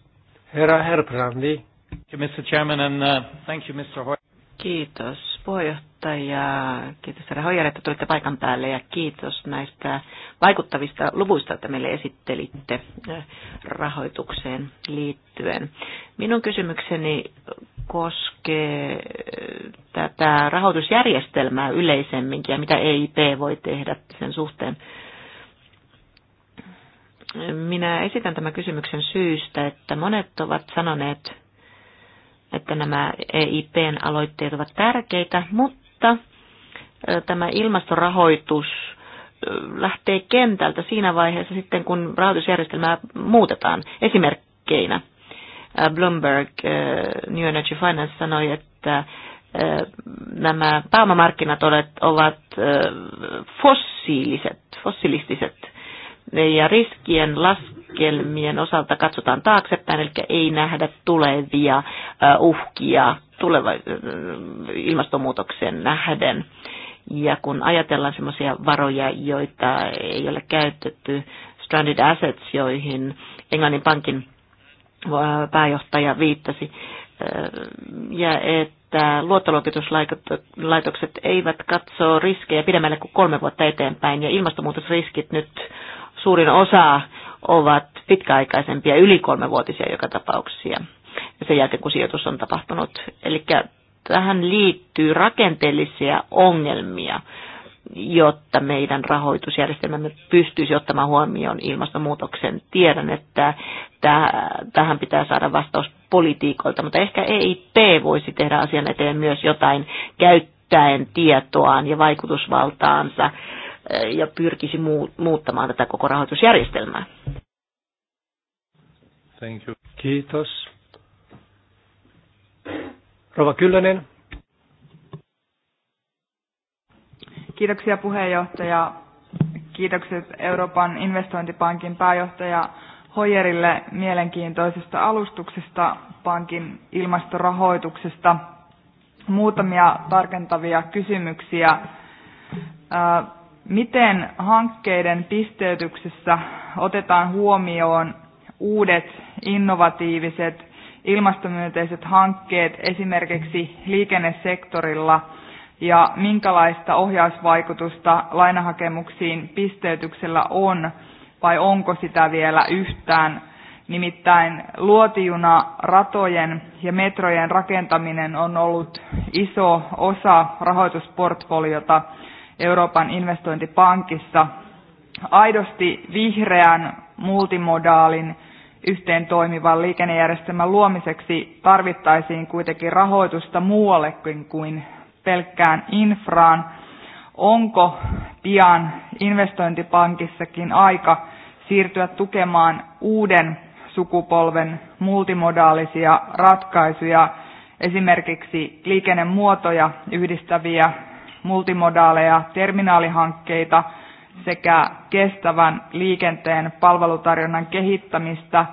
Herra Herbrandi. Thank you, Mr. Chairman, and uh, thank you, Mr. Hoy. Kiitos puheenjohtaja, kiitos herra Hoijar, että tulitte paikan päälle ja kiitos näistä vaikuttavista luvuista, että meille esittelitte eh, rahoitukseen liittyen. Minun kysymykseni koskee äh, tätä rahoitusjärjestelmää yleisemminkin ja mitä EIP voi tehdä sen suhteen. Minä esitän tämän kysymyksen syystä, että monet ovat sanoneet, että nämä EIPn aloitteet ovat tärkeitä, mutta äh, tämä ilmastorahoitus äh, lähtee kentältä siinä vaiheessa sitten, kun rahoitusjärjestelmää muutetaan esimerkkeinä. Äh, Bloomberg äh, New Energy Finance sanoi, että äh, nämä pääomamarkkinat ovat fossiiliset, fossiilistiset ja riskien laskelmien osalta katsotaan taaksepäin, eli ei nähdä tulevia uhkia tuleva, ilmastonmuutokseen nähden. Ja kun ajatellaan sellaisia varoja, joita ei ole käytetty, stranded assets, joihin Englannin pankin pääjohtaja viittasi, ja että luottoluokituslaitokset eivät katso riskejä pidemmälle kuin kolme vuotta eteenpäin, ja ilmastonmuutosriskit nyt suurin osa ovat pitkäaikaisempia, yli kolmevuotisia joka tapauksessa, sen jälkeen kun sijoitus on tapahtunut. Eli tähän liittyy rakenteellisia ongelmia jotta meidän rahoitusjärjestelmämme pystyisi ottamaan huomioon ilmastonmuutoksen. Tiedän, että tähän pitää saada vastaus politiikoilta, mutta ehkä EIP voisi tehdä asian eteen myös jotain käyttäen tietoaan ja vaikutusvaltaansa e, ja pyrkisi muuttamaan tätä koko rahoitusjärjestelmää. Thank you. Kiitos. Rova Kyllönen. Kiitoksia puheenjohtaja. Kiitokset Euroopan investointipankin pääjohtaja Hoyerille mielenkiintoisesta alustuksesta pankin ilmastorahoituksesta. Muutamia tarkentavia kysymyksiä. Miten hankkeiden pisteytyksessä otetaan huomioon uudet innovatiiviset ilmastomyönteiset hankkeet esimerkiksi liikennesektorilla – ja minkälaista ohjausvaikutusta lainahakemuksiin pisteytyksellä on vai onko sitä vielä yhtään. Nimittäin luotijuna, ratojen ja metrojen rakentaminen on ollut iso osa rahoitusportfoliota Euroopan investointipankissa. Aidosti vihreän, multimodaalin, yhteen toimivan liikennejärjestelmän luomiseksi tarvittaisiin kuitenkin rahoitusta muuallekin kuin pelkkään infraan. Onko pian investointipankissakin aika siirtyä tukemaan uuden sukupolven multimodaalisia ratkaisuja, esimerkiksi liikennemuotoja yhdistäviä multimodaaleja terminaalihankkeita sekä kestävän liikenteen palvelutarjonnan kehittämistä –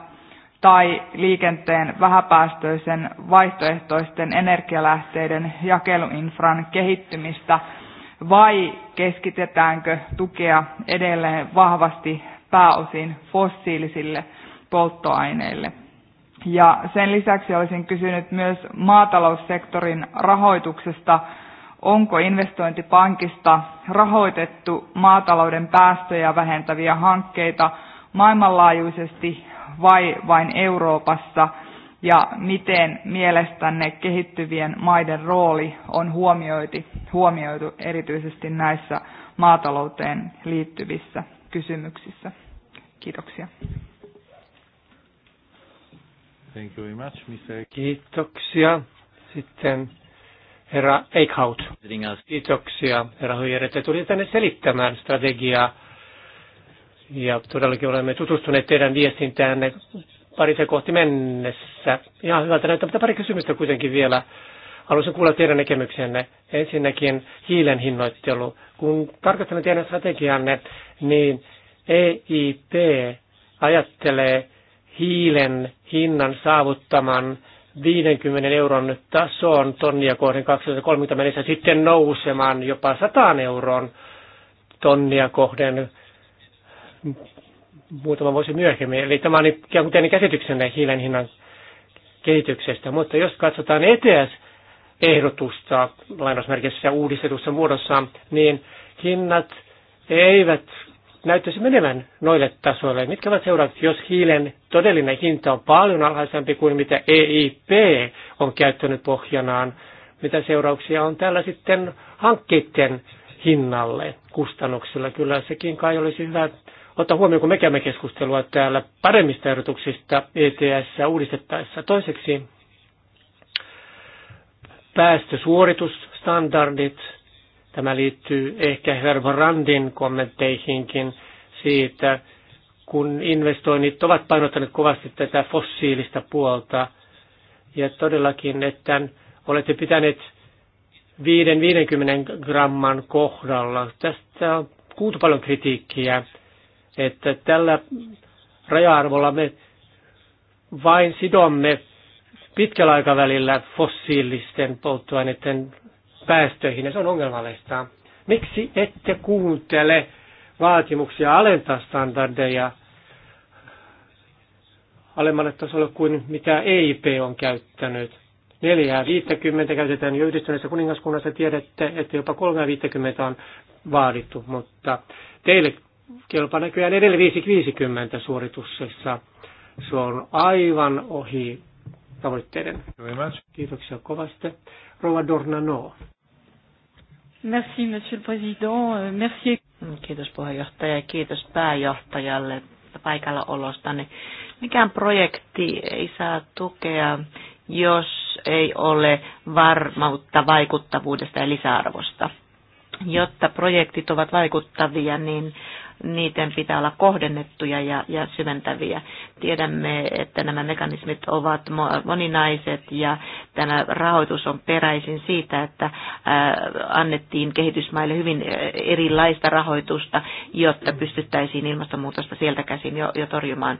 tai liikenteen vähäpäästöisen vaihtoehtoisten energialähteiden jakeluinfran kehittymistä vai keskitetäänkö tukea edelleen vahvasti pääosin fossiilisille polttoaineille. Ja sen lisäksi olisin kysynyt myös maataloussektorin rahoituksesta. Onko investointipankista rahoitettu maatalouden päästöjä vähentäviä hankkeita maailmanlaajuisesti vai vain Euroopassa ja miten mielestänne kehittyvien maiden rooli on huomioitu, huomioitu erityisesti näissä maatalouteen liittyvissä kysymyksissä? Kiitoksia. Thank you very much, Mr. Kiitoksia. Sitten herra Eichhout. Kiitoksia, herra Huijere, että tulitte tänne selittämään strategiaa ja todellakin olemme tutustuneet teidän viestintäänne parissa kohti mennessä. Ihan hyvältä näyttää, mutta pari kysymystä kuitenkin vielä. Haluaisin kuulla teidän näkemyksenne. Ensinnäkin hiilen hinnoittelu. Kun tarkastelemme teidän strategianne, niin EIP ajattelee hiilen hinnan saavuttaman 50 euron tason tonnia kohden 2030 mennessä sitten nousemaan jopa 100 euron tonnia kohden muutama vuosi myöhemmin. Eli tämä on ikään kuin teidän käsityksenne hiilen hinnan kehityksestä. Mutta jos katsotaan ETS, ehdotusta lainausmerkissä uudistetussa muodossa, niin hinnat eivät näyttäisi menevän noille tasoille. Mitkä ovat seuraukset, jos hiilen todellinen hinta on paljon alhaisempi kuin mitä EIP on käyttänyt pohjanaan? Mitä seurauksia on tällä sitten hankkeiden hinnalle, kustannuksilla? Kyllä sekin kai olisi hyvä ottaa huomioon, kun me käymme keskustelua täällä paremmista ehdotuksista ETS uudistettaessa. Toiseksi päästösuoritusstandardit. Tämä liittyy ehkä Herva Randin kommentteihinkin siitä, kun investoinnit ovat painottaneet kovasti tätä fossiilista puolta. Ja todellakin, että olette pitäneet 5-50 gramman kohdalla. Tästä on kuultu paljon kritiikkiä että tällä raja-arvolla me vain sidomme pitkällä aikavälillä fossiilisten polttoaineiden päästöihin, ja se on ongelmallista. Miksi ette kuuntele vaatimuksia alentaa standardeja alemmalle tasolle kuin mitä EIP on käyttänyt? 450 käytetään jo yhdistyneessä kuningaskunnassa. Tiedätte, että jopa 350 on vaadittu, mutta teille kelpaa näköjään edelleen 50 suorituksessa. Se on aivan ohi tavoitteiden. Kiitoksia kovasti. Rova Dornano. Merci, monsieur le président. Euh, merci. Kiitos puheenjohtaja ja kiitos pääjohtajalle paikalla olosta. Mikään projekti ei saa tukea, jos ei ole varmautta vaikuttavuudesta ja lisäarvosta. Jotta projektit ovat vaikuttavia, niin niiden pitää olla kohdennettuja ja, ja syventäviä. Tiedämme, että nämä mekanismit ovat moninaiset ja tämä rahoitus on peräisin siitä, että äh, annettiin kehitysmaille hyvin äh, erilaista rahoitusta, jotta pystyttäisiin ilmastonmuutosta sieltä käsin jo, jo torjumaan.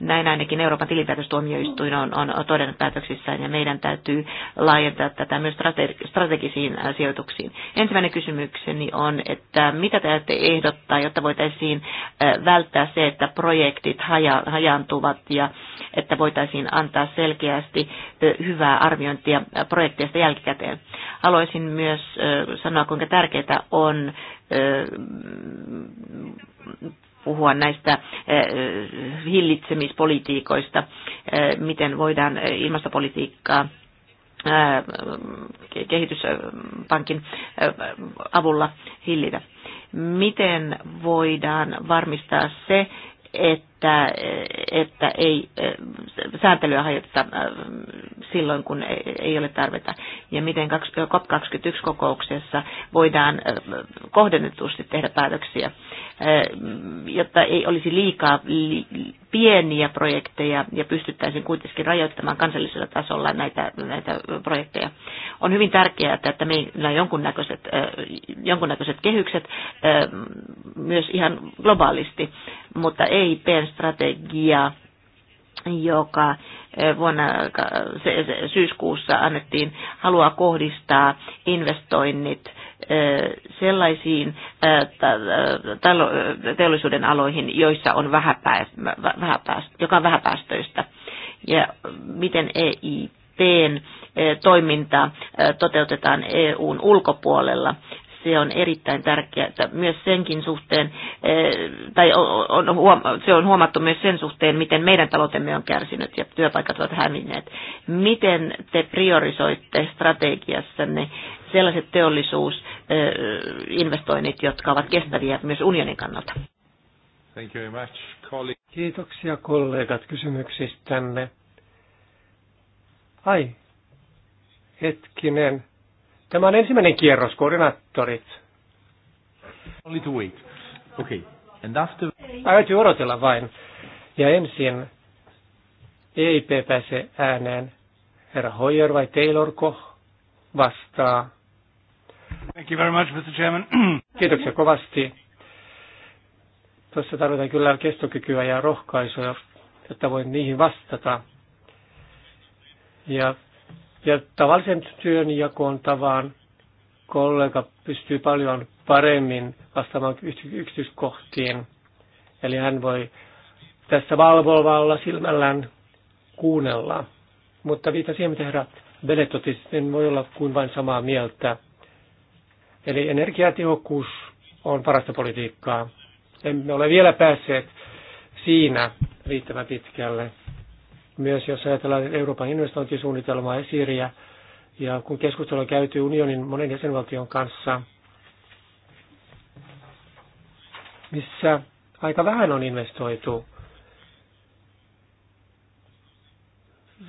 Näin ainakin Euroopan tilinpäätöstuomioistuin on, on todennut päätöksissään ja meidän täytyy laajentaa tätä myös strategisiin äh, sijoituksiin. Ensimmäinen kysymykseni on, että mitä te ehdottaa, jotta voitaisiin voitaisiin välttää se, että projektit haja, hajantuvat ja että voitaisiin antaa selkeästi hyvää arviointia projekteista jälkikäteen. Haluaisin myös sanoa, kuinka tärkeää on puhua näistä hillitsemispolitiikoista, miten voidaan ilmastopolitiikkaa kehityspankin avulla hillitä miten voidaan varmistaa se, että että, että ei sääntelyä hajoteta äh, silloin, kun ei ole tarvetta. Ja miten COP21-kokouksessa voidaan äh, kohdennetusti tehdä päätöksiä, äh, jotta ei olisi liikaa pieniä projekteja ja pystyttäisiin kuitenkin rajoittamaan kansallisella tasolla näitä, näitä projekteja. On hyvin tärkeää, että meillä on jonkunnäköiset, jonkunnäköiset kehykset myös ihan globaalisti, mutta ei strategia, joka eh, vuonna se, se, syyskuussa annettiin, haluaa kohdistaa investoinnit eh, sellaisiin eh, teollisuuden aloihin, joissa on vähäpäästö, joka on vähäpäästöistä. Ja miten EIT toiminta toteutetaan EUn ulkopuolella se on erittäin tärkeää myös senkin suhteen, eh, tai on, on, se on huomattu myös sen suhteen, miten meidän taloutemme on kärsinyt ja työpaikat ovat hävinneet. Miten te priorisoitte strategiassanne sellaiset teollisuusinvestoinnit, eh, jotka ovat kestäviä myös unionin kannalta? Thank you very much, Kiitoksia kollegat kysymyksistänne. Ai, hetkinen. Tämä on ensimmäinen kierros, koordinaattorit. Only to wait. Okay. And after... Täytyy odotella vain. Ja ensin EIP pääsee ääneen. Herra Hoyer vai Taylorko vastaa. Thank you very much, Mr. Chairman. Kiitoksia kovasti. Tuossa tarvitaan kyllä kestokykyä ja rohkaisua, jotta voin niihin vastata. Ja ja tavallisen työnjakoon tavan kollega pystyy paljon paremmin vastaamaan yksityiskohtiin. Eli hän voi tässä valvovalla silmällään kuunnella. Mutta viitä siihen, mitä herra Belet en voi olla kuin vain samaa mieltä. Eli energiatehokkuus on parasta politiikkaa. Emme ole vielä päässeet siinä riittävän pitkälle. Myös jos ajatellaan Euroopan investointisuunnitelmaa esiriä, ja kun on käyty unionin monen jäsenvaltion kanssa, missä aika vähän on investoitu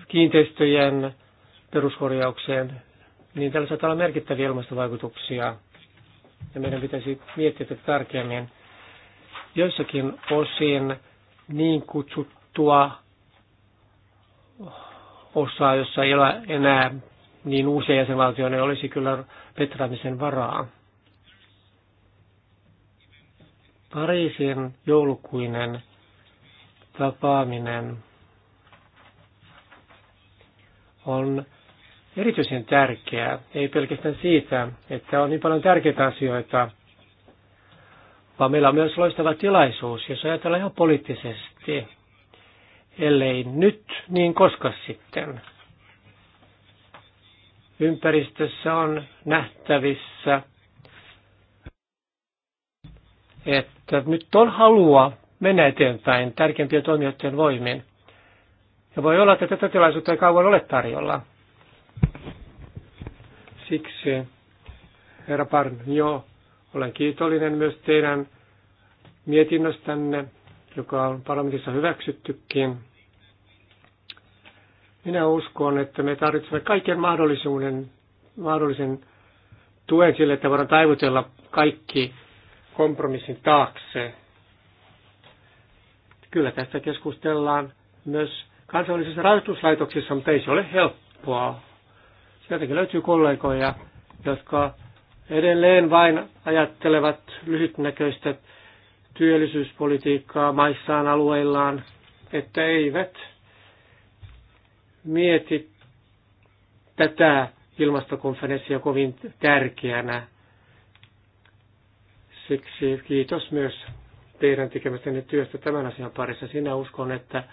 kiinteistöjen peruskorjaukseen, niin tällä saattaa olla merkittäviä ilmastovaikutuksia. Ja meidän pitäisi miettiä tätä tarkemmin. Joissakin osin niin kutsuttua osaa, jossa ei ole enää niin uusia jäsenvaltioita, niin olisi kyllä petraamisen varaa. Pariisin joulukuinen tapaaminen on erityisen tärkeää, ei pelkästään siitä, että on niin paljon tärkeitä asioita, vaan meillä on myös loistava tilaisuus, jos ajatellaan ihan poliittisesti. Ellei nyt, niin koska sitten? Ympäristössä on nähtävissä, että nyt on halua mennä eteenpäin tärkeimpien toimijoiden voimin. Ja voi olla, että tätä tilaisuutta ei kauan ole tarjolla. Siksi, herra jo olen kiitollinen myös teidän mietinnöstänne joka on parlamentissa hyväksyttykin. Minä uskon, että me tarvitsemme kaiken mahdollisuuden, mahdollisen tuen sille, että voidaan taivutella kaikki kompromissin taakse. Kyllä tästä keskustellaan myös kansallisissa rahoituslaitoksissa, mutta ei se ole helppoa. Sieltäkin löytyy kollegoja, jotka edelleen vain ajattelevat lyhytnäköistä työllisyyspolitiikkaa maissaan alueillaan, että eivät mieti tätä ilmastokonferenssia kovin tärkeänä. Siksi kiitos myös teidän tekemästänne työstä tämän asian parissa. Sinä uskon, että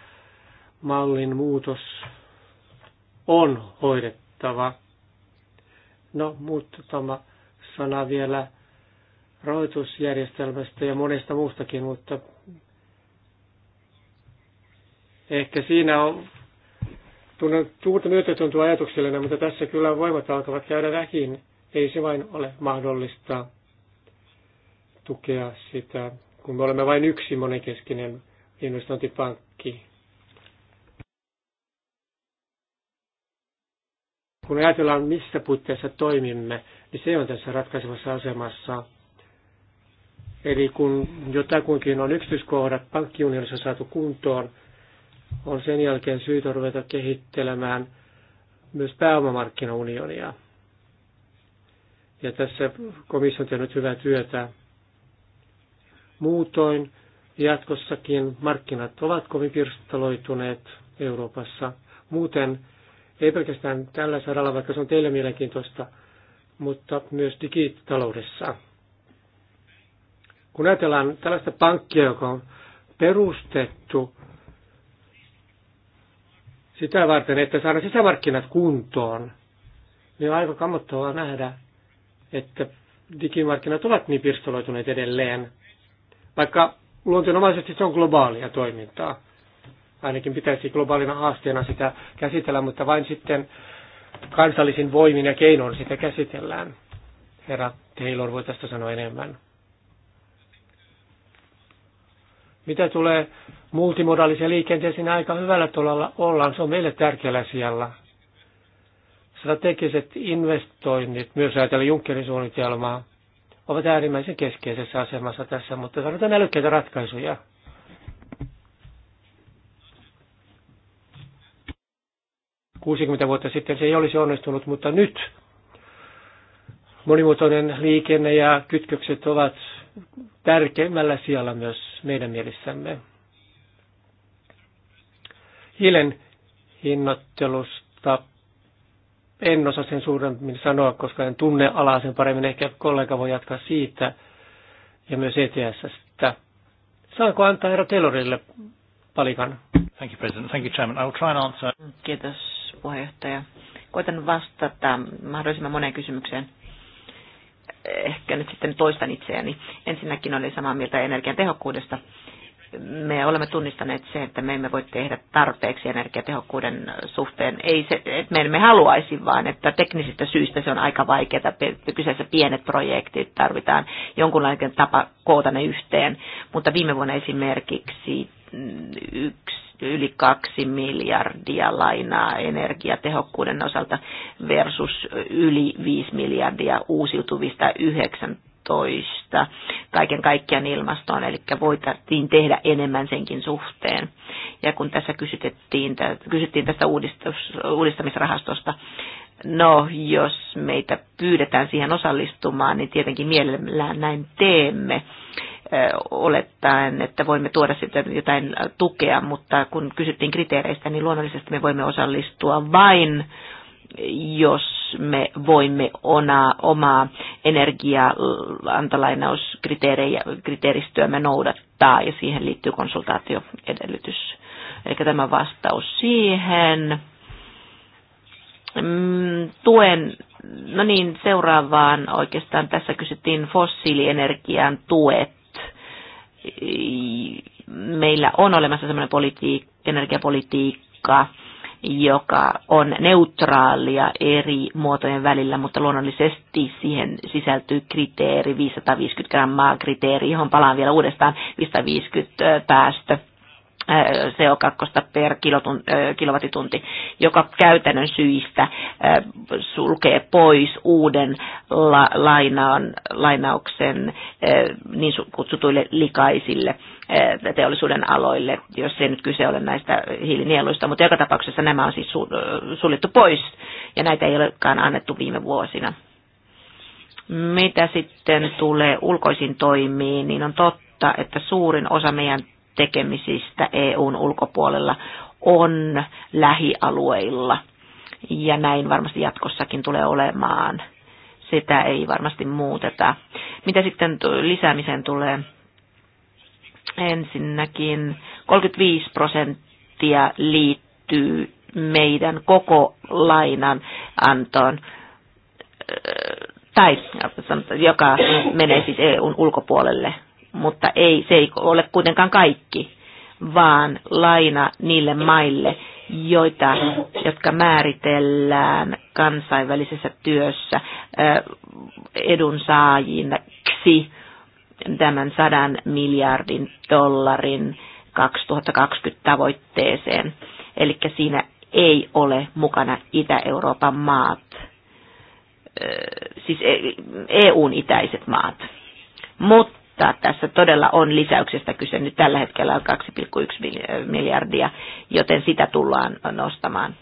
mallin muutos on hoidettava. No, muuttama sana vielä rahoitusjärjestelmästä ja monesta muustakin, mutta ehkä siinä on tunnen suurta myötätuntoa ajatukselleni, mutta tässä kyllä voimat alkavat käydä vähin. Ei se vain ole mahdollista tukea sitä, kun me olemme vain yksi monenkeskinen investointipankki. Kun ajatellaan, missä puitteissa toimimme, niin se on tässä ratkaisevassa asemassa. Eli kun jotakuinkin on yksityiskohdat pankkiunionissa saatu kuntoon, on sen jälkeen syytä ruveta kehittelemään myös pääomamarkkinaunionia. Ja tässä komissio on tehnyt hyvää työtä. Muutoin jatkossakin markkinat ovat kovin pirstaloituneet Euroopassa. Muuten ei pelkästään tällä saralla, vaikka se on teille mielenkiintoista, mutta myös digitaloudessa. Kun ajatellaan tällaista pankkia, joka on perustettu sitä varten, että saada sisämarkkinat kuntoon, niin on aika kammottavaa nähdä, että digimarkkinat ovat niin pirstaloituneet edelleen, vaikka luonteenomaisesti se on globaalia toimintaa. Ainakin pitäisi globaalina haasteena sitä käsitellä, mutta vain sitten kansallisin voimin ja keinoin sitä käsitellään. Herra Taylor voi tästä sanoa enemmän. Mitä tulee multimodaaliseen liikenteeseen, niin aika hyvällä tolalla ollaan. Se on meille tärkeällä sijalla. Strategiset investoinnit, myös ajatellen Junckerin suunnitelmaa, ovat äärimmäisen keskeisessä asemassa tässä, mutta tarvitaan älykkäitä ratkaisuja. Kuusikymmentä vuotta sitten se ei olisi onnistunut, mutta nyt monimuotoinen liikenne ja kytkökset ovat tärkeimmällä sijalla myös meidän mielessämme. Hiilen hinnoittelusta en osaa sen suuremmin sanoa, koska en tunne alaa sen paremmin. Ehkä kollega voi jatkaa siitä ja myös ETSstä. Saanko antaa herra Taylorille palikan? Thank you, President. Thank you, Chairman. I will try and answer. Kiitos, puheenjohtaja. Koitan vastata mahdollisimman moneen kysymykseen ehkä nyt sitten toistan itseäni. Ensinnäkin olen samaa mieltä energiatehokkuudesta. Me olemme tunnistaneet se, että me emme voi tehdä tarpeeksi energiatehokkuuden suhteen. Ei se, että me emme haluaisi, vaan että teknisistä syistä se on aika vaikeaa. Kyseessä pienet projektit tarvitaan jonkunlainen tapa koota ne yhteen. Mutta viime vuonna esimerkiksi yksi yli kaksi miljardia lainaa energiatehokkuuden osalta versus yli 5 miljardia uusiutuvista 19 kaiken kaikkiaan ilmastoon, eli voitaisiin tehdä enemmän senkin suhteen. Ja kun tässä kysytettiin, kysyttiin tästä uudistus, uudistamisrahastosta, No, jos meitä pyydetään siihen osallistumaan, niin tietenkin mielellään näin teemme olettaen, että voimme tuoda sitten jotain tukea, mutta kun kysyttiin kriteereistä, niin luonnollisesti me voimme osallistua vain, jos me voimme ona, omaa energia-antalainauskriteeristöämme noudattaa, ja siihen liittyy konsultaatioedellytys. Eli tämä vastaus siihen. Mm, tuen no niin, seuraavaan oikeastaan tässä kysyttiin fossiilienergian tuet meillä on olemassa sellainen politiik, energiapolitiikka, joka on neutraalia eri muotojen välillä, mutta luonnollisesti siihen sisältyy kriteeri 550 grammaa kriteeri, johon palaan vielä uudestaan 550 päästö CO2 per kilowattitunti, joka käytännön syistä sulkee pois uuden la, lainaan, lainauksen niin kutsutuille likaisille teollisuuden aloille, jos ei nyt kyse ole näistä hiilinieluista, mutta joka tapauksessa nämä on siis suljettu pois ja näitä ei olekaan annettu viime vuosina. Mitä sitten tulee ulkoisiin toimiin, niin on totta, että suurin osa meidän tekemisistä EUn ulkopuolella on lähialueilla. Ja näin varmasti jatkossakin tulee olemaan. Sitä ei varmasti muuteta. Mitä sitten lisäämiseen tulee? Ensinnäkin 35 prosenttia liittyy meidän koko lainan antoon tai joka menee siis EUn ulkopuolelle mutta ei, se ei ole kuitenkaan kaikki, vaan laina niille maille, joita, jotka määritellään kansainvälisessä työssä edunsaajiksi tämän sadan miljardin dollarin 2020 tavoitteeseen. Eli siinä ei ole mukana Itä-Euroopan maat, siis EUn e-, e itäiset maat. Mutta mutta tässä todella on lisäyksestä kyse nyt tällä hetkellä on 2,1 äh, miljardia, joten sitä tullaan nostamaan.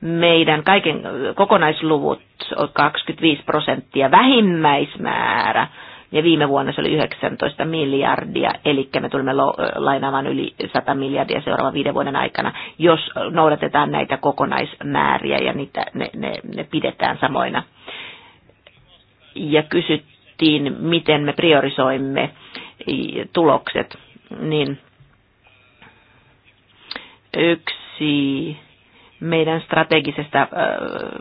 Meidän kaiken kokonaisluvut on 25 prosenttia vähimmäismäärä ja viime vuonna se oli 19 miljardia, eli me tulemme äh, lainaamaan yli 100 miljardia seuraavan viiden vuoden aikana, jos noudatetaan näitä kokonaismääriä ja niitä, ne, ne, ne pidetään samoina. Ja kysyt, mietittiin, miten me priorisoimme tulokset, niin yksi meidän strategisesta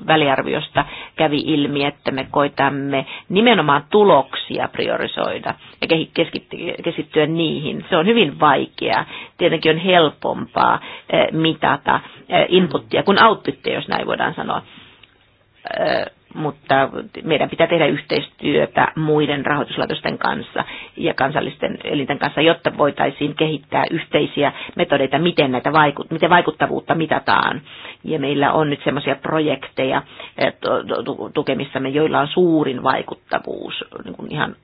väliarviosta kävi ilmi, että me koitamme nimenomaan tuloksia priorisoida ja keskittyä niihin. Se on hyvin vaikeaa. Tietenkin on helpompaa mitata inputtia kuin outputtia, jos näin voidaan sanoa mutta meidän pitää tehdä yhteistyötä muiden rahoituslaitosten kanssa ja kansallisten elinten kanssa, jotta voitaisiin kehittää yhteisiä metodeita, miten, näitä vaikut- miten vaikuttavuutta mitataan. Ja meillä on nyt sellaisia projekteja eh, tukemissamme, joilla on suurin vaikuttavuus niin kuin ihan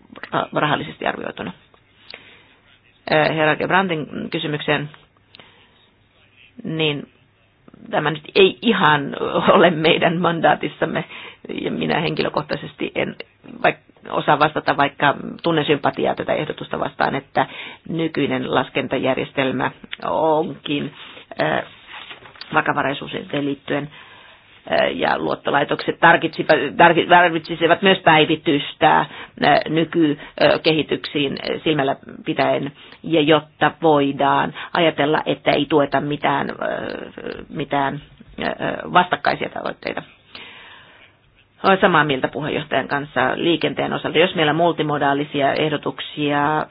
rahallisesti arvioituna. Eh, herra Gebrandin kysymykseen, niin tämä nyt ei ihan ole meidän mandaatissamme, ja minä henkilökohtaisesti en vaikka osaa vastata, vaikka tunnen sympatiaa tätä ehdotusta vastaan, että nykyinen laskentajärjestelmä onkin äh, vakavaraisuuteen liittyen ja luottolaitokset tarvitsisivat myös päivitystä nykykehityksiin silmällä pitäen, ja jotta voidaan ajatella, että ei tueta mitään, mitään vastakkaisia tavoitteita. Olen samaa mieltä puheenjohtajan kanssa liikenteen osalta. Jos meillä on multimodaalisia ehdotuksia,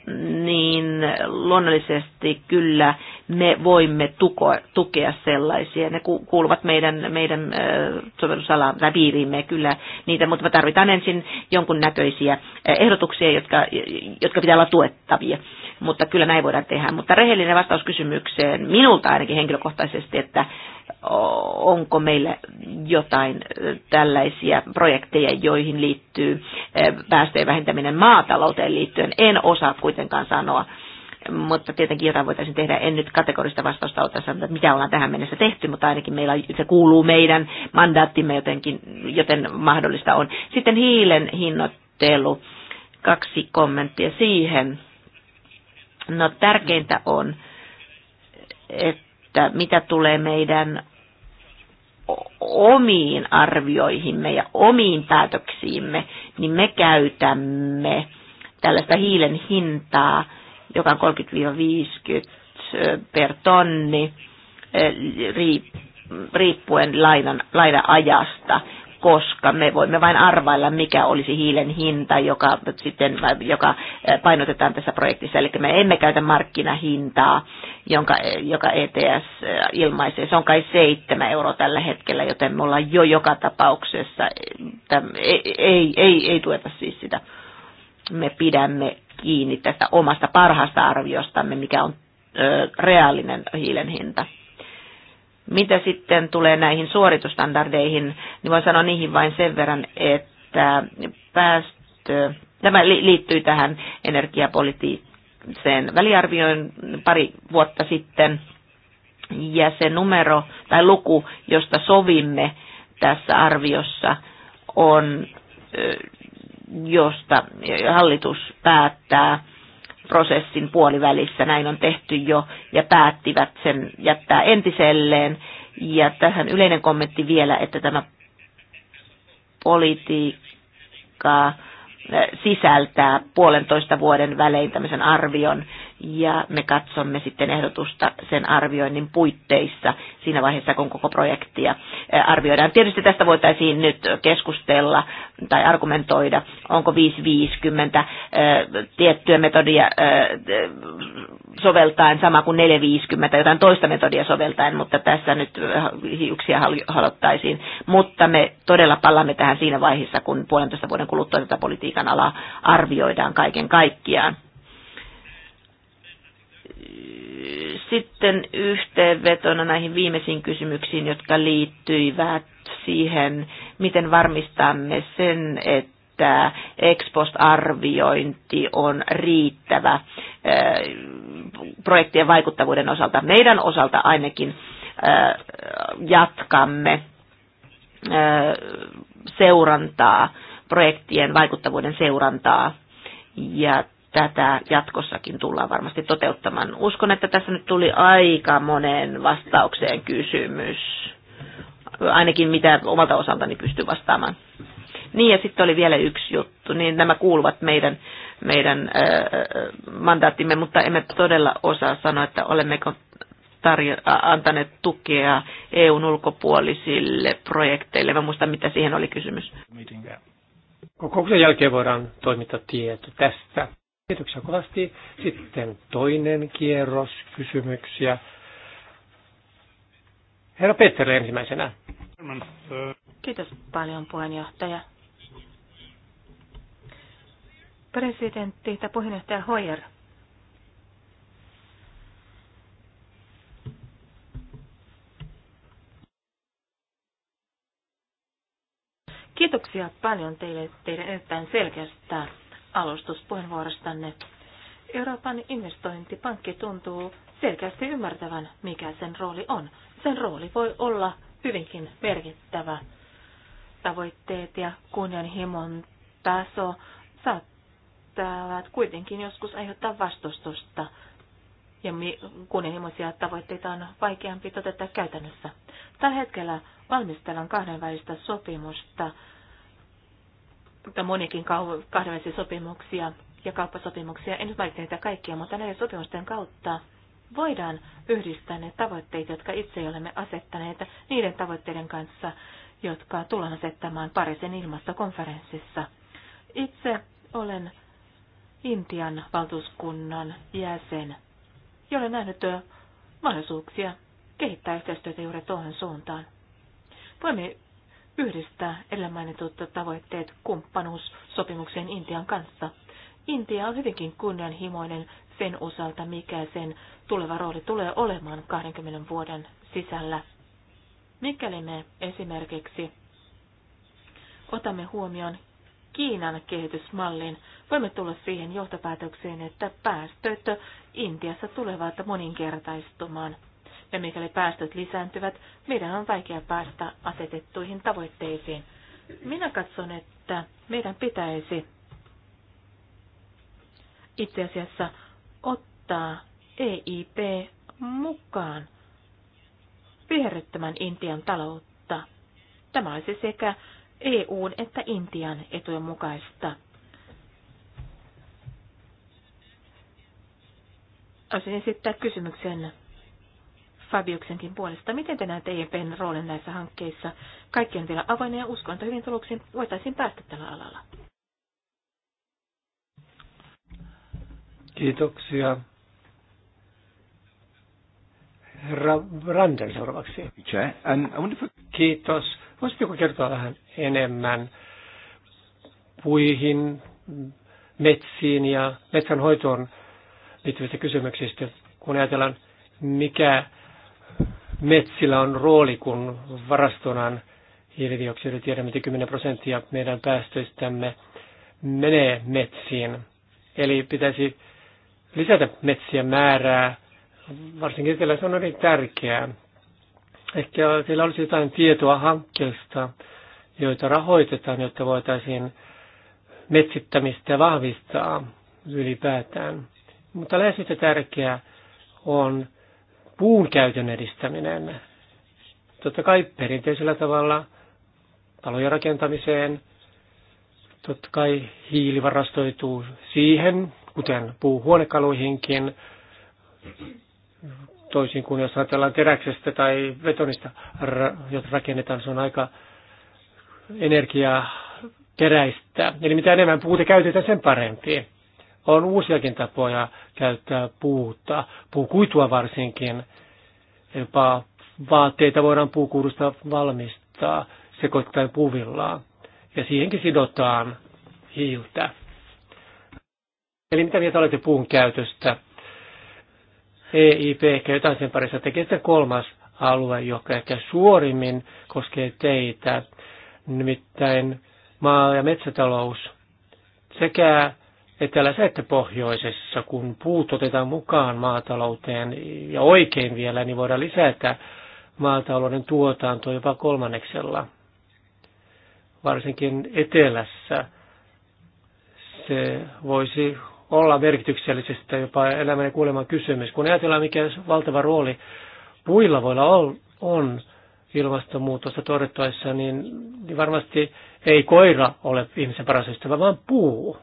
niin luonnollisesti kyllä me voimme tuko, tukea sellaisia. Ne kuuluvat meidän, meidän sovellusalan piiriimme kyllä niitä, mutta me tarvitaan ensin jonkun näköisiä ehdotuksia, jotka, jotka pitää olla tuettavia. Mutta kyllä näin voidaan tehdä. Mutta rehellinen vastaus kysymykseen minulta ainakin henkilökohtaisesti, että onko meillä jotain tällaisia projekteja, joihin liittyy päästöjen vähentäminen maatalouteen liittyen. En osaa kuitenkaan sanoa, mutta tietenkin jotain voitaisiin tehdä. En nyt kategorista vastausta ota sanoa, että mitä ollaan tähän mennessä tehty, mutta ainakin meillä se kuuluu meidän mandaattimme jotenkin, joten mahdollista on. Sitten hiilen hinnoittelu. Kaksi kommenttia siihen. No tärkeintä on, että että mitä tulee meidän omiin arvioihimme ja omiin päätöksiimme, niin me käytämme tällaista hiilen hintaa, joka on 30-50 per tonni eh, riippuen lainan, lainan ajasta koska me voimme vain arvailla, mikä olisi hiilen hinta, joka, sitten, joka painotetaan tässä projektissa. Eli me emme käytä markkinahintaa, jonka, joka ETS ilmaisee. Se on kai 7 euroa tällä hetkellä, joten me ollaan jo joka tapauksessa, ei, ei, ei, ei tueta siis sitä. Me pidämme kiinni tästä omasta parhaasta arviostamme, mikä on ö, reaalinen hiilen hinta. Mitä sitten tulee näihin suoritustandardeihin, niin voin sanoa niihin vain sen verran, että päästö, tämä liittyy tähän energiapolitiikseen väliarvioin pari vuotta sitten, ja se numero tai luku, josta sovimme tässä arviossa, on josta hallitus päättää prosessin puolivälissä, näin on tehty jo, ja päättivät sen jättää entiselleen. Ja tähän yleinen kommentti vielä, että tämä politiikka eh, sisältää puolentoista vuoden välein tämmöisen arvion ja me katsomme sitten ehdotusta sen arvioinnin puitteissa siinä vaiheessa, kun koko projektia arvioidaan. Tietysti tästä voitaisiin nyt keskustella tai argumentoida, onko 550 tiettyä metodia soveltaen sama kuin 450 jotain toista metodia soveltaen, mutta tässä nyt hiuksia halottaisiin. Mutta me todella palaamme tähän siinä vaiheessa, kun puolentoista vuoden kuluttua tätä politiikan alaa arvioidaan kaiken kaikkiaan. Sitten yhteenvetona näihin viimeisiin kysymyksiin, jotka liittyivät siihen, miten varmistamme sen, että että on riittävä äh, projektien vaikuttavuuden osalta. Meidän osalta ainakin äh, jatkamme äh, seurantaa, projektien vaikuttavuuden seurantaa ja tätä jatkossakin tullaan varmasti toteuttamaan. Uskon, että tässä nyt tuli aika monen vastaukseen kysymys, ainakin mitä omalta osaltani pystyy vastaamaan. Niin ja sitten oli vielä yksi juttu, niin nämä kuuluvat meidän, meidän ää, mandaattimme, mutta emme todella osaa sanoa, että olemmeko tarjo- antaneet tukea EUn ulkopuolisille projekteille. Mä muistan, mitä siihen oli kysymys. Kokouksen jälkeen voidaan toimittaa tieto tästä. Kiitoksia kovasti. Sitten toinen kierros kysymyksiä. Herra Petteri ensimmäisenä. Kiitos paljon puheenjohtaja. Presidentti tai puheenjohtaja Hoyer. Kiitoksia paljon teille teidän erittäin selkeästä alustuspuheenvuorostanne. Euroopan investointipankki tuntuu selkeästi ymmärtävän, mikä sen rooli on. Sen rooli voi olla hyvinkin merkittävä. Tavoitteet ja kunnianhimon taso saattavat kuitenkin joskus aiheuttaa vastustusta, ja kunnianhimoisia tavoitteita on vaikeampi toteuttaa käytännössä. Tällä hetkellä valmistellaan kahdenvälistä sopimusta mutta monikin kahdenvälisiä sopimuksia ja kauppasopimuksia. En nyt mainitse niitä kaikkia, mutta näiden sopimusten kautta voidaan yhdistää ne tavoitteet, jotka itse olemme asettaneet niiden tavoitteiden kanssa, jotka tullaan asettamaan Pariisin ilmastokonferenssissa. Itse olen Intian valtuuskunnan jäsen ja olen nähnyt mahdollisuuksia kehittää yhteistyötä juuri tuohon suuntaan. Voimme yhdistää edellä mainitut tavoitteet kumppanuussopimukseen Intian kanssa. Intia on hyvinkin kunnianhimoinen sen osalta, mikä sen tuleva rooli tulee olemaan 20 vuoden sisällä. Mikäli me esimerkiksi otamme huomioon Kiinan kehitysmallin, voimme tulla siihen johtopäätökseen, että päästöt Intiassa tulevat moninkertaistumaan ja mikäli päästöt lisääntyvät, meidän on vaikea päästä asetettuihin tavoitteisiin. Minä katson, että meidän pitäisi itse asiassa ottaa EIP mukaan viherryttämään Intian taloutta. Tämä olisi sekä EUn että Intian etujen mukaista. Olisin esittää kysymyksen Fabiuksenkin puolesta. Miten te näette EPn roolin näissä hankkeissa? Kaikki on vielä avoinna ja uskon, että hyvin tuloksiin voitaisiin päästä tällä alalla. Kiitoksia. Herra Randel seuraavaksi. Kiitos. Voisitko kertoa vähän enemmän puihin, metsiin ja metsänhoitoon liittyvistä kysymyksistä, kun ajatellaan, mikä metsillä on rooli, kun varastonan hiilidioksidia tiedämme, että 10 prosenttia meidän päästöistämme menee metsiin. Eli pitäisi lisätä metsien määrää, varsinkin siellä se on hyvin tärkeää. Ehkä siellä olisi jotain tietoa hankkeista, joita rahoitetaan, jotta voitaisiin metsittämistä vahvistaa ylipäätään. Mutta lähes yhtä tärkeää on puun käytön edistäminen. Totta kai perinteisellä tavalla talojen rakentamiseen. Totta kai hiili varastoituu siihen, kuten puuhuonekaluihinkin, toisin kuin jos ajatellaan teräksestä tai vetonista, jota rakennetaan, se on aika energiaperäistä. Eli mitä enemmän puuta käytetään, sen parempi on uusiakin tapoja käyttää puuta, puukuitua varsinkin. Jopa vaatteita voidaan puukuudusta valmistaa sekoittain puuvillaa. Ja siihenkin sidotaan hiiltä. Eli mitä mieltä olette puun käytöstä? EIP ehkä jotain sen parissa tekee sitten kolmas alue, joka ehkä suorimmin koskee teitä, nimittäin maa- ja metsätalous sekä etelässä että pohjoisessa, kun puut otetaan mukaan maatalouteen ja oikein vielä, niin voidaan lisätä maatalouden tuotantoa jopa kolmanneksella. Varsinkin etelässä se voisi olla merkityksellisestä jopa elämän ja kuoleman kysymys. Kun ajatellaan, mikä valtava rooli puilla voi olla on ilmastonmuutosta torjuttaessa, niin varmasti ei koira ole ihmisen paras ystävä, vaan puu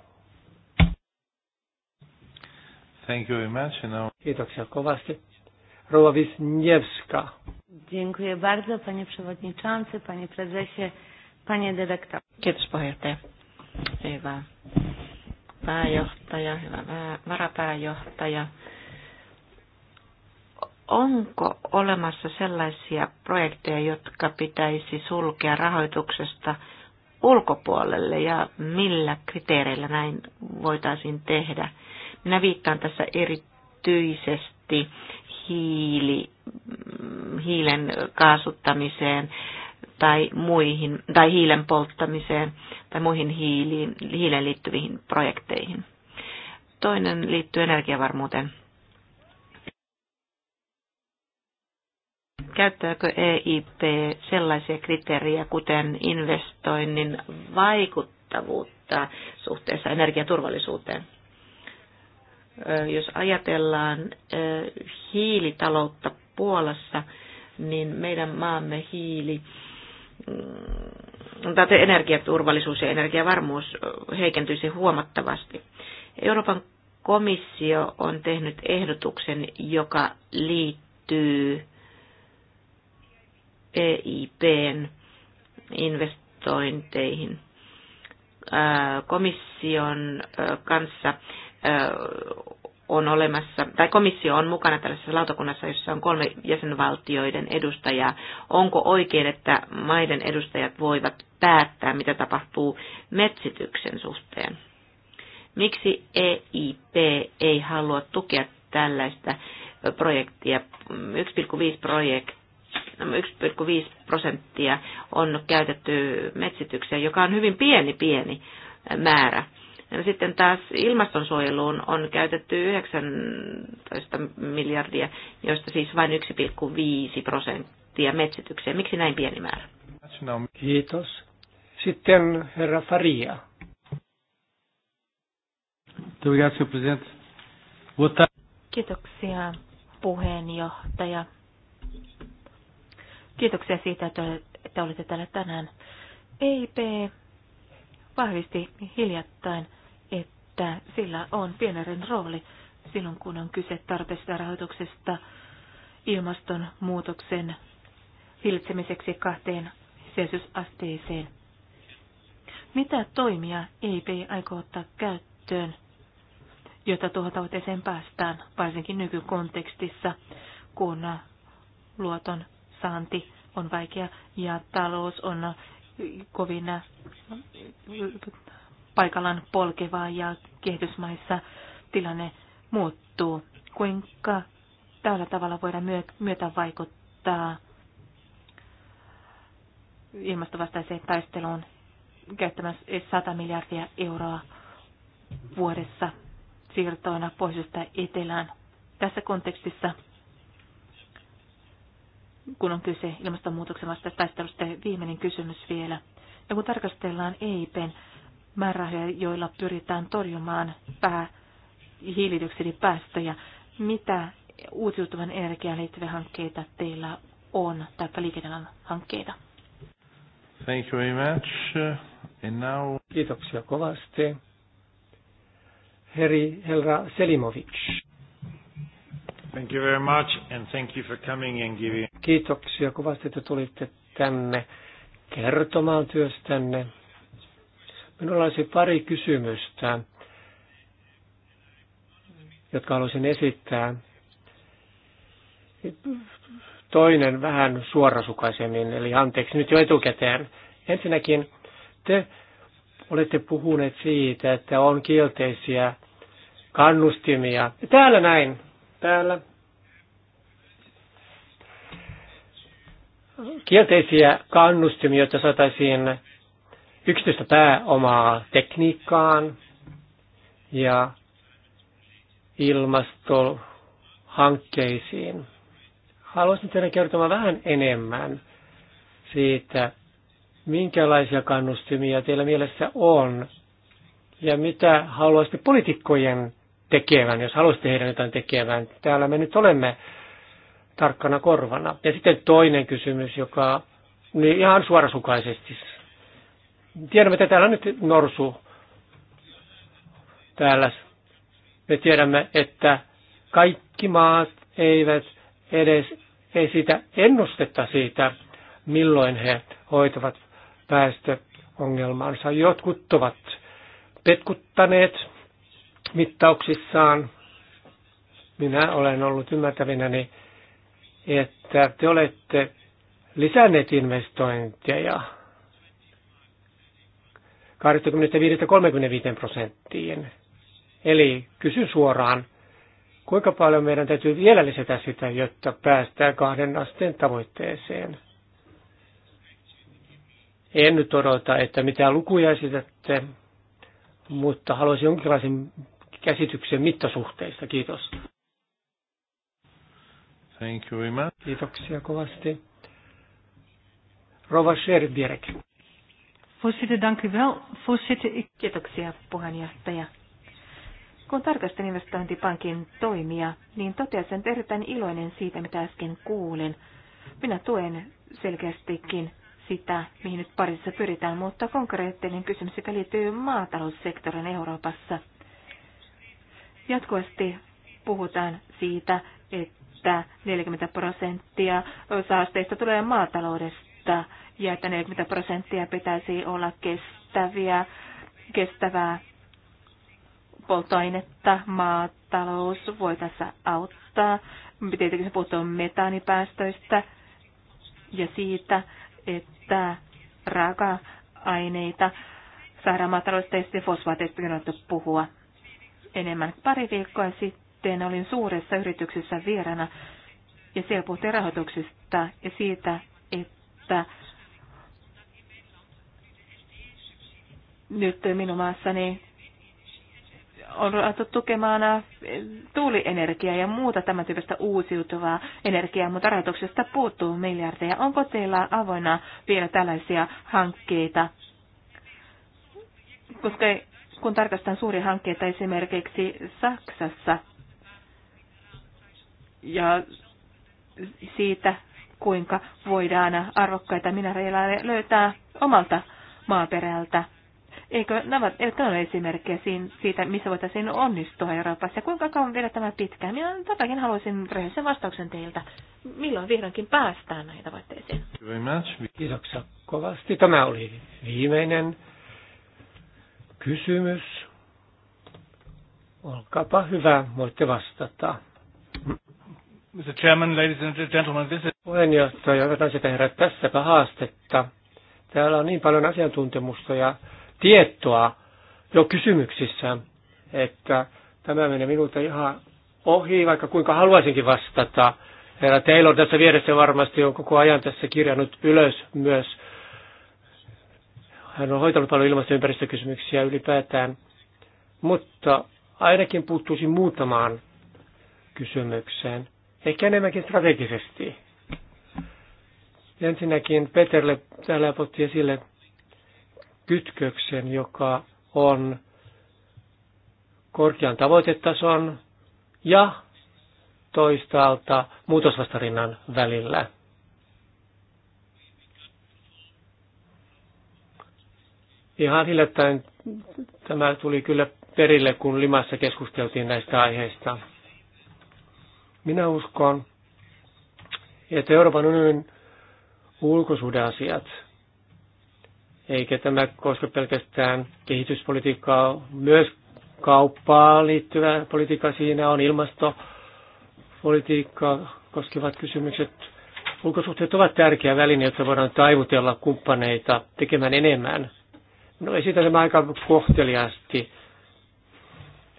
Thank you very much. You know. Kiitoksia kovasti. Rouva Wisniewska. Dziękuję bardzo, panie przewodniczący, panie prezesie, panie dyrektor. Kiitos puheenjohtaja. Hyvä pääjohtaja, hyvä varapääjohtaja. Onko olemassa sellaisia projekteja, jotka pitäisi sulkea rahoituksesta ulkopuolelle ja millä kriteereillä näin voitaisiin tehdä? Minä viittaan tässä erityisesti hiili, mm, hiilen kaasuttamiseen tai, muihin, tai hiilen polttamiseen tai muihin hiiliin, hiileen liittyviin projekteihin. Toinen liittyy energiavarmuuteen. Käyttääkö EIP sellaisia kriteerejä, kuten investoinnin vaikuttavuutta suhteessa energiaturvallisuuteen? Jos ajatellaan hiilitaloutta Puolassa, niin meidän maamme hiili, mm, tai energiaturvallisuus ja energiavarmuus heikentyisi huomattavasti. Euroopan komissio on tehnyt ehdotuksen, joka liittyy EIPn investointeihin. Komission kanssa on olemassa, tai komissio on mukana tällaisessa lautakunnassa, jossa on kolme jäsenvaltioiden edustajaa. Onko oikein, että maiden edustajat voivat päättää, mitä tapahtuu metsityksen suhteen? Miksi EIP ei halua tukea tällaista projektia? 1,5 projekt 1,5 prosenttia on käytetty metsitykseen, joka on hyvin pieni pieni määrä sitten taas ilmastonsuojeluun on käytetty 19 miljardia, joista siis vain 1,5 prosenttia metsitykseen. Miksi näin pieni määrä? Kiitos. Sitten herra Faria. Kiitoksia puheenjohtaja. Kiitoksia siitä, että olette täällä tänään. EIP vahvisti hiljattain että sillä on pieneren rooli silloin, kun on kyse tarpeesta rahoituksesta ilmastonmuutoksen hillitsemiseksi kahteen celsiusasteeseen. Mitä toimia EIP aikoo ottaa käyttöön, jotta tuohon tavoitteeseen päästään, varsinkin nykykontekstissa, kun luoton saanti on vaikea ja talous on kovin paikallaan polkevaa ja kehitysmaissa tilanne muuttuu. Kuinka tällä tavalla voidaan myötä vaikuttaa ilmastovastaiseen taisteluun käyttämässä 100 miljardia euroa vuodessa siirtoina pohjoisesta etelään. Tässä kontekstissa, kun on kyse ilmastonmuutoksen vastaista taistelusta, viimeinen kysymys vielä. Ja no, kun tarkastellaan EIPn määrärahoja, joilla pyritään torjumaan pää, hiilidioksidipäästöjä. Mitä uusiutuvan energiaan liittyviä hankkeita teillä on, tai liikennealan hankkeita? Thank you very much. And now... Kiitoksia kovasti. Heri Helra Selimovic. Thank you very much and thank you for coming and giving. Kiitoksia kovasti, että tulitte tänne kertomaan työstänne. Minulla olisi pari kysymystä, jotka haluaisin esittää. Toinen vähän suorasukaisemmin, eli anteeksi nyt jo etukäteen. Ensinnäkin te olette puhuneet siitä, että on kielteisiä kannustimia. Täällä näin, täällä. Kielteisiä kannustimia, joita saataisiin yksityistä pääomaa tekniikkaan ja ilmastohankkeisiin. Haluaisin teidän kertomaan vähän enemmän siitä, minkälaisia kannustimia teillä mielessä on ja mitä haluaisitte poliitikkojen tekevän, jos haluaisitte heidän jotain tekevän. Täällä me nyt olemme tarkkana korvana. Ja sitten toinen kysymys, joka niin ihan suorasukaisesti Tiedämme, että täällä on nyt norsu täällä. Me tiedämme, että kaikki maat eivät edes esitä ennustetta siitä, milloin he hoitavat päästöongelmaansa. Jotkut ovat petkuttaneet mittauksissaan. Minä olen ollut ymmärtävinäni, että te olette lisänneet investointeja 25-35 prosenttiin. Eli kysyn suoraan, kuinka paljon meidän täytyy vielä lisätä sitä, jotta päästään kahden asteen tavoitteeseen. En nyt odota, että mitä lukuja esitätte, mutta haluaisin jonkinlaisen käsityksen mittasuhteista. Kiitos. Thank you very much. Kiitoksia kovasti. Rova Sherbierek. Voorzitter, dank u wel. Voorzitter, ik... Kiitoksia, puheenjohtaja. Kun tarkastin investointipankin toimia, niin totesin, että erittäin iloinen siitä, mitä äsken kuulin. Minä tuen selkeästikin sitä, mihin nyt parissa pyritään, mutta konkreettinen kysymys, joka liittyy maataloussektorin Euroopassa. Jatkuvasti puhutaan siitä, että 40 prosenttia saasteista tulee maataloudesta taloutta ja että 40 prosenttia pitäisi olla kestäviä, kestävää polttoainetta, maatalous voi tässä auttaa. Tietenkin se puhutaan metaanipäästöistä ja siitä, että raaka-aineita saadaan maatalousteista ja fosfaateista puhua enemmän. Pari viikkoa sitten olin suuressa yrityksessä vieraana ja siellä puhuttiin rahoituksesta ja siitä, että nyt minun maassani on ruvettu tukemaan äh, tuulienergiaa ja muuta tämän tyyppistä uusiutuvaa energiaa, mutta rahoituksesta puuttuu miljardeja. Onko teillä avoinna vielä tällaisia hankkeita? Koska kun tarkastan suuria hankkeita esimerkiksi Saksassa ja siitä kuinka voidaan arvokkaita mineraaleja löytää omalta maaperältä. Eikö nämä, eikö ole esimerkkejä siitä, missä voitaisiin onnistua Euroopassa? Kuinka kauan vielä tämä pitkään? Minä tätäkin haluaisin rehellisen vastauksen teiltä. Milloin vihdoinkin päästään näihin tavoitteisiin? Kiitoksia kovasti. Tämä oli viimeinen kysymys. Olkaapa hyvä, voitte vastata. Mr. Chairman, ladies and gentlemen, this is... Puheenjohtaja, hyvät naiset ja herrat, tässäpä haastetta. Täällä on niin paljon asiantuntemusta ja tietoa jo kysymyksissä, että tämä menee minulta ihan ohi, vaikka kuinka haluaisinkin vastata. Herra Taylor tässä vieressä varmasti on koko ajan tässä kirjannut ylös myös. Hän on hoitanut paljon ilmasto- ja ympäristökysymyksiä ylipäätään, mutta ainakin puuttuisin muutamaan kysymykseen ehkä enemmänkin strategisesti. Ensinnäkin Peterle täällä otti esille kytköksen, joka on korkean tavoitetason ja toistaalta muutosvastarinnan välillä. Ihan hiljattain tämä tuli kyllä perille, kun Limassa keskusteltiin näistä aiheista. Minä uskon, että Euroopan unionin ulkosuhdeasiat, eikä tämä koske pelkästään kehityspolitiikkaa, myös kauppaan liittyvä politiikka siinä on ilmastopolitiikkaa koskevat kysymykset. Ulkosuhteet ovat tärkeä väline, jotta voidaan taivutella kumppaneita tekemään enemmän. No esitän tämä aika kohteliaasti,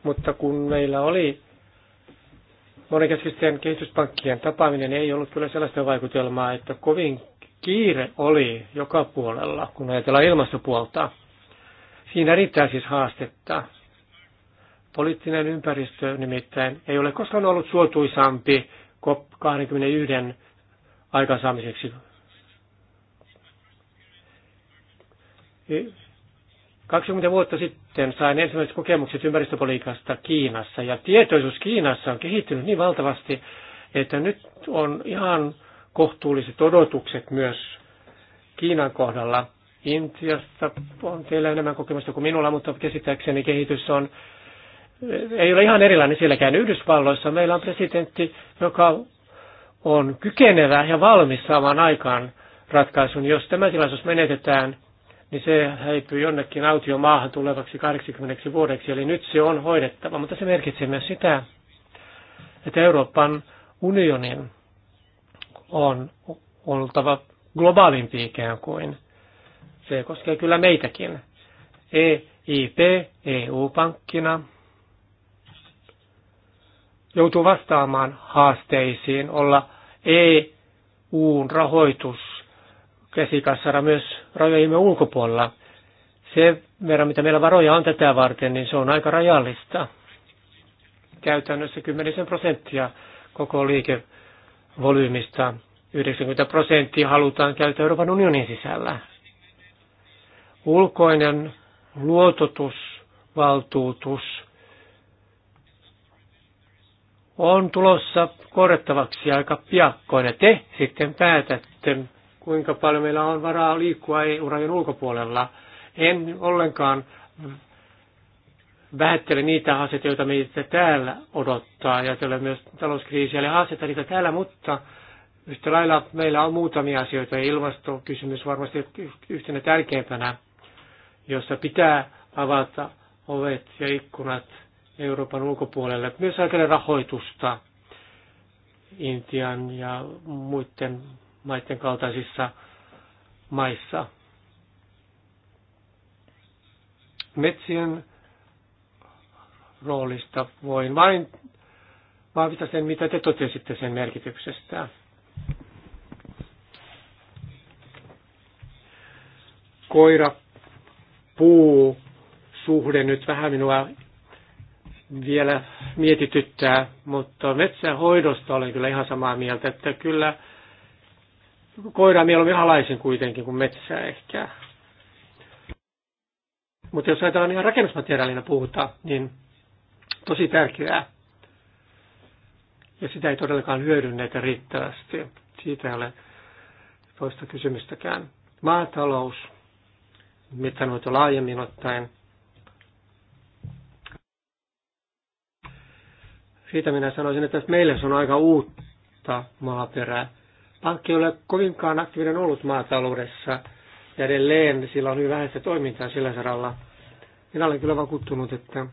mutta kun meillä oli monenkeskisten kehityspankkien tapaaminen ei ollut kyllä sellaista vaikutelmaa, että kovin kiire oli joka puolella, kun ajatellaan ilmastopuolta. Siinä riittää siis haastetta. Poliittinen ympäristö nimittäin ei ole koskaan ollut suotuisampi COP21 aikaansaamiseksi. 20 vuotta sitten sain ensimmäiset kokemukset ympäristöpolitiikasta Kiinassa ja tietoisuus Kiinassa on kehittynyt niin valtavasti, että nyt on ihan kohtuulliset odotukset myös Kiinan kohdalla. Intiasta on teillä enemmän kokemusta kuin minulla, mutta käsittääkseni kehitys on, ei ole ihan erilainen sielläkään. Yhdysvalloissa meillä on presidentti, joka on kykenevä ja valmis saamaan aikaan ratkaisun. Jos tämä tilaisuus menetetään, niin se häipyy jonnekin autiomaahan tulevaksi 80 vuodeksi. Eli nyt se on hoidettava, mutta se merkitsee myös sitä, että Euroopan unionin on oltava globaalimpi ikään kuin. Se koskee kyllä meitäkin. EIP, EU-pankkina, joutuu vastaamaan haasteisiin olla EUn rahoitus käsikassara myös rajojemme ulkopuolella. Se verran, mitä meillä varoja on tätä varten, niin se on aika rajallista. Käytännössä kymmenisen prosenttia koko liikevolyymista. 90 prosenttia halutaan käyttää Euroopan unionin sisällä. Ulkoinen luototusvaltuutus on tulossa korjattavaksi aika piakkoin. Ja te sitten päätätte, kuinka paljon meillä on varaa liikkua eu rajan ulkopuolella. En ollenkaan vähättele niitä asioita, joita meitä täällä odottaa, ja tällä myös talouskriisiä, ja haasteita niitä täällä, mutta yhtä lailla meillä on muutamia asioita, ja ilmastokysymys varmasti yhtenä tärkeimpänä, jossa pitää avata ovet ja ikkunat Euroopan ulkopuolelle, myös ajatellen rahoitusta Intian ja muiden maiden kaltaisissa maissa. Metsien roolista voin vain vahvistaa sen, mitä te totesitte sen merkityksestä. Koira, puu, suhde nyt vähän minua vielä mietityttää, mutta metsän hoidosta olen kyllä ihan samaa mieltä, että kyllä koiraa mieluummin alaisin kuitenkin kuin metsää ehkä. Mutta jos ajatellaan ihan rakennusmateriaalina puhuta, niin tosi tärkeää. Ja sitä ei todellakaan hyödynnetä riittävästi. Siitä ei ole toista kysymystäkään. Maatalous, metsänhoito laajemmin ottaen. Siitä minä sanoisin, että meille se on aika uutta maaperää Pankki ei ole kovinkaan aktiivinen ollut maataloudessa ja edelleen sillä on hyvin vähäistä toimintaa sillä saralla. Minä olen kyllä vakuuttunut, että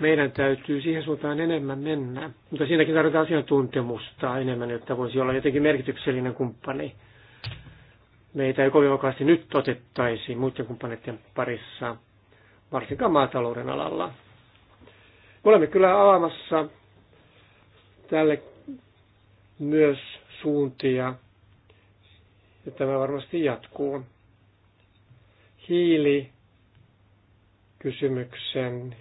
meidän täytyy siihen suuntaan enemmän mennä. Mutta siinäkin tarvitaan asiantuntemusta enemmän, että voisi olla jotenkin merkityksellinen kumppani. Meitä ei kovin vakaasti nyt otettaisi muiden kumppaneiden parissa, varsinkaan maatalouden alalla. Me olemme kyllä avaamassa tälle myös suuntia. Ja tämä varmasti jatkuu. Hiili kysymyksen.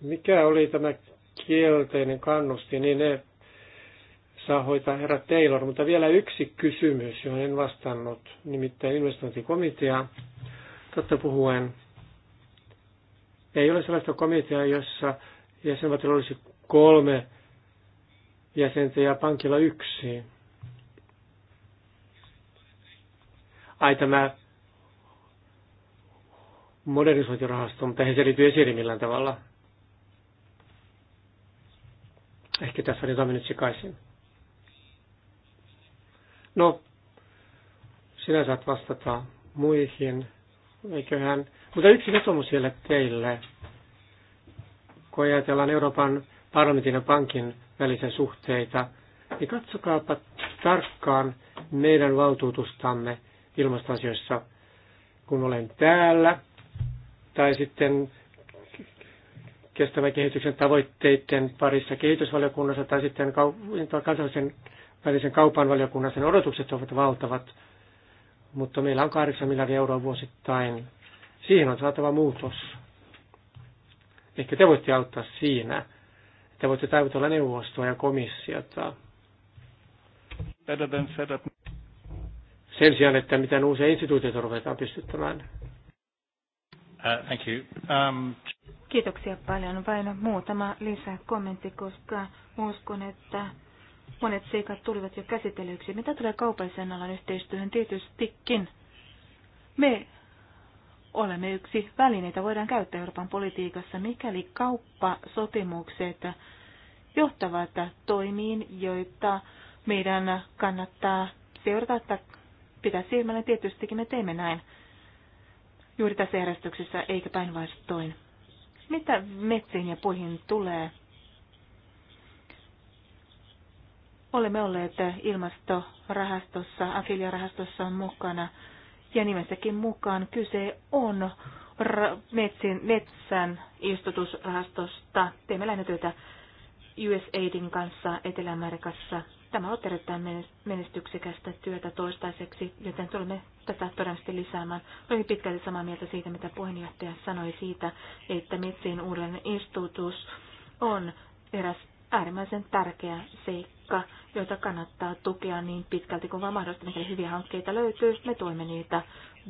Mikä oli tämä kielteinen kannusti, niin ne saa hoitaa herra Taylor. Mutta vielä yksi kysymys, johon en vastannut, nimittäin investointikomitea. Totta puhuen, ei ole sellaista komiteaa, jossa jäsenvaltiolla olisi kolme jäsentä ja pankilla yksi. Ai tämä modernisointirahasto, mutta eihän se liity esiin millään tavalla. Ehkä tässä on jotain mennyt sekaisin. No, sinä saat vastata muihin, eiköhän. Mutta yksi vetomus vielä teille, kun ajatellaan Euroopan parlamentin ja pankin välisiä suhteita, niin katsokaapa tarkkaan meidän valtuutustamme ilmastoasioissa, kun olen täällä, tai sitten kestävän kehityksen tavoitteiden parissa kehitysvaliokunnassa tai sitten kansallisen välisen kaupan valiokunnassa, sen odotukset ovat valtavat, mutta meillä on 8 miljardia euroa vuosittain. Siihen on saatava muutos. Ehkä te voitte auttaa siinä te voitte taivutella neuvostoa ja komissiota. Sen sijaan, että miten uusia instituutioita ruvetaan pystyttämään. Uh, thank you. Um... Kiitoksia paljon. Vain muutama kommentti, koska uskon, että monet seikat tulivat jo käsitellyksi. Mitä tulee kaupallisen alan yhteistyöhön tietystikin? Me olemme yksi välineitä voidaan käyttää Euroopan politiikassa, mikäli kauppasopimukset johtavat toimiin, joita meidän kannattaa seurata että pitää silmällä. Tietystikin me teemme näin juuri tässä järjestyksessä, eikä päinvastoin. Mitä metsiin ja puihin tulee? Olemme olleet ilmastorahastossa, afiliarahastossa mukana – ja nimessäkin mukaan kyse on metsin, metsän istutusrahastosta. Teemme lähinnä USAIDin kanssa Etelä-Amerikassa. Tämä on erittäin menestyksekästä työtä toistaiseksi, joten tulemme tätä todennäköisesti lisäämään. Olin pitkälti samaa mieltä siitä, mitä puheenjohtaja sanoi siitä, että metsien uuden istutus on eräs äärimmäisen tärkeä seikka joita kannattaa tukea niin pitkälti kuin vaan mahdollista, mikäli hyviä hankkeita löytyy. Me tuemme niitä.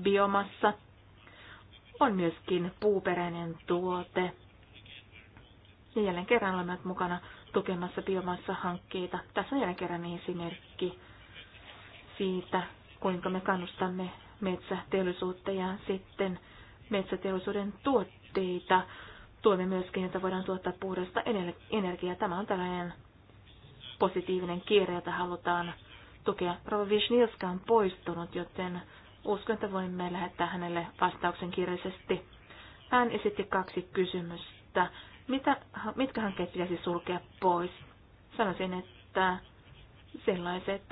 Biomassa on myöskin puuperäinen tuote. Ja jälleen kerran olemme mukana tukemassa biomassa-hankkeita. Tässä on jälleen kerran esimerkki siitä, kuinka me kannustamme metsäteollisuutta ja sitten metsäteollisuuden tuotteita. Tuomme myöskin, että voidaan tuottaa puhdasta energiaa. Tämä on tällainen positiivinen kierre, jota halutaan tukea. Rova Vishnilska on poistunut, joten uskon, että voimme lähettää hänelle vastauksen kirjallisesti. Hän esitti kaksi kysymystä. Mitä, mitkä hankkeet pitäisi sulkea pois? Sanoisin, että sellaiset,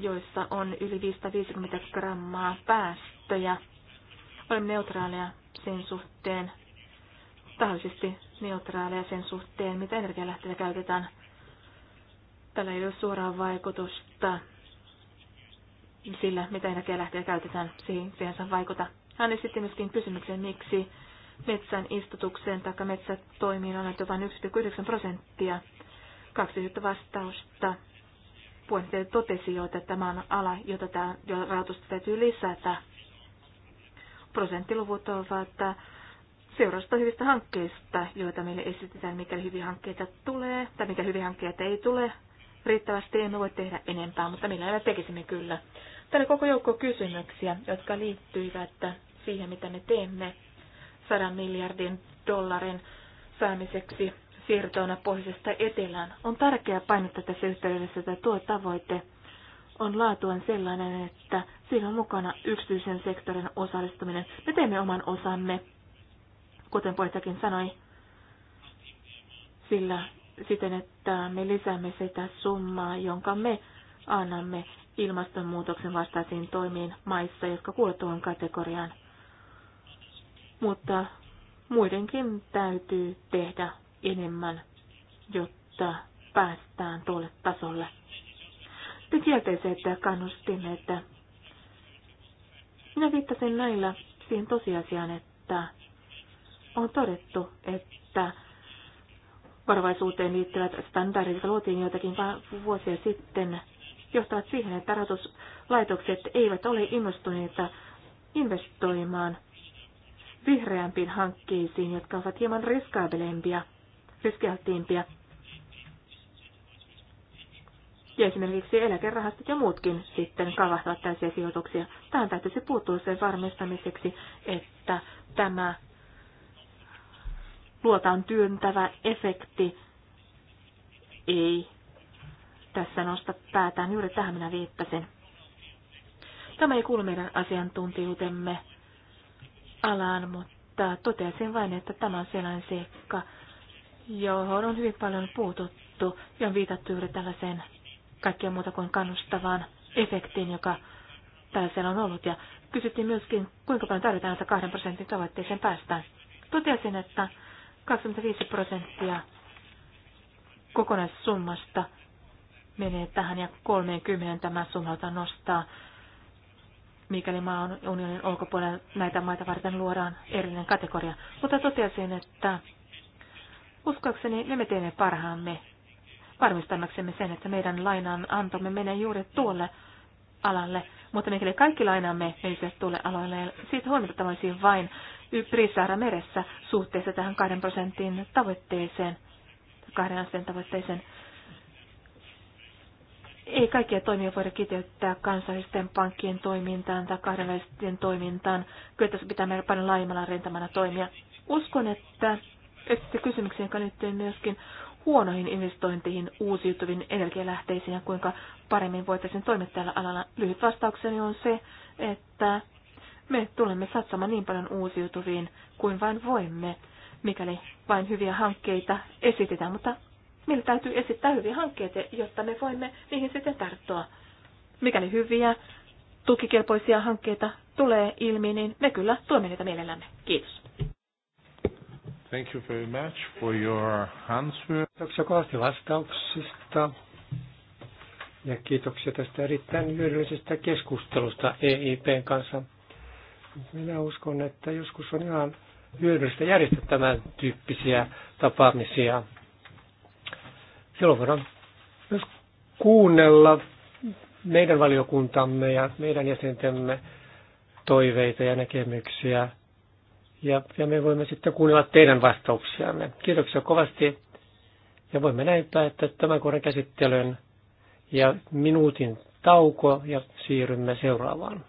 joissa on yli 550 grammaa päästöjä. on neutraalia sen suhteen, tahallisesti neutraaleja sen suhteen, mitä energialähteitä käytetään. Tällä ei ole suoraa vaikutusta sillä, mitä energialähteä käytetään, siihen, siihen saa vaikuta. Hän esitti myöskin kysymyksen, miksi metsän istutukseen tai metsätoimiin on annettu vain 1,9 prosenttia. Kaksi syyttä vastausta. Puheenjohtaja totesi jo, että tämä on ala, jota tämä, jo rahoitusta täytyy lisätä. Prosenttiluvut ovat seurausta hyvistä hankkeista, joita meille esitetään, mikäli hyviä hankkeita tulee tai mikä hyviä hankkeita ei tule riittävästi, en voi tehdä enempää, mutta millä me tekisimme kyllä. Täällä koko joukko kysymyksiä, jotka liittyivät siihen, mitä me teemme 100 miljardin dollarin saamiseksi siirtoona pohjoisesta etelään. On tärkeää painottaa tässä yhteydessä, että tuo tavoite on laatuan sellainen, että siinä on mukana yksityisen sektorin osallistuminen. Me teemme oman osamme, kuten poistakin sanoi, sillä siten, että me lisäämme sitä summaa, jonka me annamme ilmastonmuutoksen vastaisiin toimiin maissa, jotka kuuluvat tuon kategoriaan. Mutta muidenkin täytyy tehdä enemmän, jotta päästään tuolle tasolle. Te kielteiset että Minä viittasin näillä siihen tosiasiaan, että on todettu, että varovaisuuteen liittyvät standardit, jotka luotiin joitakin vuosia sitten, johtavat siihen, että rahoituslaitokset eivät ole innostuneita investoimaan vihreämpiin hankkeisiin, jotka ovat hieman riskaabelempia, riskialttiimpia. Ja esimerkiksi eläkerahastot ja muutkin sitten kavahtavat tällaisia sijoituksia. Tähän täytyisi puuttua sen varmistamiseksi, että tämä luotaan työntävä efekti. Ei tässä nosta päätään, juuri tähän minä viittasin. Tämä ei kuulu meidän asiantuntijuutemme alaan, mutta totesin vain, että tämä on sellainen seikka, johon on hyvin paljon puututtu ja on viitattu juuri tällaiseen kaikkea muuta kuin kannustavaan efektiin, joka tällaisella on ollut. Ja kysyttiin myöskin, kuinka paljon tarvitaan, että kahden prosentin tavoitteeseen päästään. Totesin, että 25 prosenttia kokonaissummasta menee tähän ja 30 tämä summalta nostaa. Mikäli maa on unionin ulkopuolella, näitä maita varten luodaan erillinen kategoria. Mutta totesin, että uskoakseni me, me teemme parhaamme varmistamaksemme sen, että meidän lainaan antomme menee juuri tuolle alalle, mutta mikäli kaikki lainaamme tuolle aloille, siitä huomiota vain Prissaara meressä suhteessa tähän 2 prosentin tavoitteeseen, kahden asteen tavoitteeseen. Ei kaikkia toimia voida kiteyttää kansallisten pankkien toimintaan tai kahdenvälisten toimintaan. Kyllä tässä pitää meillä paljon laajemmalla rintamana toimia. Uskon, että että kysymykseen, jotka liittyy myöskin huonoihin investointeihin uusiutuviin energialähteisiin ja kuinka paremmin voitaisiin toimia tällä alalla. Lyhyt vastaukseni on se, että me tulemme satsamaan niin paljon uusiutuviin kuin vain voimme, mikäli vain hyviä hankkeita esitetään, mutta meillä täytyy esittää hyviä hankkeita, jotta me voimme niihin sitten tarttua. Mikäli hyviä tukikelpoisia hankkeita tulee ilmi, niin me kyllä tuomme niitä mielellämme. Kiitos. Thank you very much for your answer. Kiitoksia kovasti vastauksista ja kiitoksia tästä erittäin hyödyllisestä keskustelusta EIPn kanssa. Minä uskon, että joskus on ihan hyödyllistä järjestää tämän tyyppisiä tapaamisia. Silloin voidaan myös kuunnella meidän valiokuntamme ja meidän jäsentemme toiveita ja näkemyksiä ja, ja me voimme sitten kuunnella teidän vastauksianne. Kiitoksia kovasti. Ja voimme näin että tämän kohdan käsittelyn ja minuutin tauko ja siirrymme seuraavaan.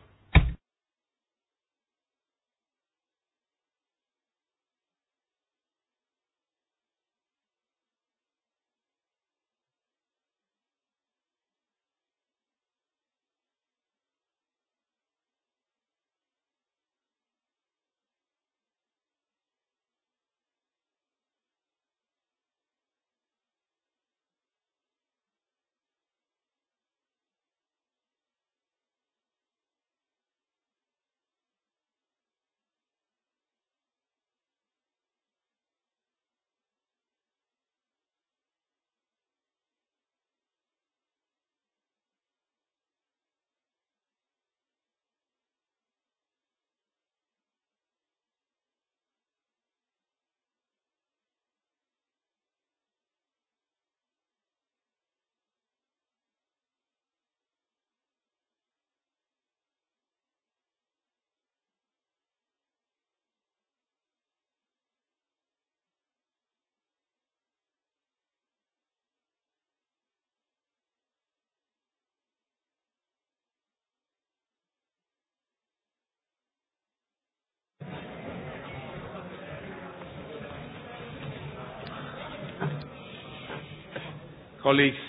Colleagues,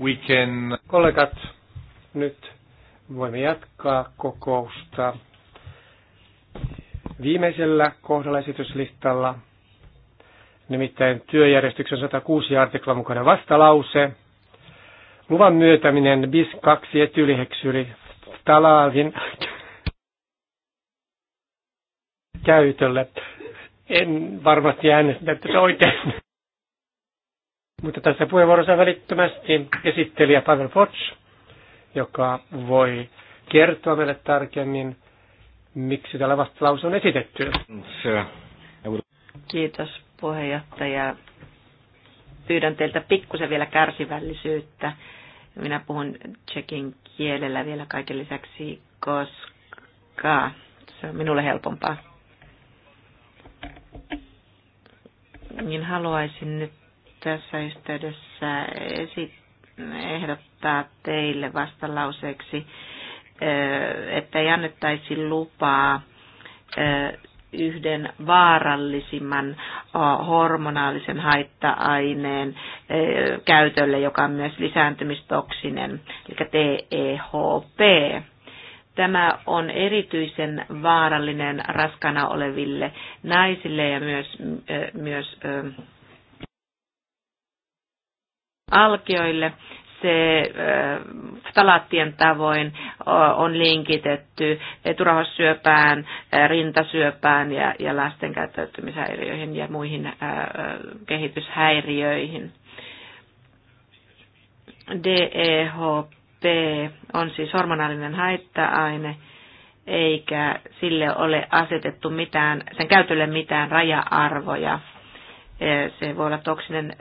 we can... Kollegat, nyt voimme jatkaa kokousta. Viimeisellä kohdalla esityslistalla, nimittäin työjärjestyksen 106 artiklan mukainen vastalause, luvan myötäminen bis 2 etyliheksyli talaavin käytölle. En varmasti äänestä, että se oikein. Mutta tässä puheenvuorossa välittömästi esittelijä Pavel Fots, joka voi kertoa meille tarkemmin, miksi tällä vastalaus on esitetty. Kiitos puheenjohtaja. Pyydän teiltä pikkusen vielä kärsivällisyyttä. Minä puhun tsekin kielellä vielä kaiken lisäksi, koska se on minulle helpompaa. Niin haluaisin nyt tässä yhteydessä ehdottaa teille vastalauseeksi, että ei annettaisi lupaa yhden vaarallisimman hormonaalisen haitta-aineen käytölle, joka on myös lisääntymistoksinen, eli TEHP. Tämä on erityisen vaarallinen raskana oleville naisille ja myös, myös alkioille. Se äh, talaattien tavoin on linkitetty eturahossyöpään, äh, rintasyöpään ja, ja lasten käyttäytymishäiriöihin ja muihin äh, kehityshäiriöihin. DEHP on siis hormonaalinen haitta-aine, eikä sille ole asetettu mitään, sen käytölle mitään raja-arvoja. Se voi olla toksinen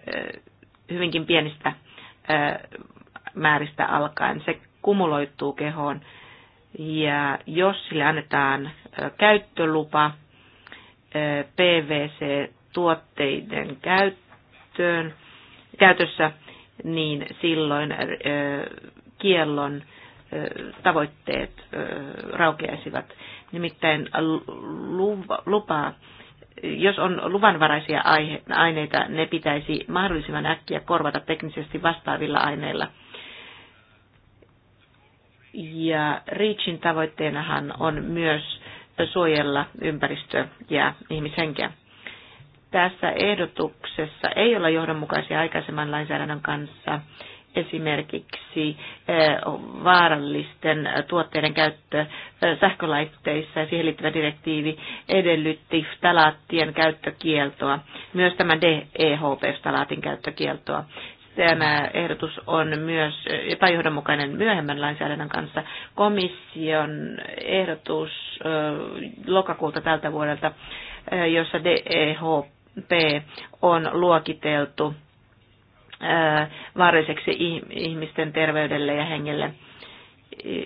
hyvinkin pienistä määristä alkaen. Se kumuloituu kehoon ja jos sille annetaan käyttölupa PVC-tuotteiden käyttöön, käytössä, niin silloin kiellon tavoitteet raukeaisivat. Nimittäin lupa jos on luvanvaraisia aineita, ne pitäisi mahdollisimman äkkiä korvata teknisesti vastaavilla aineilla. Ja REACHin tavoitteenahan on myös suojella ympäristöä ja ihmishenkeä. Tässä ehdotuksessa ei olla johdonmukaisia aikaisemman lainsäädännön kanssa esimerkiksi vaarallisten tuotteiden käyttö sähkölaitteissa ja siihen liittyvä direktiivi edellytti talaattien käyttökieltoa, myös tämän DEHP-talaatin käyttökieltoa. Tämä ehdotus on myös epäjohdonmukainen myöhemmän lainsäädännön kanssa. Komission ehdotus lokakuuta tältä vuodelta, jossa DEHP on luokiteltu vaaralliseksi ihmisten terveydelle ja hengelle 19.07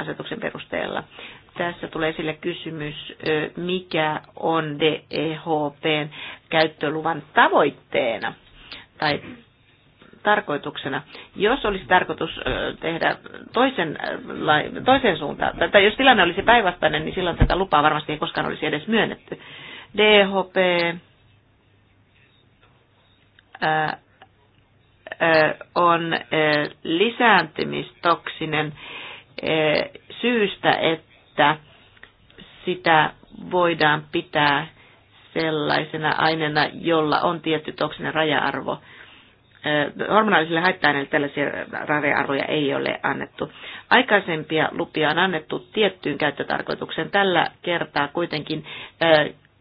asetuksen perusteella. Tässä tulee sille kysymys, mikä on DEHPn käyttöluvan tavoitteena tai tarkoituksena. Jos olisi tarkoitus tehdä toisen, toisen suuntaan, tai jos tilanne olisi päinvastainen, niin silloin tätä lupaa varmasti ei koskaan olisi edes myönnetty. DHP e on lisääntymistoksinen syystä, että sitä voidaan pitää sellaisena aineena, jolla on tietty toksinen raja-arvo. Hormonaalisille haitta tällaisia raja-arvoja ei ole annettu. Aikaisempia lupia on annettu tiettyyn käyttötarkoitukseen. Tällä kertaa kuitenkin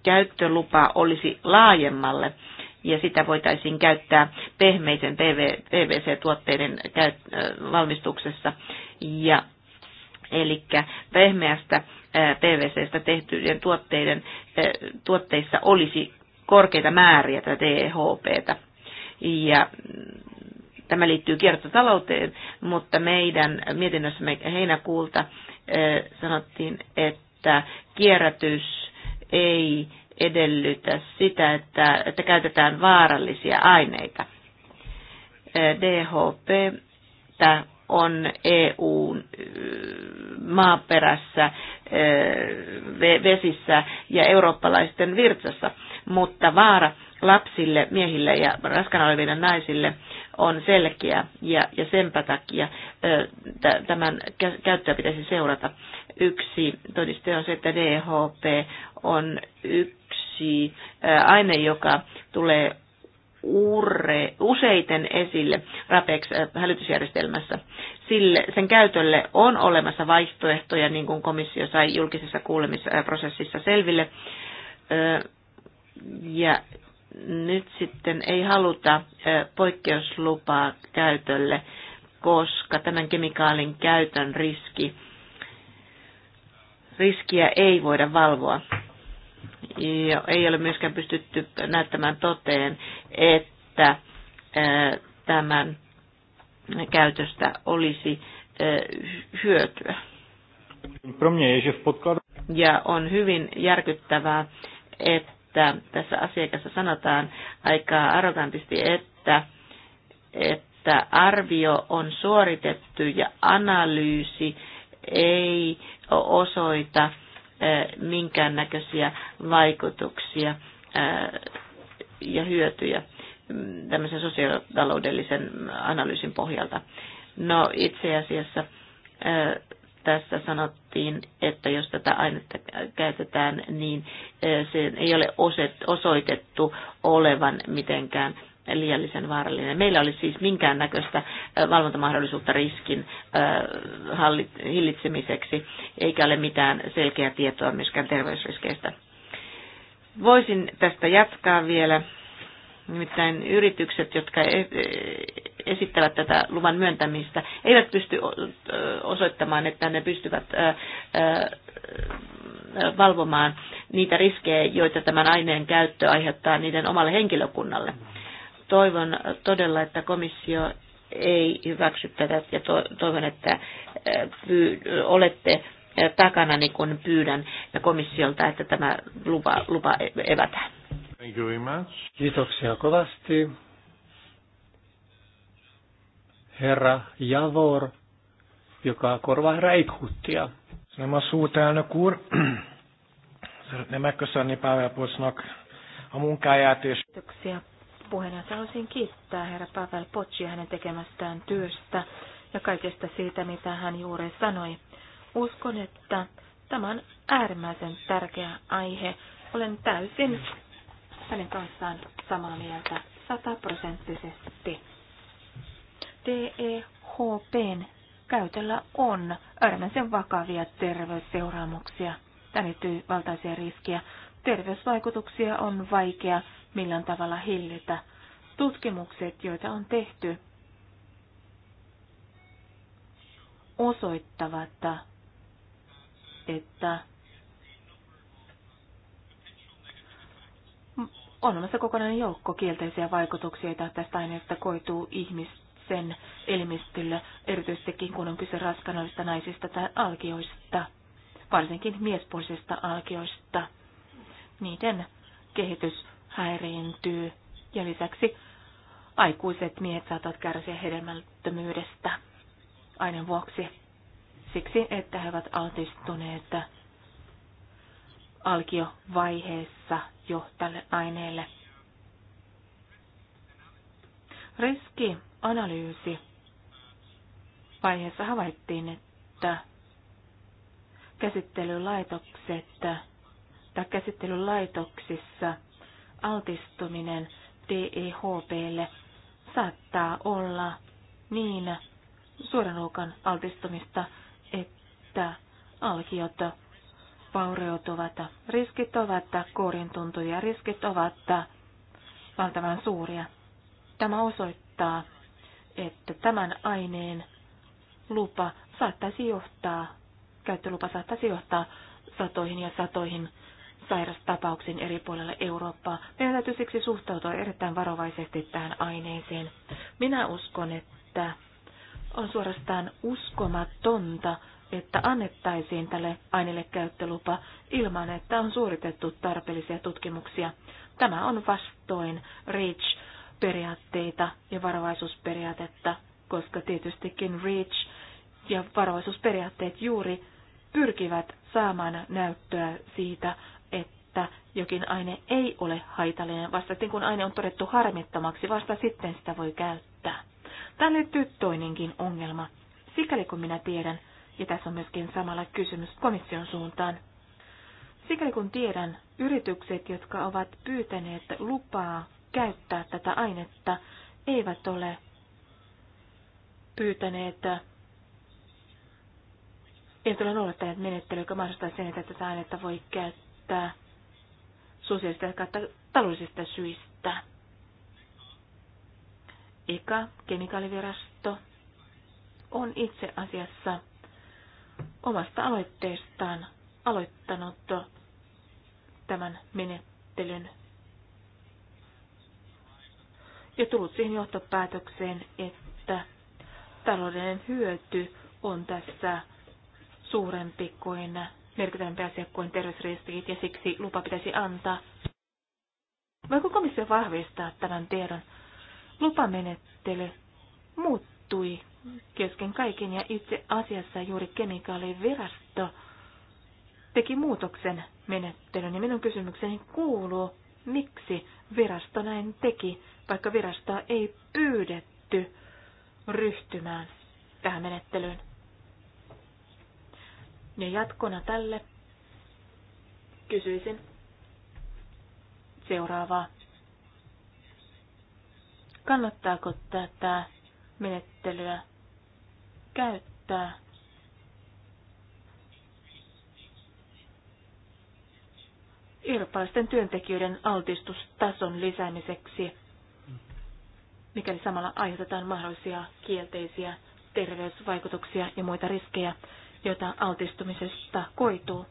käyttölupa olisi laajemmalle ja sitä voitaisiin käyttää pehmeisen PVC-tuotteiden valmistuksessa. Ja Eli pehmeästä PVCstä tehtyjen tuotteiden, tuotteissa olisi korkeita määriä tätä THPtä. Ja tämä liittyy kiertotalouteen, mutta meidän mietinnössämme heinäkuulta sanottiin, että kierrätys ei edellytä sitä, että, että käytetään vaarallisia aineita. DHP on EUn maaperässä, vesissä ja eurooppalaisten virtsassa, mutta vaara lapsille, miehille ja raskana oleville naisille on selkeä ja, ja senpä takia tämän käyttöä pitäisi seurata. Yksi todiste on se, että DHP on yksi yksi aine, joka tulee ure, useiten esille RAPEX-hälytysjärjestelmässä. Sille, sen käytölle on olemassa vaihtoehtoja, niin kuin komissio sai julkisessa kuulemisprosessissa selville. Ja nyt sitten ei haluta poikkeuslupaa käytölle, koska tämän kemikaalin käytön riski, riskiä ei voida valvoa ja ei ole myöskään pystytty näyttämään toteen, että tämän käytöstä olisi hyötyä. Ja on hyvin järkyttävää, että tässä asiakassa sanotaan aika arrogantisti, että, että arvio on suoritettu ja analyysi ei osoita Eh, minkäännäköisiä vaikutuksia eh, ja hyötyjä tämmöisen sosiaalitaloudellisen analyysin pohjalta. No itse asiassa eh, tässä sanottiin, että jos tätä ainetta käytetään, niin sen ei ole osoitettu olevan mitenkään liiallisen vaarallinen. Meillä olisi siis minkäännäköistä valvontamahdollisuutta riskin hillitsemiseksi, eikä ole mitään selkeää tietoa myöskään terveysriskeistä. Voisin tästä jatkaa vielä. Nimittäin yritykset, jotka e-, e-, esittävät tätä luvan myöntämistä, eivät pysty osoittamaan, että ne pystyvät valvomaan niitä riskejä, joita tämän aineen käyttö aiheuttaa niiden omalle henkilökunnalle. Toivon todella, että komissio ei hyväksy tätä ja toivon, että äh, olette äh, takana, niin kun pyydän komissiolta, että tämä lupa, lupa e-, evätään. Thank you very much. Kiitoksia kovasti. Herra Javor, joka korvaa herra Eikhuttia. Nämä suut kur, Szeretném megköszönni Pavel niin a munkáját. Kiitoksia puheenjohtaja, haluaisin kiittää herra Pavel Potsia hänen tekemästään työstä ja kaikesta siitä, mitä hän juuri sanoi. Uskon, että tämä on äärimmäisen tärkeä aihe. Olen täysin hänen kanssaan samaa mieltä sataprosenttisesti. TEHPn käytöllä on äärimmäisen vakavia terveysseuraamuksia. Tämä valtaisia riskiä. Terveysvaikutuksia on vaikea millään tavalla hillitä. Tutkimukset, joita on tehty, osoittavat, että on olemassa kokonainen joukko kielteisiä vaikutuksia, joita tästä aineesta koituu ihmisen elimistölle, erityisestikin kun on kyse raskanoista naisista tai alkioista, varsinkin miespuolisista alkioista. Niiden kehitys häiriintyy ja lisäksi aikuiset miehet saattavat kärsiä hedelmättömyydestä aineen vuoksi siksi, että he ovat altistuneet alkiovaiheessa jo tälle aineelle. Riskianalyysi vaiheessa havaittiin, että käsittelylaitokset tai käsittelylaitoksissa – altistuminen DEHPlle saattaa olla niin suoranuukan altistumista, että alkiot vaureutuvat. Riskit ovat kourin riskit ovat valtavan suuria. Tämä osoittaa, että tämän aineen lupa saattaisi johtaa, käyttölupa saattaisi johtaa satoihin ja satoihin sairastapauksiin eri puolilla Eurooppaa. Meidän täytyy siksi suhtautua erittäin varovaisesti tähän aineeseen. Minä uskon, että on suorastaan uskomatonta, että annettaisiin tälle aineelle käyttölupa ilman, että on suoritettu tarpeellisia tutkimuksia. Tämä on vastoin REACH-periaatteita ja varovaisuusperiaatetta, koska tietystikin REACH ja varovaisuusperiaatteet juuri pyrkivät saamaan näyttöä siitä, että jokin aine ei ole haitallinen. Vasta sitten kun aine on todettu harmittomaksi, vasta sitten sitä voi käyttää. Tämä liittyy toinenkin ongelma. Sikäli kun minä tiedän, ja tässä on myöskin samalla kysymys komission suuntaan. Sikäli kun tiedän, yritykset, jotka ovat pyytäneet lupaa käyttää tätä ainetta, eivät ole pyytäneet, eivät ole noudattaneet menettelyä, joka mahdollistaa sen, että tätä ainetta voi käyttää syistä, sosiaalista tai taloudellisista syistä. Eka, kemikaalivirasto, on itse asiassa omasta aloitteestaan aloittanut tämän menettelyn ja tullut siihen johtopäätökseen, että taloudellinen hyöty on tässä suurempi kuin merkittävämpi asia kuin terveysriskit ja siksi lupa pitäisi antaa. Voiko komissio vahvistaa tämän tiedon? Lupamenettely muuttui kesken kaiken ja itse asiassa juuri kemikaalivirasto teki muutoksen menettelyn. Ja minun kysymykseni kuuluu, miksi virasto näin teki, vaikka virastoa ei pyydetty ryhtymään tähän menettelyyn. Ja jatkona tälle kysyisin seuraavaa. Kannattaako tätä menettelyä käyttää? irpaisten työntekijöiden altistustason lisäämiseksi, mikäli samalla aiheutetaan mahdollisia kielteisiä terveysvaikutuksia ja muita riskejä joita altistumisesta koituu.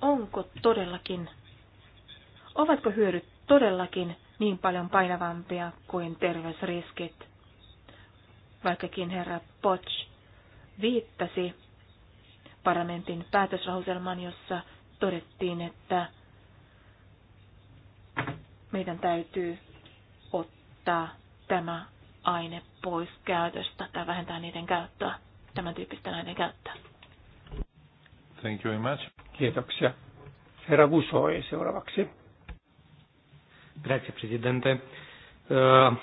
Onko todellakin, ovatko hyödyt todellakin niin paljon painavampia kuin terveysriskit? Vaikkakin herra Potch viittasi parlamentin päätöslauselman, jossa todettiin, että meidän täytyy ottaa tämä aine pois käytöstä tai vähentää niiden käyttöä, tämän tyyppistä näiden käyttöä. Thank you very much. Kiitoksia. Herra Vusoi seuraavaksi. Grazie, Presidente. Uh,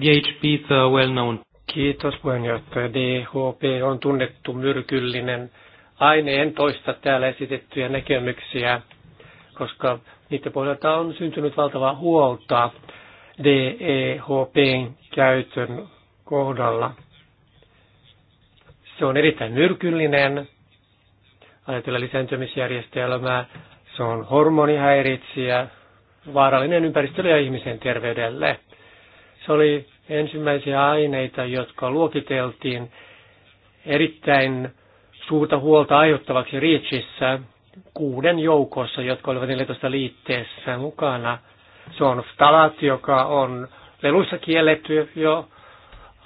DHP is uh, well known. Kiitos puheenjohtaja. DHP on tunnettu myrkyllinen aine. En toista täällä esitettyjä näkemyksiä, koska niiden pohjalta on syntynyt valtavaa huolta DEHPn käytön kohdalla. Se on erittäin myrkyllinen ajatella lisääntymisjärjestelmää. Se on hormonihäiritsijä, vaarallinen ympäristölle ja ihmisen terveydelle. Se oli ensimmäisiä aineita, jotka luokiteltiin erittäin suurta huolta aiheuttavaksi Riitsissä kuuden joukossa, jotka olivat 14 liitteessä mukana. Se on ftalat, joka on leluissa kielletty jo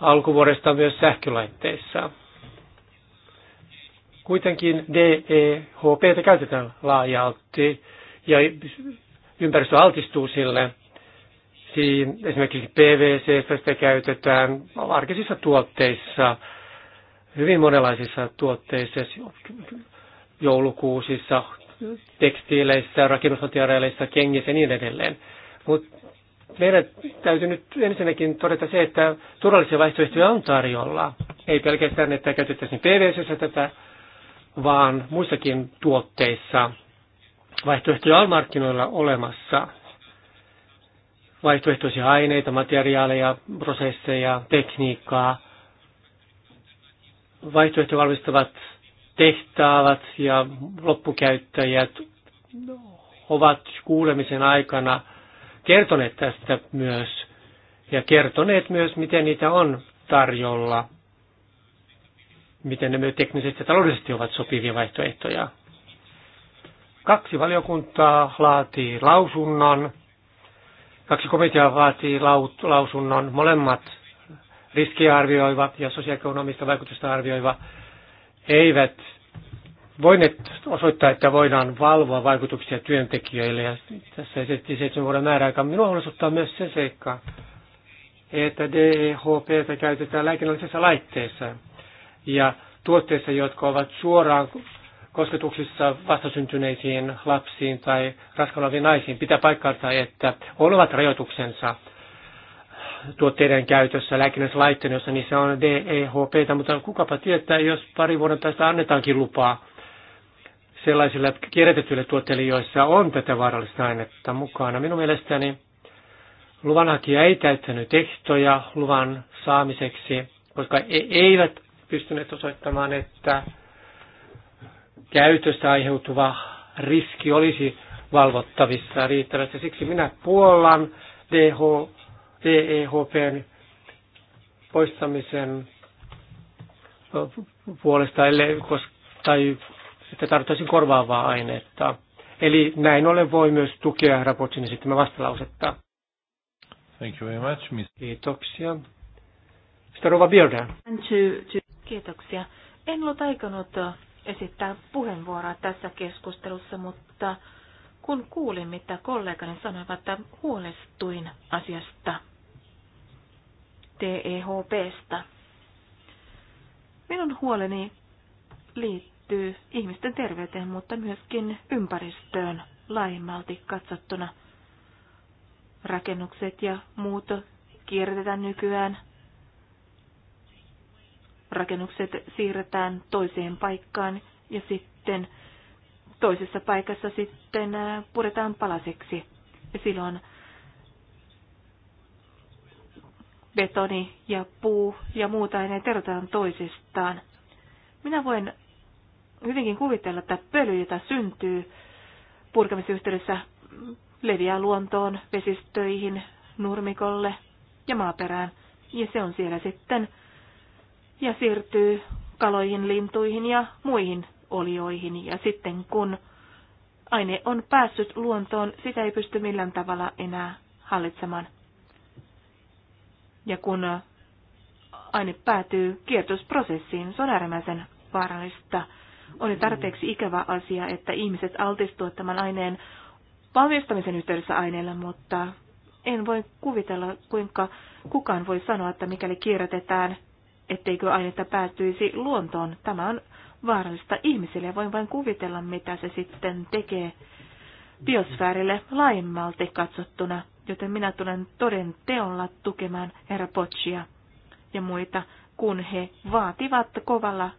alkuvuodesta myös sähkölaitteissa. Kuitenkin DEHP käytetään laajalti ja ympäristö altistuu sille. Siin, esimerkiksi PVC sitä käytetään arkisissa tuotteissa, hyvin monenlaisissa tuotteissa, joulukuusissa, tekstiileissä, rakennusmateriaaleissa, kengissä ja niin edelleen. Mut meidän täytyy nyt ensinnäkin todeta se, että turvallisia vaihtoehtoja on tarjolla. Ei pelkästään, että käytettäisiin PVC tätä vaan muissakin tuotteissa vaihtoehtoja on markkinoilla olemassa. Vaihtoehtoisia aineita, materiaaleja, prosesseja, tekniikkaa. Vaihtoehto valmistavat tehtaavat ja loppukäyttäjät ovat kuulemisen aikana kertoneet tästä myös ja kertoneet myös, miten niitä on tarjolla miten ne teknisesti ja taloudellisesti ovat sopivia vaihtoehtoja. Kaksi valiokuntaa laatii lausunnon, kaksi komiteaa vaatii lausunnon, molemmat riskiä arvioiva ja sosiaalikonomista vaikutusta arvioiva eivät voineet osoittaa, että voidaan valvoa vaikutuksia työntekijöille. Ja tässä esitettiin seitsemän vuoden määräaika. Minua huolestuttaa myös se seikka, että DEHP käytetään lääkinnällisessä laitteessa ja tuotteissa, jotka ovat suoraan kosketuksissa vastasyntyneisiin lapsiin tai raskaana naisiin. Pitää paikkaansa, että ovat rajoituksensa tuotteiden käytössä, lääkinnässä laitteen, jossa niissä on DEHP, mutta kukapa tietää, jos pari vuoden päästä annetaankin lupaa sellaisille kierrätetyille tuotteille, joissa on tätä vaarallista ainetta mukana. Minun mielestäni luvanhakija ei täyttänyt ehtoja luvan saamiseksi, koska e- eivät pystyneet osoittamaan, että käytöstä aiheutuva riski olisi valvottavissa riittävästi. Siksi minä puollan DH, DEHPn poistamisen puolesta, ellei, tai sitten tarvitsisin korvaavaa ainetta. Eli näin ollen voi myös tukea raportin esittämää vastalausetta. Thank you very much, Mr. Kiitoksia. Rova Björda. Kiitoksia. En ollut aikonut esittää puheenvuoroa tässä keskustelussa, mutta kun kuulin, mitä kollegani sanoivat, että huolestuin asiasta, TEHPstä. Minun huoleni liittyy ihmisten terveyteen, mutta myöskin ympäristöön laajemmalti katsottuna. Rakennukset ja muut kierretään nykyään rakennukset siirretään toiseen paikkaan ja sitten toisessa paikassa sitten puretaan palaseksi. Ja silloin betoni ja puu ja muuta aineet erotetaan toisistaan. Minä voin hyvinkin kuvitella, että pöly, jota syntyy purkamisyhteydessä, leviää luontoon, vesistöihin, nurmikolle ja maaperään. Ja se on siellä sitten ja siirtyy kaloihin, lintuihin ja muihin olioihin. Ja sitten kun aine on päässyt luontoon, sitä ei pysty millään tavalla enää hallitsemaan. Ja kun aine päätyy kiertosprosessiin, se on äärimmäisen vaarallista. On tarpeeksi ikävä asia, että ihmiset altistuvat tämän aineen valmistamisen yhteydessä aineella, mutta en voi kuvitella, kuinka kukaan voi sanoa, että mikäli kierrätetään etteikö ainetta päätyisi luontoon. Tämä on vaarallista ihmisille ja voin vain kuvitella, mitä se sitten tekee biosfäärille laajemmalti katsottuna, joten minä tulen toden teolla tukemaan herra Potsia ja muita, kun he vaativat kovalla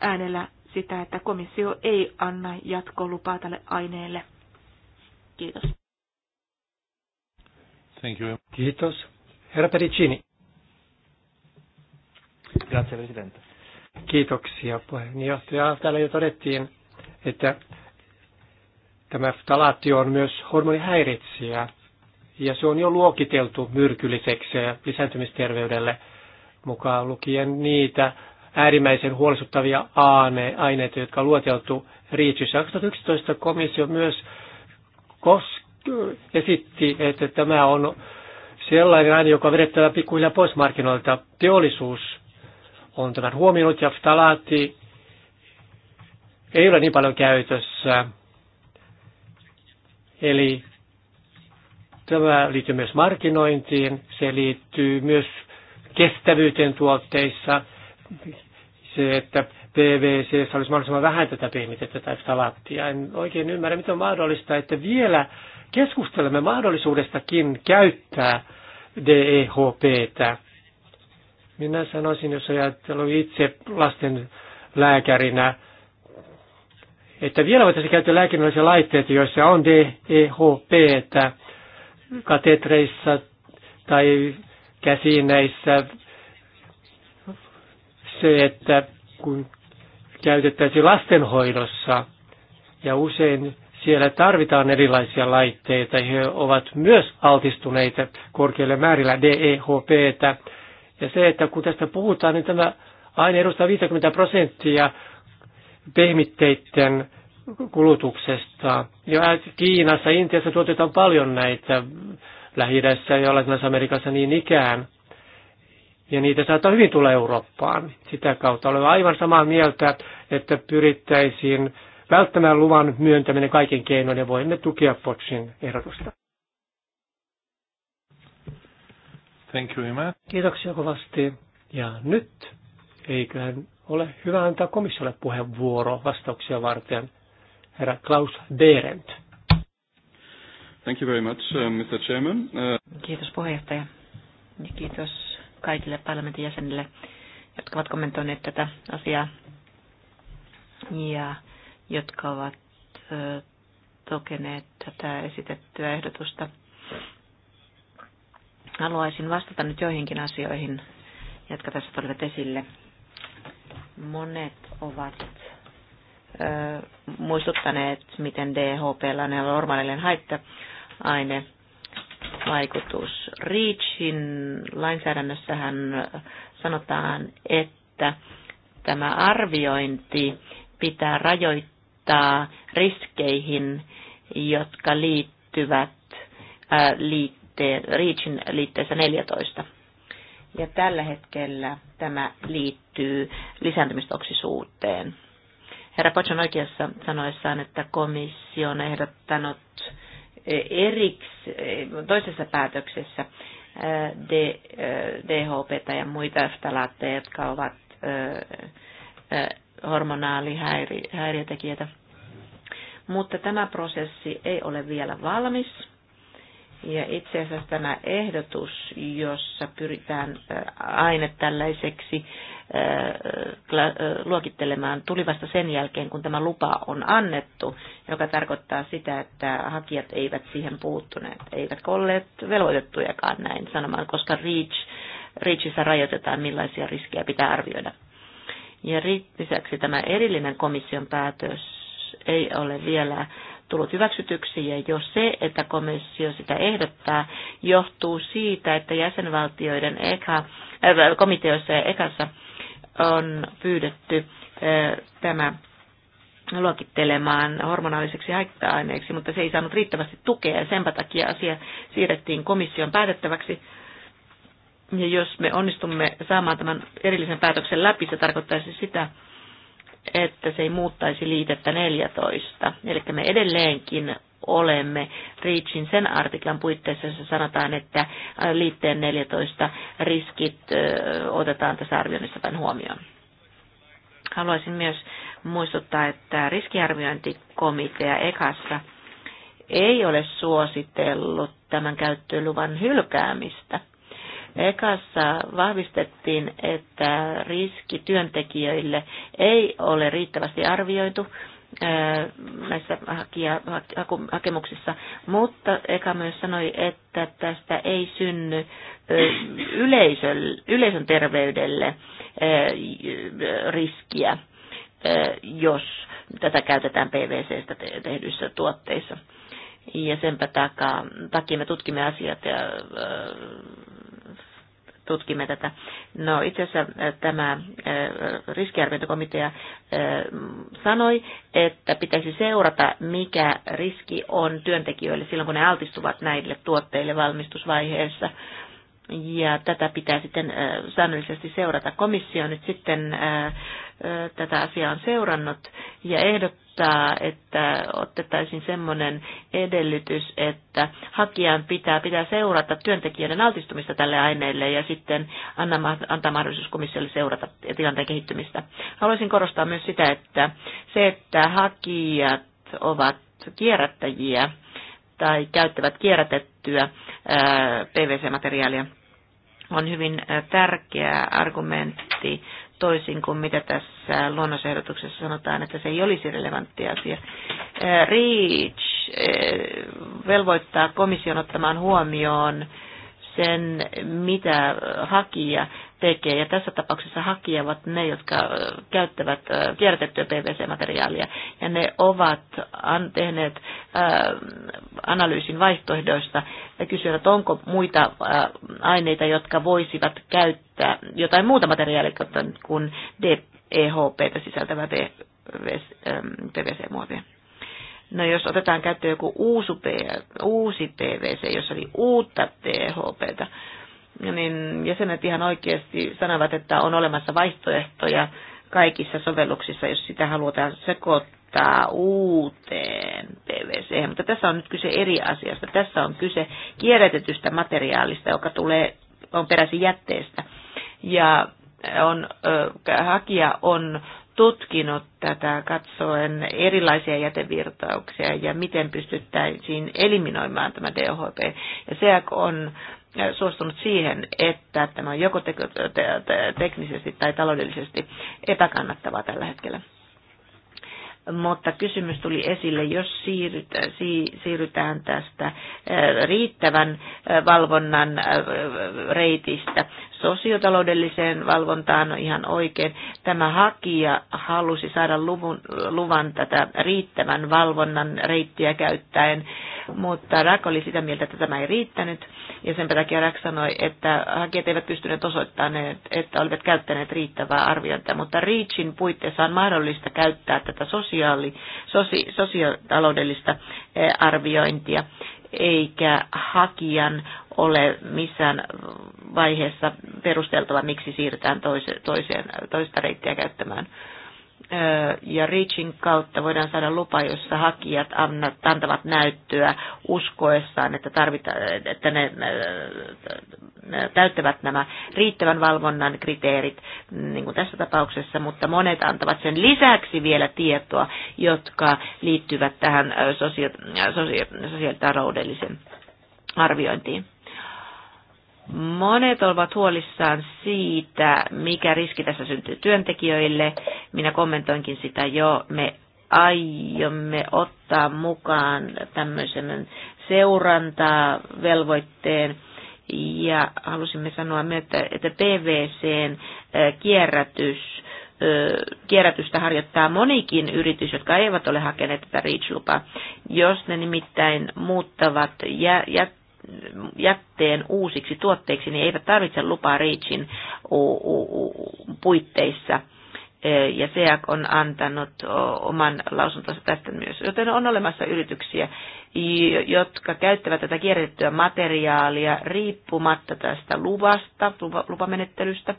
äänellä sitä, että komissio ei anna jatkolupaa tälle aineelle. Kiitos. Thank you. Kiitos. Herra Pericini. Grazie, Presidente. Kiitoksia puheenjohtaja. Täällä jo todettiin, että tämä ftalaatio on myös hormonihäiritsijä ja se on jo luokiteltu myrkylliseksi lisääntymisterveydelle mukaan lukien niitä äärimmäisen huolestuttavia aineita, jotka on luoteltu Riitsyssä. 2011 komissio myös esitti, että tämä on sellainen aine, joka on vedettävä pikkuhiljaa pois markkinoilta. Teollisuus on tämän huomioinut ja ftalaatti ei ole niin paljon käytössä. Eli tämä liittyy myös markkinointiin, se liittyy myös kestävyyteen tuotteissa, se, että PVC olisi mahdollisimman vähän tätä pehmitettä tai ftalaattia. En oikein ymmärrä, miten on mahdollista, että vielä keskustelemme mahdollisuudestakin käyttää DEHPtä minä sanoisin, jos ajattelu itse lasten lääkärinä, että vielä voitaisiin käyttää lääkinnällisiä laitteita, joissa on DEHP, että katetreissa tai käsineissä se, että kun käytettäisiin lastenhoidossa ja usein siellä tarvitaan erilaisia laitteita. He ovat myös altistuneita korkealle määrillä DEHPtä ja se, että kun tästä puhutaan, niin tämä aine edustaa 50 prosenttia pehmitteiden kulutuksesta. Ja Kiinassa, Intiassa tuotetaan paljon näitä lähi ja Latinalaisessa Amerikassa niin ikään. Ja niitä saattaa hyvin tulla Eurooppaan. Sitä kautta olen aivan samaa mieltä, että pyrittäisiin välttämään luvan myöntäminen kaiken keinoin ja voimme tukea Potsin ehdotusta. Thank you, Emma. Kiitoksia kovasti. Ja nyt, eiköhän ole hyvä antaa komissiolle puheenvuoro vastauksia varten. Herra Klaus Berend. Thank you very much, uh, Mr. Chairman. Uh... Kiitos puheenjohtaja. Ja kiitos kaikille parlamentin jäsenille, jotka ovat kommentoineet tätä asiaa ja jotka ovat uh, tokeneet tätä esitettyä ehdotusta – Haluaisin vastata nyt joihinkin asioihin, jotka tässä tulivat esille. Monet ovat ö, muistuttaneet, miten DHP on normaalinen haitta-aine vaikutus. REACHin lainsäädännössähän sanotaan, että tämä arviointi pitää rajoittaa riskeihin, jotka liittyvät liikkeeseen REACHin liitteessä 14. Ja tällä hetkellä tämä liittyy lisääntymistoksisuuteen. Herra Potch oikeassa sanoessaan, että komissio on ehdottanut eriks, toisessa päätöksessä äh, DHP äh, ja muita ftalaatteja, jotka ovat äh, hormonaalihäiriötekijöitä. Mutta tämä prosessi ei ole vielä valmis ja itse asiassa tämä ehdotus, jossa pyritään aine tällaiseksi luokittelemaan, tuli vasta sen jälkeen, kun tämä lupa on annettu, joka tarkoittaa sitä, että hakijat eivät siihen puuttuneet, eivät olleet velvoitettujakaan näin sanomaan, koska REACH, REACHissa rajoitetaan, millaisia riskejä pitää arvioida. Ja lisäksi tämä erillinen komission päätös ei ole vielä tullut hyväksytyksi ja jo se, että komissio sitä ehdottaa, johtuu siitä, että jäsenvaltioiden eka äh, komiteoissa ja ekassa on pyydetty äh, tämä luokittelemaan hormonaaliseksi haitta-aineeksi, mutta se ei saanut riittävästi tukea ja senpä takia asia siirrettiin komission päätettäväksi. Ja jos me onnistumme saamaan tämän erillisen päätöksen läpi, se tarkoittaisi sitä, että se ei muuttaisi liitettä 14. Eli me edelleenkin olemme Reachin sen artiklan puitteissa, jossa sanotaan, että äh, liitteen 14 riskit äh, otetaan tässä arvioinnissa vain huomioon. Haluaisin myös muistuttaa, että riskiarviointikomitea EKassa ei ole suositellut tämän käyttöluvan hylkäämistä – Ekassa vahvistettiin, että riski työntekijöille ei ole riittävästi arvioitu näissä hakija, hakemuksissa, mutta Eka myös sanoi, että tästä ei synny yleisön, yleisön terveydelle riskiä, jos tätä käytetään PVCstä tehdyissä tuotteissa. Ja senpä takia me tutkimme asiat ja tutkimme tätä. No itse asiassa tämä riskiarviointikomitea sanoi, että pitäisi seurata, mikä riski on työntekijöille silloin, kun ne altistuvat näille tuotteille valmistusvaiheessa ja tätä pitää sitten säännöllisesti seurata. Komissio nyt sitten tätä asiaa on seurannut ja ehdottaa, että otettaisiin semmoinen edellytys, että hakijan pitää, pitää seurata työntekijöiden altistumista tälle aineelle ja sitten antaa mahdollisuus komissiolle seurata tilanteen kehittymistä. Haluaisin korostaa myös sitä, että se, että hakijat ovat kierrättäjiä tai käyttävät kierrätettä, käytettyä PVC-materiaalia on hyvin tärkeä argumentti toisin kuin mitä tässä luonnosehdotuksessa sanotaan, että se ei olisi relevantti asia. REACH velvoittaa komission ottamaan huomioon sen, mitä hakija tekee. Ja tässä tapauksessa hakijavat ne, jotka käyttävät kierrätettyä PVC-materiaalia. Ja ne ovat tehneet analyysin vaihtoehdoista ja kysyvät, onko muita aineita, jotka voisivat käyttää jotain muuta materiaalia kuin DEHP sisältävä PVC-muovia. No jos otetaan käyttöön joku uusi PVC, jossa oli uutta DHPtä, niin jäsenet ihan oikeasti sanovat, että on olemassa vaihtoehtoja kaikissa sovelluksissa, jos sitä halutaan sekoittaa uuteen PVC. Mutta tässä on nyt kyse eri asiasta. Tässä on kyse kierrätetystä materiaalista, joka tulee, on peräisin jätteestä. Ja on, hakija on tutkinut tätä katsoen erilaisia jätevirtauksia ja miten pystyttäisiin eliminoimaan tämä DHP. Ja se on suostunut siihen, että tämä on joko te- te- te- teknisesti tai taloudellisesti epäkannattavaa tällä hetkellä. Mutta kysymys tuli esille, jos siirrytään, siirrytään tästä äh, riittävän äh, valvonnan äh, reitistä sosiotaloudelliseen valvontaan on no ihan oikein. Tämä hakija halusi saada luvun, luvan tätä riittävän valvonnan reittiä käyttäen, mutta Rak oli sitä mieltä, että tämä ei riittänyt. Ja sen takia Rak sanoi, että hakijat eivät pystyneet osoittamaan, että olivat käyttäneet riittävää arviointia, mutta REACHin puitteissa on mahdollista käyttää tätä sosiaali, sosi, sosiotaloudellista eh, arviointia eikä hakijan ole missään vaiheessa perusteltava, miksi siirrytään toiseen, toista reittiä käyttämään ja REACHin kautta voidaan saada lupa, jossa hakijat antavat näyttöä uskoessaan, että, tarvita, että ne täyttävät nämä riittävän valvonnan kriteerit, niin kuin tässä tapauksessa, mutta monet antavat sen lisäksi vielä tietoa, jotka liittyvät tähän sosio- sosio- arviointiin. Monet ovat huolissaan siitä, mikä riski tässä syntyy työntekijöille. Minä kommentoinkin sitä jo. Me aiomme ottaa mukaan tämmöisen velvoitteen. ja halusimme sanoa myös, että, PVCn kierrätys, kierrätystä harjoittaa monikin yritys, jotka eivät ole hakeneet tätä REACH-lupaa. Jos ne nimittäin muuttavat jä, jät, jätteen uusiksi tuotteiksi, niin eivät tarvitse lupaa REACHin puitteissa. E, ja SEAC on antanut oman lausuntonsa tästä myös. Joten on olemassa yrityksiä, jotka käyttävät tätä kierrätettyä materiaalia riippumatta tästä luvasta, lupamenettelystä.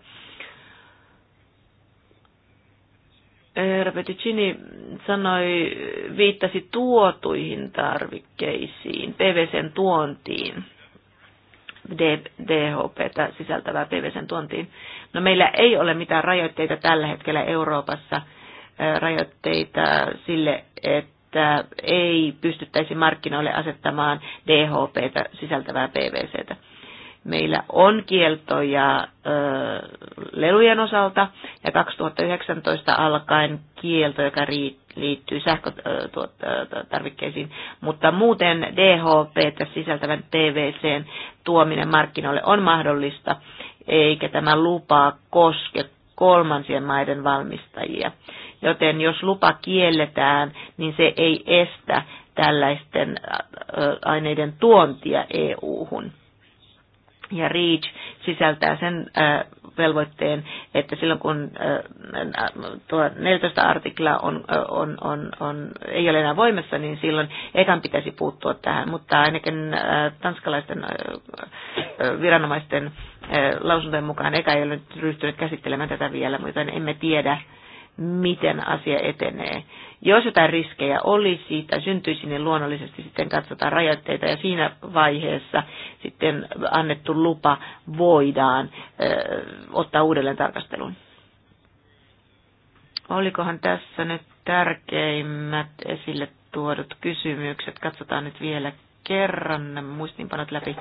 herra Petticini sanoi, viittasi tuotuihin tarvikkeisiin, PVCn tuontiin, DHP sisältävää PVCn tuontiin. No meillä ei ole mitään rajoitteita tällä hetkellä Euroopassa, rajoitteita sille, että ei pystyttäisi markkinoille asettamaan DHP sisältävää PVCtä meillä on kieltoja lelujen osalta ja 2019 alkaen kielto, joka liittyy sähkötarvikkeisiin, mutta muuten DHP sisältävän TVCn tuominen markkinoille on mahdollista, eikä tämä lupa koske kolmansien maiden valmistajia. Joten jos lupa kielletään, niin se ei estä tällaisten aineiden tuontia EU-hun ja REACH sisältää sen äh, velvoitteen, että silloin kun äh, tuo 14 artikla on, äh, on, on, on, ei ole enää voimassa, niin silloin ekan pitäisi puuttua tähän, mutta ainakin tanskalaisten viranomaisten lausuntojen mukaan eka ei ole nyt ryhtynyt käsittelemään tätä vielä, mutta emme tiedä, miten asia etenee. Jos jotain riskejä olisi tai syntyisi, niin luonnollisesti sitten katsotaan rajoitteita ja siinä vaiheessa sitten annettu lupa voidaan ö, ottaa uudelleen tarkasteluun. Olikohan tässä nyt tärkeimmät esille tuodut kysymykset? Katsotaan nyt vielä kerran muistinpanot läpi.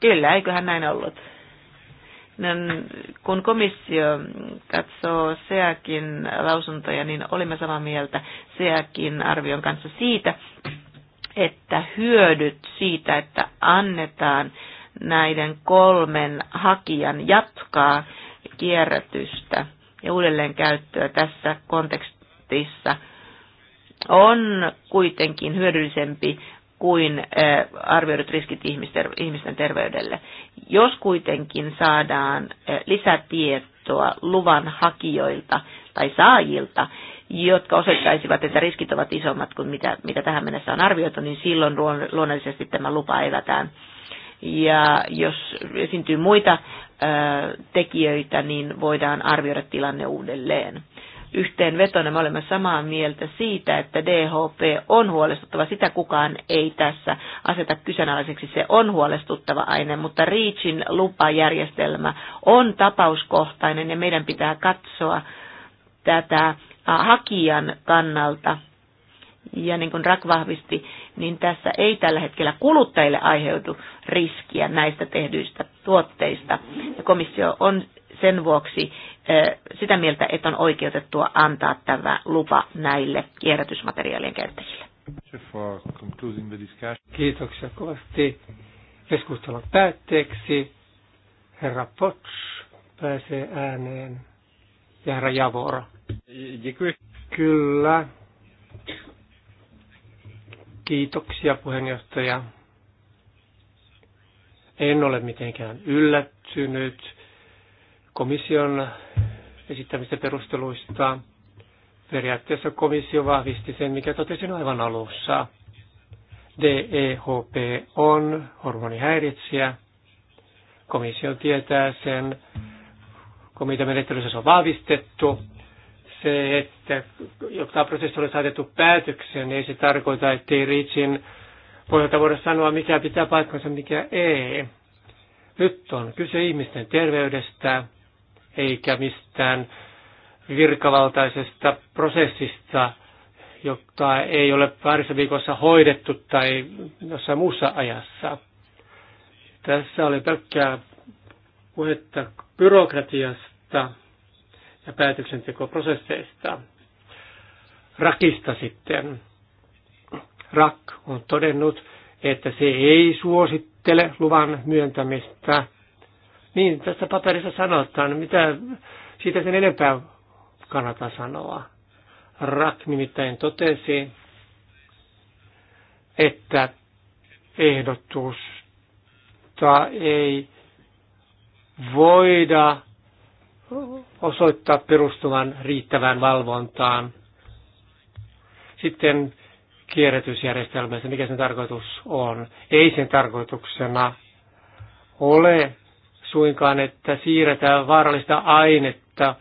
Kyllä, eiköhän näin ollut kun komissio katsoo SEAKin lausuntoja, niin olimme samaa mieltä SEAKin arvion kanssa siitä, että hyödyt siitä, että annetaan näiden kolmen hakijan jatkaa kierrätystä ja uudelleenkäyttöä tässä kontekstissa on kuitenkin hyödyllisempi kuin arvioidut riskit ihmisten terveydelle. Jos kuitenkin saadaan lisätietoa luvan hakijoilta tai saajilta, jotka osoittaisivat, että riskit ovat isommat kuin mitä, mitä tähän mennessä on arvioitu, niin silloin luonnollisesti tämä lupa evätään. Ja jos esiintyy muita ö, tekijöitä, niin voidaan arvioida tilanne uudelleen yhteenvetona. Me olemme samaa mieltä siitä, että DHP on huolestuttava. Sitä kukaan ei tässä aseta kyseenalaiseksi. Se on huolestuttava aine, mutta REACHin lupajärjestelmä on tapauskohtainen ja meidän pitää katsoa tätä hakijan kannalta ja niin kuin Rak vahvisti, niin tässä ei tällä hetkellä kuluttajille aiheutu riskiä näistä tehdyistä tuotteista. Ja komissio on sen vuoksi sitä mieltä, että on oikeutettua antaa tämä lupa näille kierrätysmateriaalien käyttäjille. Kiitoksia kovasti. Keskustelun päätteeksi herra Potts pääsee ääneen ja herra Javora. Kyllä. Kiitoksia puheenjohtaja. En ole mitenkään yllättynyt komission esittämistä perusteluista. Periaatteessa komissio vahvisti sen, mikä totesin aivan alussa. DEHP on hormonihäiritsijä. Komissio tietää sen. menettelyssä se on vahvistettu. Se, että jotta prosessi oli saatettu päätökseen, niin ei se tarkoita, että ei Riitsin pohjalta voida sanoa, mikä pitää paikkansa, mikä ei. Nyt on kyse ihmisten terveydestä, eikä mistään virkavaltaisesta prosessista, jota ei ole parissa viikossa hoidettu tai jossain muussa ajassa. Tässä oli pelkkää puhetta byrokratiasta ja päätöksentekoprosesseista. Rakista sitten. Rak on todennut, että se ei suosittele luvan myöntämistä – niin, tässä paperissa sanotaan, niin mitä siitä sen enempää kannata sanoa. Rak nimittäin totesi, että ehdotusta ei voida osoittaa perustuvan riittävään valvontaan. Sitten kierrätysjärjestelmässä, mikä sen tarkoitus on. Ei sen tarkoituksena ole suinkaan, että siirretään vaarallista ainetta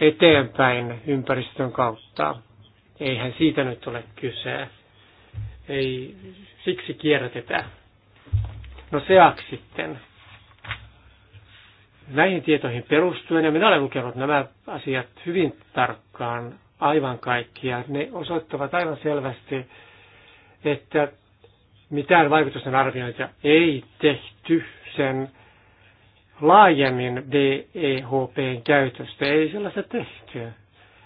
eteenpäin ympäristön kautta. Eihän siitä nyt ole kyse. Ei siksi kierrätetä. No se sitten. Näihin tietoihin perustuen, ja minä olen lukenut nämä asiat hyvin tarkkaan, aivan kaikkia, ne osoittavat aivan selvästi, että mitään vaikutusten arviointia ei tehty sen laajemmin DEHPn käytöstä. Ei sellaista tehtyä.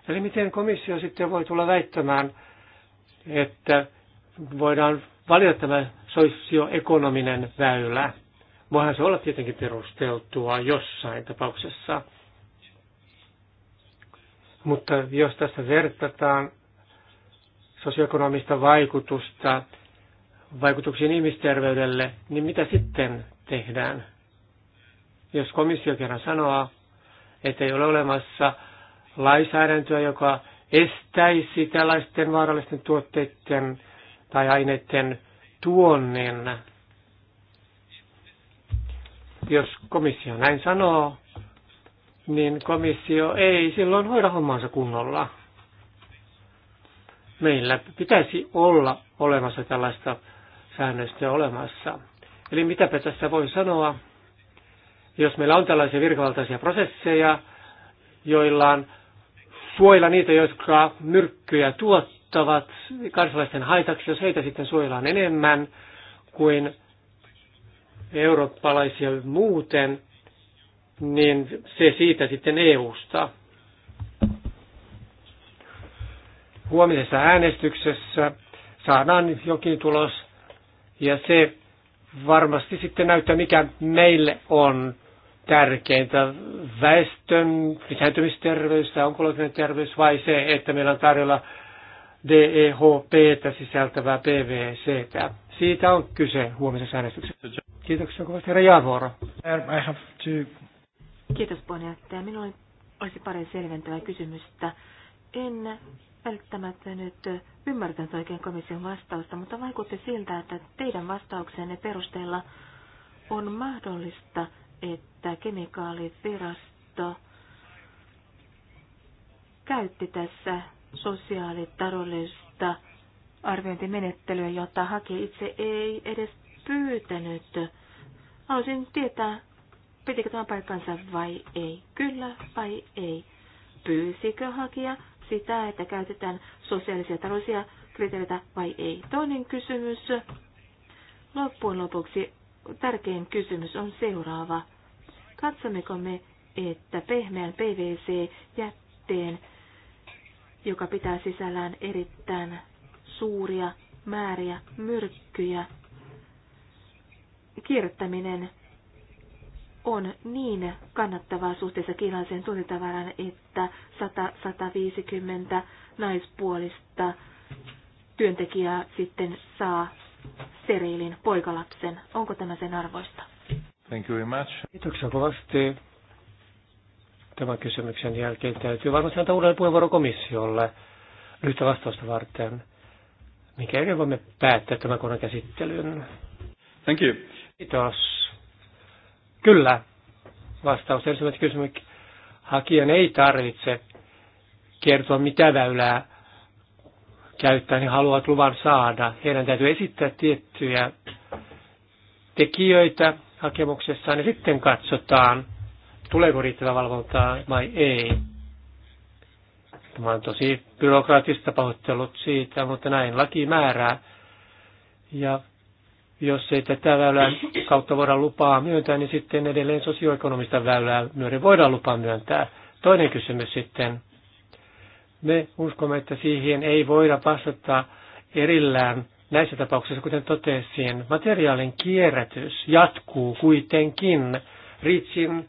Eli miten komissio sitten voi tulla väittämään, että voidaan valita tämä sosioekonominen väylä. Voihan se olla tietenkin perusteltua jossain tapauksessa. Mutta jos tässä vertataan sosioekonomista vaikutusta vaikutuksiin ihmisterveydelle, niin mitä sitten tehdään? Jos komissio kerran sanoo, että ei ole olemassa lainsäädäntöä, joka estäisi tällaisten vaarallisten tuotteiden tai aineiden tuonnin. Jos komissio näin sanoo, niin komissio ei silloin hoida hommansa kunnolla. Meillä pitäisi olla olemassa tällaista säännöstä olemassa. Eli mitäpä tässä voi sanoa? Jos meillä on tällaisia virkavaltaisia prosesseja, joilla on suojella niitä, jotka myrkkyjä tuottavat kansalaisten haitaksi, jos heitä sitten suojellaan enemmän kuin eurooppalaisia muuten, niin se siitä sitten EU-sta. Huomisessa äänestyksessä saadaan jokin tulos ja se varmasti sitten näyttää, mikä meille on tärkeintä väestön lisääntymisterveys tai onkologinen terveys vai se, että meillä on tarjolla DEHP sisältävää PVC. -tä. Siitä on kyse huomisessa äänestyksessä. Kiitoksia kovasti, herra Javooro. Kiitos puheenjohtaja. Minulla olisi pari selventävää kysymystä. En välttämättä nyt ymmärtänyt oikein komission vastausta, mutta vaikutti siltä, että teidän vastauksenne perusteella on mahdollista – että kemikaalivirasto käytti tässä sosiaalitarollista arviointimenettelyä, jota hakija itse ei edes pyytänyt. Haluaisin tietää, pitikö tämä paikkansa vai ei, kyllä vai ei. Pyysikö hakija sitä, että käytetään sosiaalisia ja taloudellisia kriteereitä vai ei. Toinen kysymys. Loppujen lopuksi tärkein kysymys on seuraava. Katsommeko me, että pehmeän PVC-jätteen, joka pitää sisällään erittäin suuria määriä myrkkyjä, kierrättäminen on niin kannattavaa suhteessa kiinalaiseen tuntitavaraan, että 100-150 naispuolista työntekijää sitten saa steriilin poikalapsen. Onko tämä sen arvoista? Thank you very much. Kiitoksia kovasti. Tämän kysymyksen jälkeen täytyy varmasti antaa uudelleen puheenvuoro komissiolle lyhyttä vastausta varten. Mikä ei voimme päättää tämän kohdan käsittelyn? Thank you. Kiitos. Kyllä. Vastaus ensimmäiseen kysymykseen. Hakijan ei tarvitse kertoa mitä väylää käyttää, niin haluavat luvan saada. Heidän täytyy esittää tiettyjä tekijöitä hakemuksessaan ja sitten katsotaan, tuleeko riittävä valvontaa vai ei. Tämä on tosi byrokraattista pahoittelut siitä, mutta näin laki määrää. Ja jos ei tätä väylää kautta voida lupaa myöntää, niin sitten edelleen sosioekonomista väylää myöden voidaan lupaa myöntää. Toinen kysymys sitten, me uskomme, että siihen ei voida vastata erillään näissä tapauksissa, kuten totesin. Materiaalin kierrätys jatkuu kuitenkin Ritsin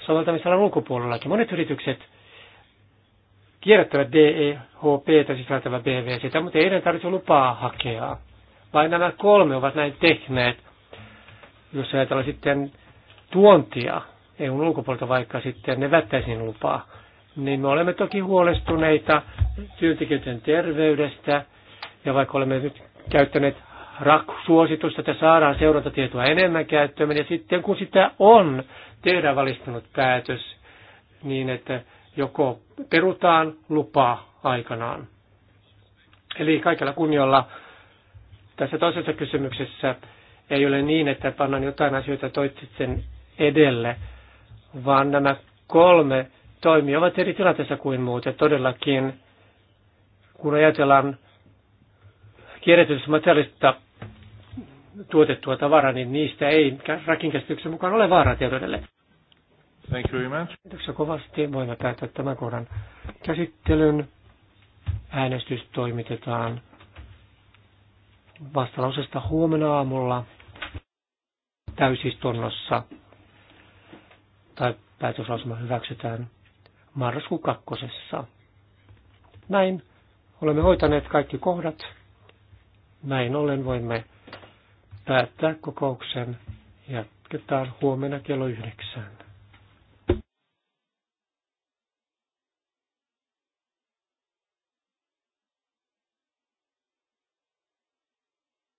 soveltamisalan ulkopuolellakin. Monet yritykset kierrättävät DEHP siis sisältävä BVC, mutta ei heidän tarvitse lupaa hakea. Vain nämä kolme ovat näin tehneet, jos ajatellaan sitten tuontia EUn ulkopuolelta vaikka sitten ne vättäisiin lupaa niin me olemme toki huolestuneita työntekijöiden terveydestä. Ja vaikka olemme nyt käyttäneet RAK-suositusta, että saadaan seurantatietoa enemmän käyttöön, ja sitten kun sitä on, tehdään valistunut päätös niin, että joko perutaan lupa aikanaan. Eli kaikella kunnialla tässä toisessa kysymyksessä ei ole niin, että pannaan jotain asioita toitsen edelle, vaan nämä kolme ovat eri tilanteessa kuin muut. Ja todellakin, kun ajatellaan kierrätysmateriaalista tuotettua tavaraa, niin niistä ei rakinkäsityksen mukaan ole vaaraa terveydelle. Thank you very much. Kiitoksia kovasti. Voimme päättää tämän kohdan käsittelyn. Äänestys toimitetaan vastalausesta huomenna aamulla täysistunnossa tai päätöslausuma hyväksytään marraskuun kakkosessa. Näin olemme hoitaneet kaikki kohdat. Näin ollen voimme päättää kokouksen. Jatketaan huomenna kello yhdeksän.